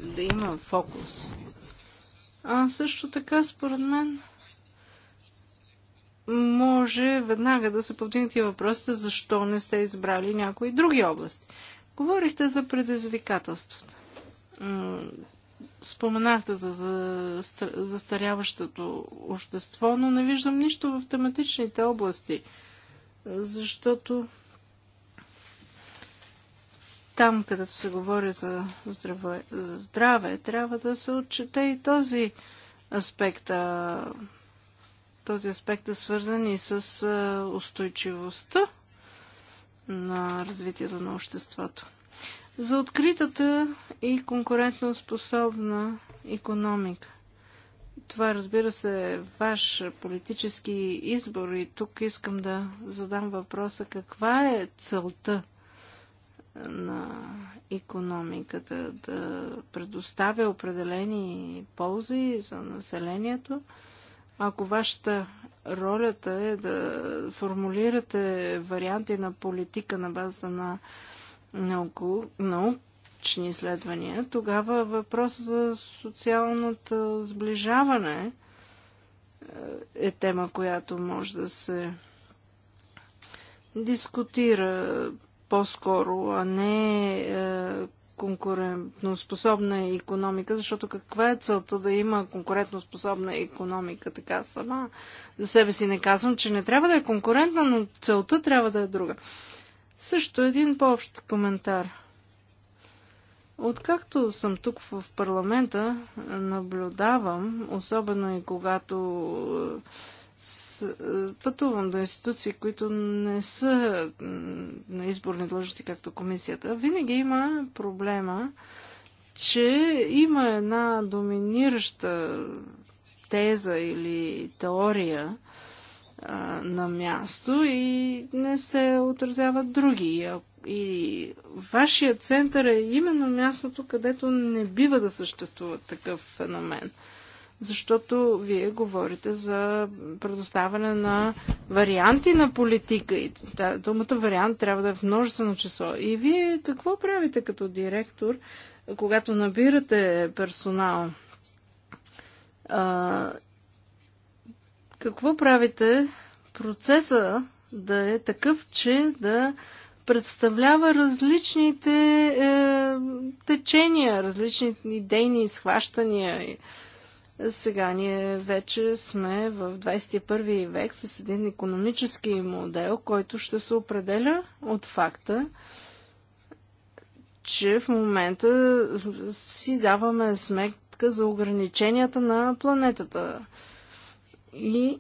да има фокус. А също така, според мен, може веднага да се повдигнат и въпросите защо не сте избрали някои други области. Говорихте за предизвикателствата. Споменахте за, застаряващото общество, но не виждам нищо в тематичните области, защото там, където се говори за здраве, за здраве трябва да се отчете и този аспект този аспект е свързан и с устойчивостта на развитието на обществото. За откритата и конкурентоспособна економика. Това, разбира се, е ваш политически избор и тук искам да задам въпроса каква е целта на економиката да предоставя определени ползи за населението – ако вашата ролята е да формулирате варианти на политика на базата на науко, научни изследвания, тогава въпрос за социалното сближаване е, е тема, която може да се дискутира по-скоро, а не е, конкурентоспособна економика, защото каква е целта да има конкурентоспособна економика така сама? За себе си не казвам, че не трябва да е конкурентна, но целта трябва да е друга. Също един по-общ коментар. Откакто съм тук в парламента, наблюдавам, особено и когато е, пътувам до институции, които не са на изборни длъжности, както комисията, винаги има проблема, че има една доминираща теза или теория а, е, на място и не се отразяват други. И вашия център е именно мястото, където не бива да съществува такъв феномен защото вие говорите за предоставяне на варианти на политика и думата вариант трябва да е в множествено число. И вие какво правите като директор, когато набирате персонал? А, какво правите процеса да е такъв, че да представлява различните е, течения, различни идейни изхващания? Сега ние вече сме в 21 век с един економически модел, който ще се определя от факта, че в момента си даваме сметка за ограниченията на планетата. И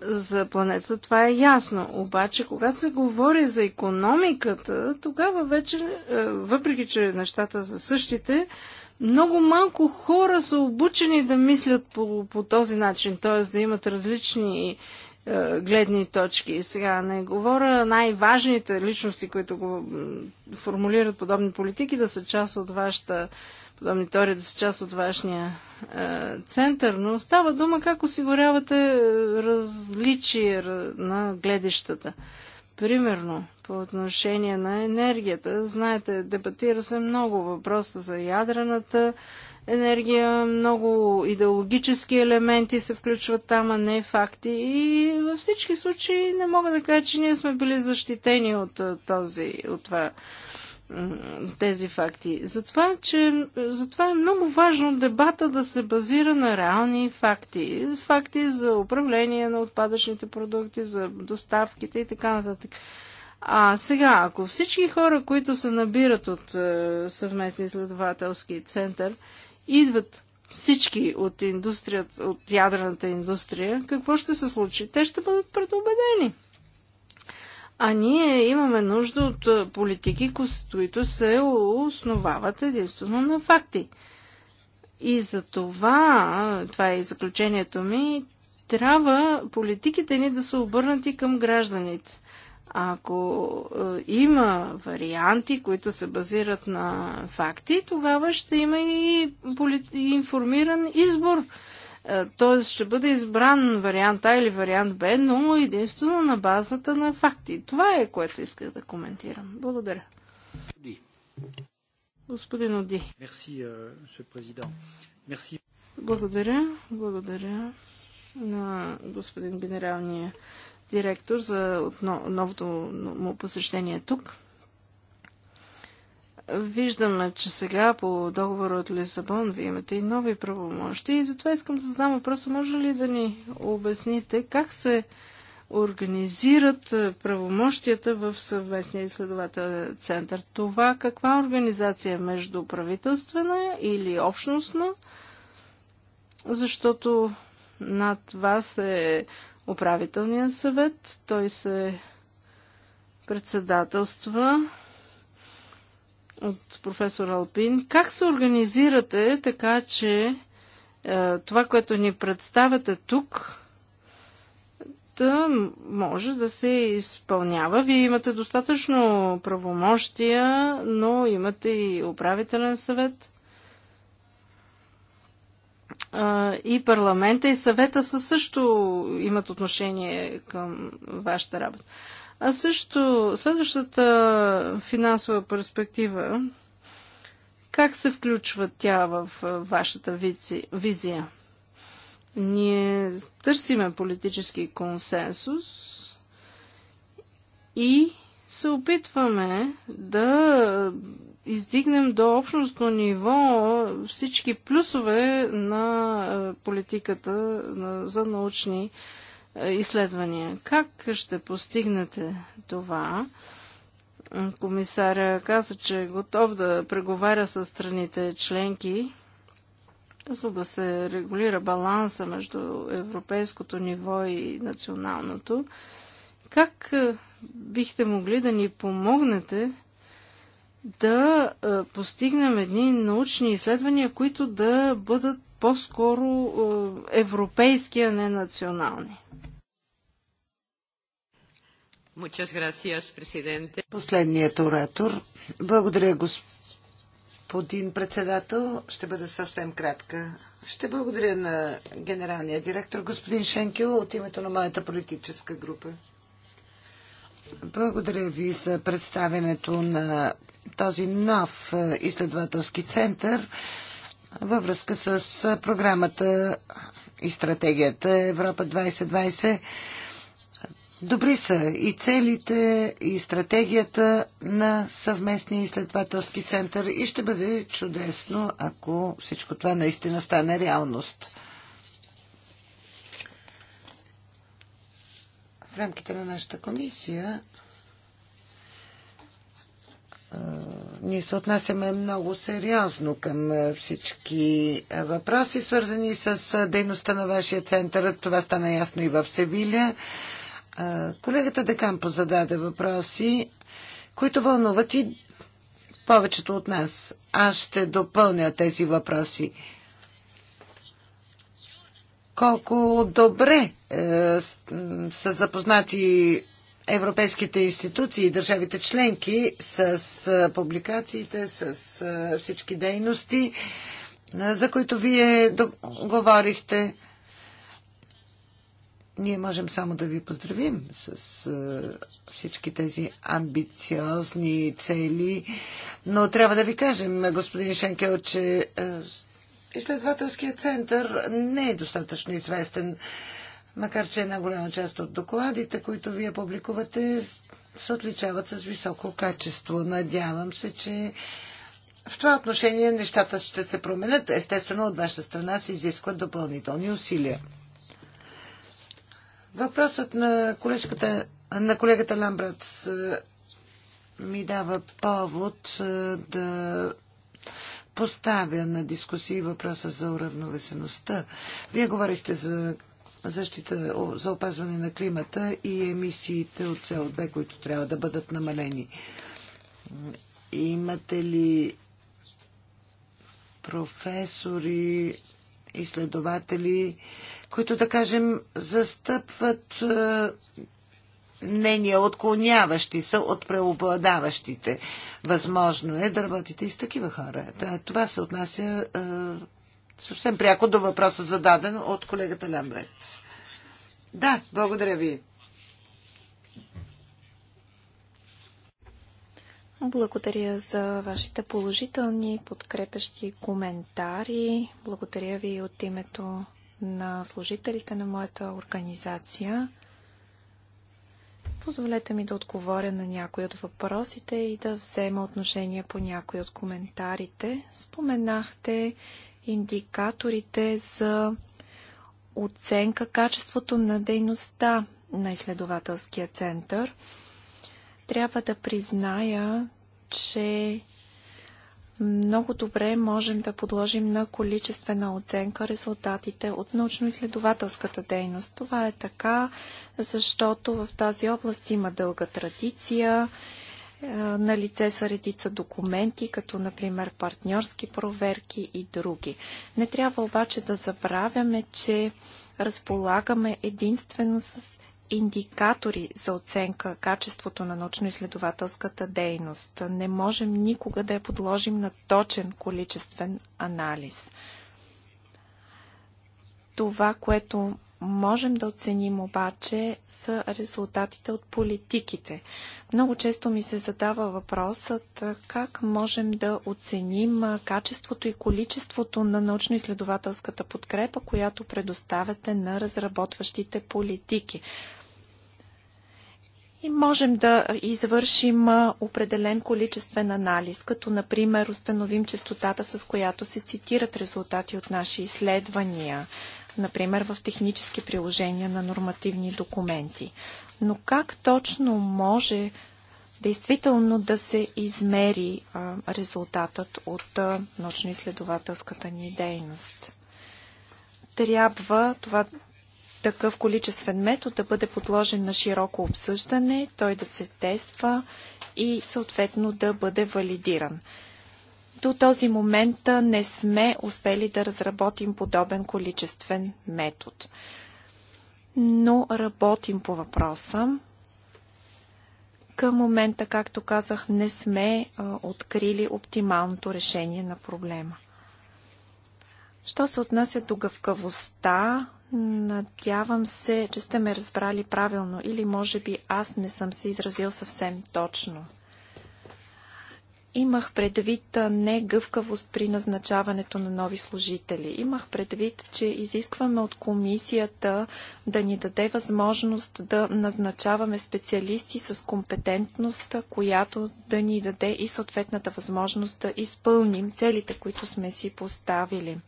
за планета това е ясно. Обаче, когато се говори за економиката, тогава вече, е, въпреки че нещата са същите, много малко хора са обучени да мислят по, по този начин, т.е. да имат различни е, гледни точки. Сега не говоря най-важните личности, които го формулират подобни политики, да са част от вашата подобни теории, да са част от вашния е, център, но става дума как осигурявате е, различие на гледищата. Примерно, по отношение на енергията, знаете, дебатира се много въпроса за ядрената енергия, много идеологически елементи се включват там, а не факти. И във всички случаи не мога да кажа, че ние сме били защитени от, този, от това тези факти. Затова, че, затова е много важно дебата да се базира на реални факти. Факти за управление на отпадъчните продукти, за доставките и така нататък. А сега, ако всички хора, които се набират от е, съвместния изследователски център, идват всички от индустрията, от ядрената индустрия, какво ще се случи? Те ще бъдат предубедени. А ние имаме нужда от политики, които се основават единствено на факти. И за това, това е и заключението ми, трябва политиките ни да са обърнати към гражданите. Ако има варианти, които се базират на факти, тогава ще има и информиран избор т.е. ще бъде избран вариант А или вариант Б, но единствено на базата на факти. Това е което исках да коментирам. Благодаря. Господин Оди. Мерси, е, президент. Мерси. Благодаря. Благодаря на господин генералния директор за новото му посещение тук. Виждаме, че сега по договора от Лисабон вие имате и нови правомощи и затова искам да задам въпроса, може ли да ни обясните как се организират е, правомощията в съвместния изследователен център? Това каква организация е, между правителствена или общностна? Защото над вас е управителният съвет, той се председателства от професор Алпин. Как се организирате така, че е, това, което ни представяте тук, да може да се изпълнява. Вие имате достатъчно правомощия, но имате и управителен съвет. и парламента, и съвета са също имат отношение към вашата работа. А също следващата финансова перспектива, как се включва тя в вашата визия? Ние търсиме политически консенсус и се опитваме да издигнем до общностно ниво всички плюсове на е, политиката за научни е, изследвания. Как ще постигнете това? Комисаря каза, че е готов да преговаря с страните членки, за да се регулира баланса между европейското ниво и националното. Как е, бихте могли да ни помогнете да е, постигнем едни научни изследвания, които да бъдат по-скоро европейски, а не национални? Последният оратор. Благодаря, господин председател. Ще бъда съвсем кратка. Ще благодаря на генералния директор, господин Шенкел, от името на моята политическа група. Благодаря ви за представенето на този нов е, изследователски център във връзка с е, програмата и стратегията Европа 2020. Добри са и целите, и стратегията на съвместния изследователски център и ще бъде чудесно, ако всичко това наистина стане реалност. В рамките на нашата комисия ние се отнасяме много сериозно към всички въпроси, свързани с дейността на вашия център. Това стана ясно и в Севиля. Колегата Декампо зададе въпроси, които вълнуват и повечето от нас. Аз ще допълня тези въпроси. Колко добре е, са запознати европейските институции и държавите членки с е, публикациите, с е, всички дейности, е, за които вие говорихте. Ние можем само да ви поздравим с всички тези амбициозни цели, но трябва да ви кажем, господин Шенкел, че изследователският център не е достатъчно известен, макар че една голяма част от докладите, които вие публикувате, се отличават с високо качество. Надявам се, че в това отношение нещата ще се променят. Естествено, от ваша страна се изискват допълнителни усилия. Въпросът на, колежката, на колегата Ламбрац е, ми дава повод е, да поставя на дискусии въпроса за уравновесеността. Вие говорихте за защита, за опазване на климата и емисиите от СО2, които трябва да бъдат намалени. Имате ли професори, изследователи, които, да кажем, застъпват е, мнения, отклоняващи са от преобладаващите. Възможно е да работите и с такива хора. Да, това се отнася е, съвсем пряко до въпроса зададен от колегата Лямбрец. Да, благодаря ви. Благодаря за вашите положителни, подкрепещи коментари. Благодаря ви от името на служителите на моята организация. Позволете ми да отговоря на някои от въпросите и да взема отношение по някои от коментарите. Споменахте индикаторите за оценка качеството на дейността на изследователския център – трябва да призная, че много добре можем да подложим на количествена оценка резултатите от научно-изследователската дейност. Това е така, защото в тази област има дълга традиция, е, на лице са редица документи, като например партньорски проверки и други. Не трябва обаче да забравяме, че разполагаме единствено с индикатори за оценка качеството на научно-изследователската дейност. Не можем никога да я подложим на точен количествен анализ. Това, което можем да оценим обаче са резултатите от политиките. Много често ми се задава въпросът как можем да оценим качеството и количеството на научно-изследователската подкрепа, която предоставяте на разработващите политики. И можем да извършим определен количествен анализ, като например установим частотата, с която се цитират резултати от наши изследвания, например в технически приложения на нормативни документи. Но как точно може действително да се измери а, резултатът от научно-изследователската ни дейност? Трябва това такъв количествен метод да бъде подложен на широко обсъждане, той да се тества и съответно да бъде валидиран. До този момент не сме успели да разработим подобен количествен метод. Но работим по въпроса. Към момента, както казах, не сме а, открили оптималното решение на проблема. Що се отнася до гъвкавостта, надявам се, че сте ме разбрали правилно или може би аз не съм се изразил съвсем точно – Имах предвид не гъвкавост при назначаването на нови служители. Имах предвид, че изискваме от комисията да ни даде възможност да назначаваме специалисти с компетентност, която да ни даде и съответната възможност да изпълним целите, които сме си поставили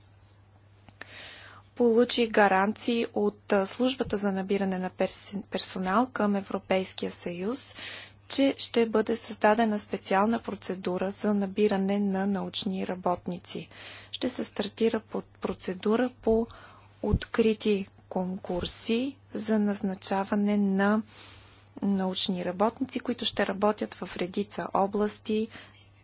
получи гаранции от службата за набиране на персонал към Европейския съюз, че ще бъде създадена специална процедура за набиране на научни работници. Ще се стартира под процедура по открити конкурси за назначаване на научни работници, които ще работят в редица области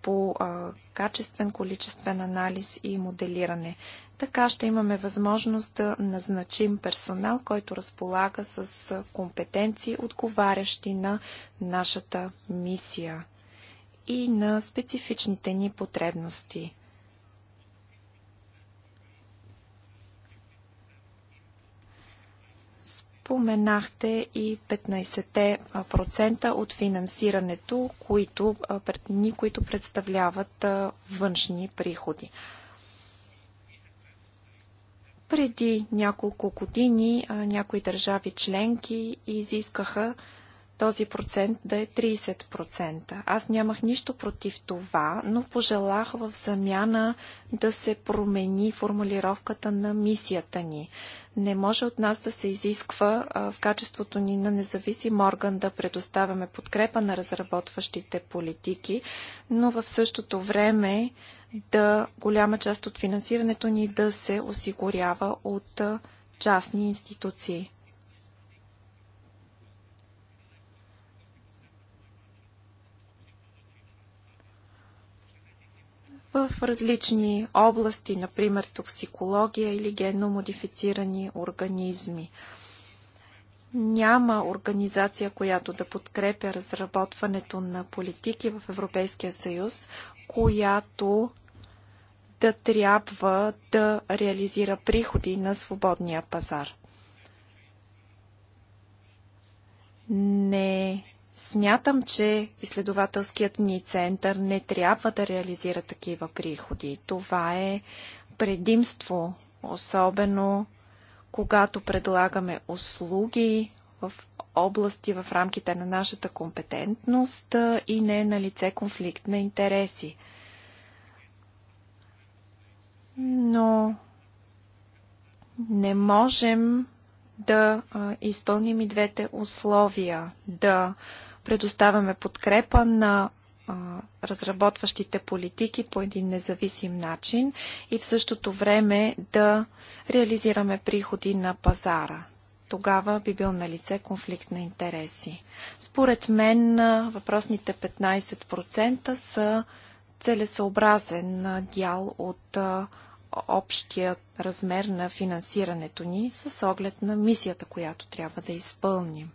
по а, качествен, количествен анализ и моделиране. Така ще имаме възможност да назначим персонал, който разполага с компетенции, отговарящи на нашата мисия и на специфичните ни потребности. споменахте и 15% от финансирането, които, ни които представляват външни приходи. Преди няколко години някои държави членки изискаха този процент да е 30%. Аз нямах нищо против това, но пожелах в замяна да се промени формулировката на мисията ни. Не може от нас да се изисква а, в качеството ни на независим орган да предоставяме подкрепа на разработващите политики, но в същото време да голяма част от финансирането ни да се осигурява от частни институции. в различни области, например токсикология или генно модифицирани организми. Няма организация, която да подкрепя разработването на политики в Европейския съюз, която да трябва да реализира приходи на свободния пазар. Не смятам, че изследователският ни център не трябва да реализира такива приходи. Това е предимство, особено когато предлагаме услуги в области в рамките на нашата компетентност и не е на лице конфликт на интереси но не можем да изпълним и двете условия да предоставяме подкрепа на разработващите политики по един независим начин и в същото време да реализираме приходи на пазара. Тогава би бил на лице конфликт на интереси. Според мен въпросните 15% са целесообразен дял от общия размер на финансирането ни с оглед на мисията, която трябва да изпълним.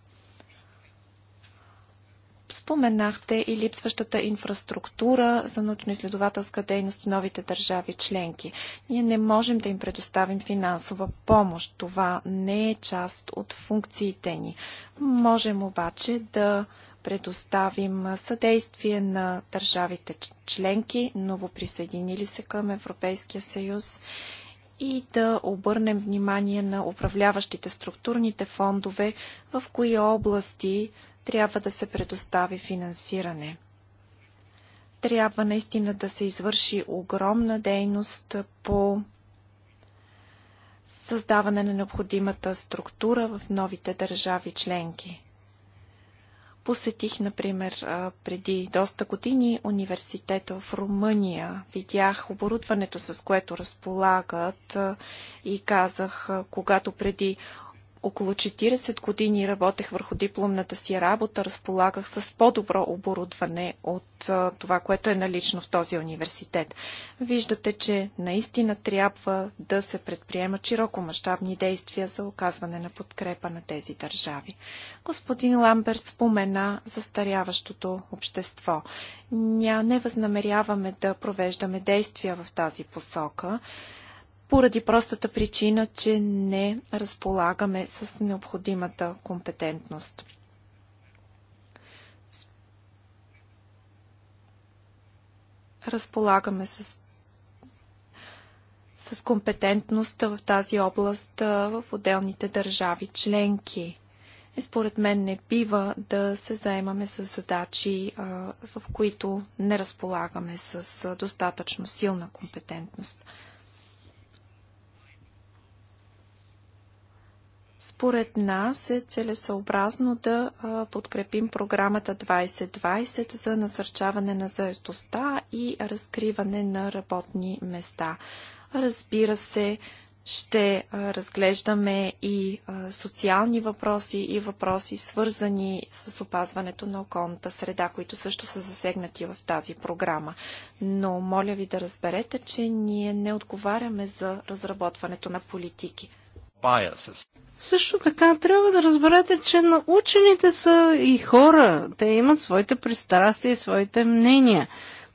Споменахте и липсващата инфраструктура за научно-изследователска дейност в новите държави членки. Ние не можем да им предоставим финансова помощ. Това не е част от функциите ни. Можем обаче да предоставим съдействие на държавите членки, новоприсъединили се към Европейския съюз и да обърнем внимание на управляващите структурните фондове, в кои области трябва да се предостави финансиране. Трябва наистина да се извърши огромна дейност по създаване на необходимата структура в новите държави членки. Посетих, например, преди доста години университета в Румъния. Видях оборудването, с което разполагат и казах, когато преди около 40 години работех върху дипломната си работа, разполагах с по-добро оборудване от това, което е налично в този университет. Виждате, че наистина трябва да се предприемат широко мащабни действия за оказване на подкрепа на тези държави. Господин Ламберт спомена застаряващото общество. Ня не възнамеряваме да провеждаме действия в тази посока поради простата причина, че не разполагаме с необходимата компетентност. Разполагаме с с компетентността в тази област в отделните държави членки. И според мен не бива да се заемаме с задачи, в които не разполагаме с достатъчно силна компетентност. Според нас е целесообразно да подкрепим програмата 2020 за насърчаване на заедостта и разкриване на работни места. Разбира се, ще разглеждаме и социални въпроси и въпроси свързани с опазването на околната среда, които също са засегнати в тази програма. Но моля ви да разберете, че ние не отговаряме за разработването на политики. Също така трябва да разберете, че учените са и хора. Те имат своите пристрастия и своите мнения.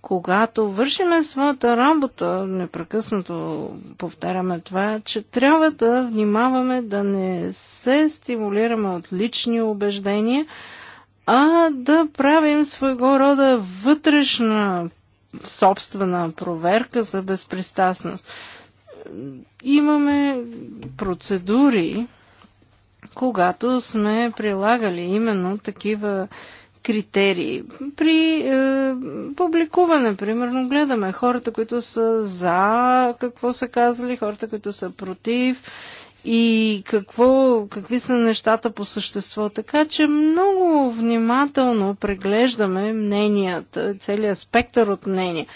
Когато вършиме своята работа, непрекъснато повтаряме това, че трябва да внимаваме да не се стимулираме от лични убеждения, а да правим своего рода вътрешна собствена проверка за безпристрастност имаме процедури, когато сме прилагали именно такива критерии. При е, публикуване, примерно, гледаме хората, които са за какво са казали, хората, които са против и какво, какви са нещата по същество. Така че много внимателно преглеждаме мненията, целият спектър от мнения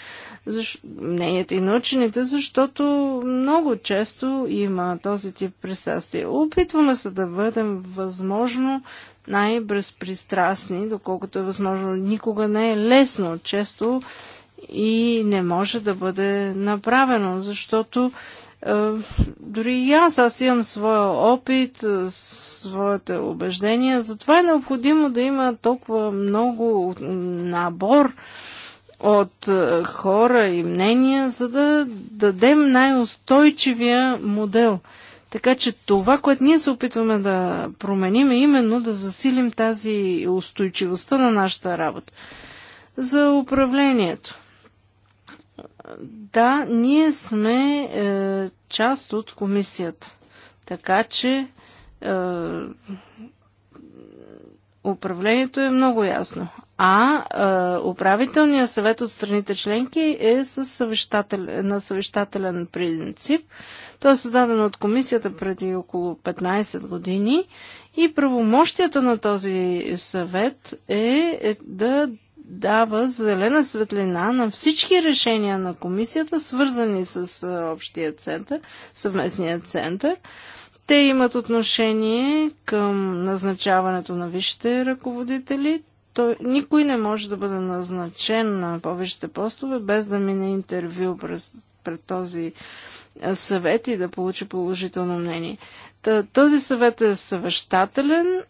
защ... мненията и на учените, защото много често има този тип пристрастие. Опитваме се да бъдем възможно най-безпристрастни, доколкото е възможно. Никога не е лесно, често и не може да бъде направено, защото е, дори и аз, аз имам своя опит, е, своите убеждения, затова е необходимо да има толкова много набор от е, хора и мнения, за да дадем най-устойчивия модел. Така че това, което ние се опитваме да променим, е именно да засилим тази устойчивостта на нашата работа. За управлението. Да, ние сме е, част от комисията. Така че е, управлението е много ясно а, а управителният съвет от страните членки е съвещател, на съвещателен принцип. Той е създаден от комисията преди около 15 години и правомощията на този съвет е, е да дава зелена светлина на всички решения на комисията, свързани с а, общия център, съвместния център. Те имат отношение към назначаването на висшите ръководители той, никой не може да бъде назначен на повечето постове без да мине интервю през, пред този съвет и да получи положително мнение. този съвет е съвещателен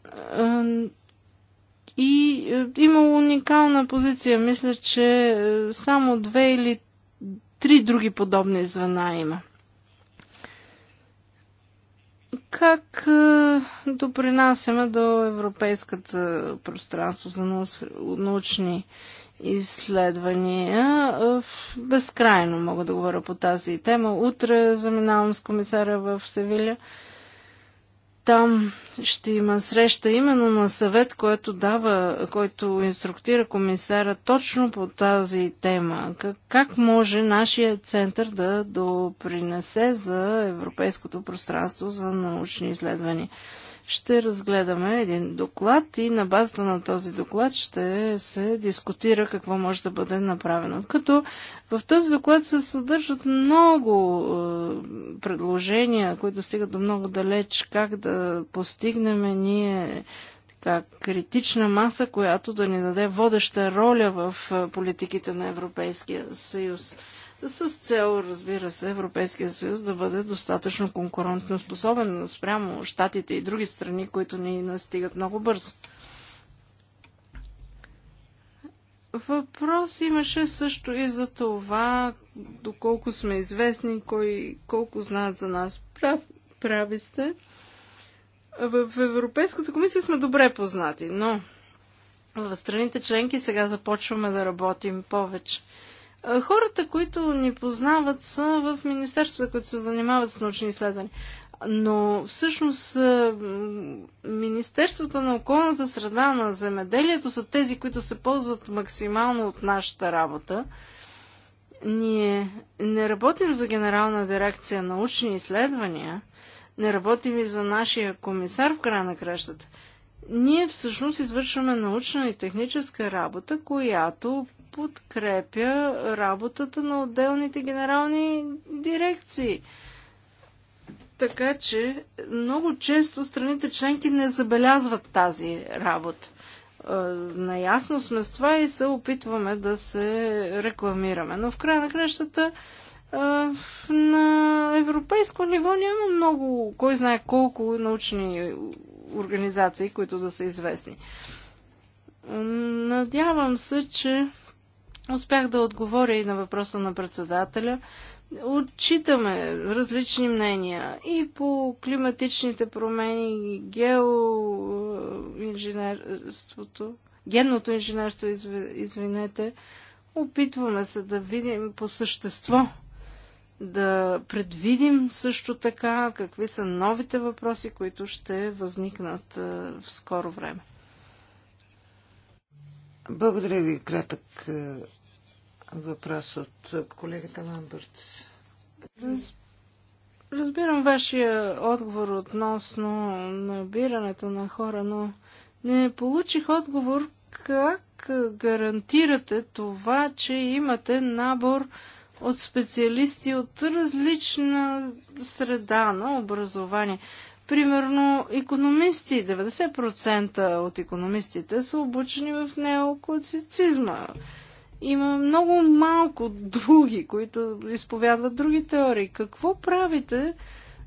и има уникална позиция. Мисля, че само две или три други подобни звена има. Как е, допринасяме до европейската пространство за научни изследвания? Е, безкрайно мога да говоря по тази тема. Утре заминавам с комисаря в Севиля. Там ще има среща именно на съвет, който дава, който инструктира комисара точно по тази тема. Как, как може нашия център да допринесе за европейското пространство за научни изследвания? ще разгледаме един доклад и на базата на този доклад ще се дискутира какво може да бъде направено. Като в този доклад се съдържат много е, предложения, които стигат до много далеч, как да постигнем ние така, критична маса, която да ни даде водеща роля в е, политиките на Европейския съюз с цел, разбира се, Европейския съюз да бъде достатъчно конкурентно способен спрямо щатите и други страни, които ни настигат много бързо. Въпрос имаше също и за това, доколко сме известни, кой, колко знаят за нас. Прав, прави сте. В, в Европейската комисия сме добре познати, но в страните членки сега започваме да работим повече. Е, хората, които ни познават, са в Министерството, които се занимават с научни изследвания. Но всъщност е, Министерството на околната среда на земеделието са тези, които се ползват максимално от нашата работа. Ние не работим за Генерална дирекция научни изследвания, не работим и за нашия комисар в края на кращата. Ние всъщност извършваме научна и техническа работа, която подкрепя работата на отделните генерални дирекции. Така че много често страните членки не забелязват тази работа. Е, наясно сме с това и се опитваме да се рекламираме. Но в края на кращата е, на европейско ниво няма много, кой знае колко научни организации, които да са известни. Надявам се, че Успях да отговоря и на въпроса на председателя. Отчитаме различни мнения и по климатичните промени, геоинженерството, генното инженерство, извинете. Опитваме се да видим по същество, да предвидим също така какви са новите въпроси, които ще възникнат в скоро време. Благодаря ви. Кратък въпрос от колегата Ламбърт. Раз... Разбирам вашия отговор относно набирането на хора, но не получих отговор как гарантирате това, че имате набор от специалисти от различна среда на образование. Примерно, економисти, 90% от економистите са обучени в неокласицизма. Има много малко други, които изповядват други теории. Какво правите,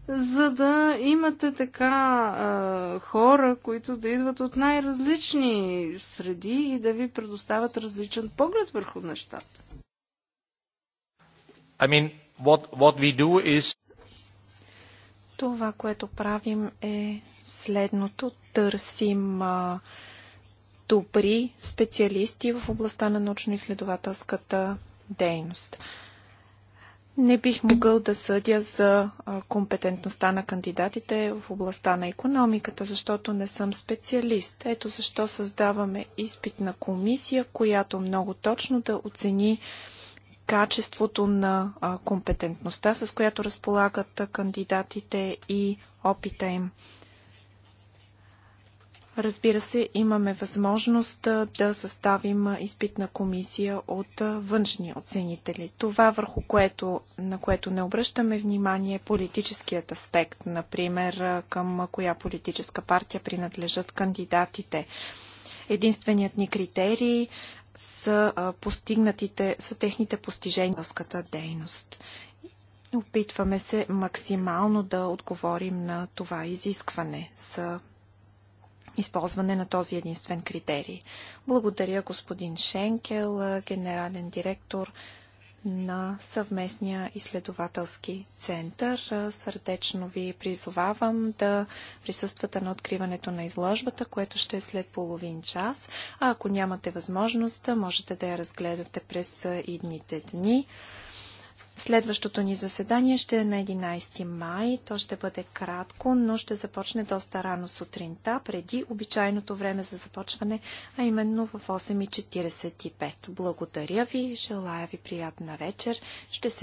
за да имате така е, хора, които да идват от най-различни среди и да ви предоставят различен поглед върху нещата? I mean, what, what we do is... Това, което правим е следното. Търсим е, добри специалисти в областта на научно-изследователската дейност. Не бих могъл да съдя за компетентността на кандидатите в областта на економиката, защото не съм специалист. Ето защо създаваме изпитна комисия, която много точно да оцени качеството на компетентността, с която разполагат кандидатите и опита им. Разбира се, имаме възможност да съставим изпитна комисия от външни оценители. Това, върху което, на което не обръщаме внимание, е политическият аспект. Например, към коя политическа партия принадлежат кандидатите. Единственият ни критерий са постигнатите, са техните постижения в дейност. Опитваме се максимално да отговорим на това изискване. за използване на този единствен критерий. Благодаря господин Шенкел, генерален директор на съвместния изследователски център. Сърдечно ви призовавам да присъствате на откриването на изложбата, което ще е след половин час. А ако нямате възможност, можете да я разгледате през идните дни. Следващото ни заседание ще е на 11 май. То ще бъде кратко, но ще започне доста рано сутринта, преди обичайното време за започване, а именно в 8.45. Благодаря ви, желая ви приятна вечер. Ще се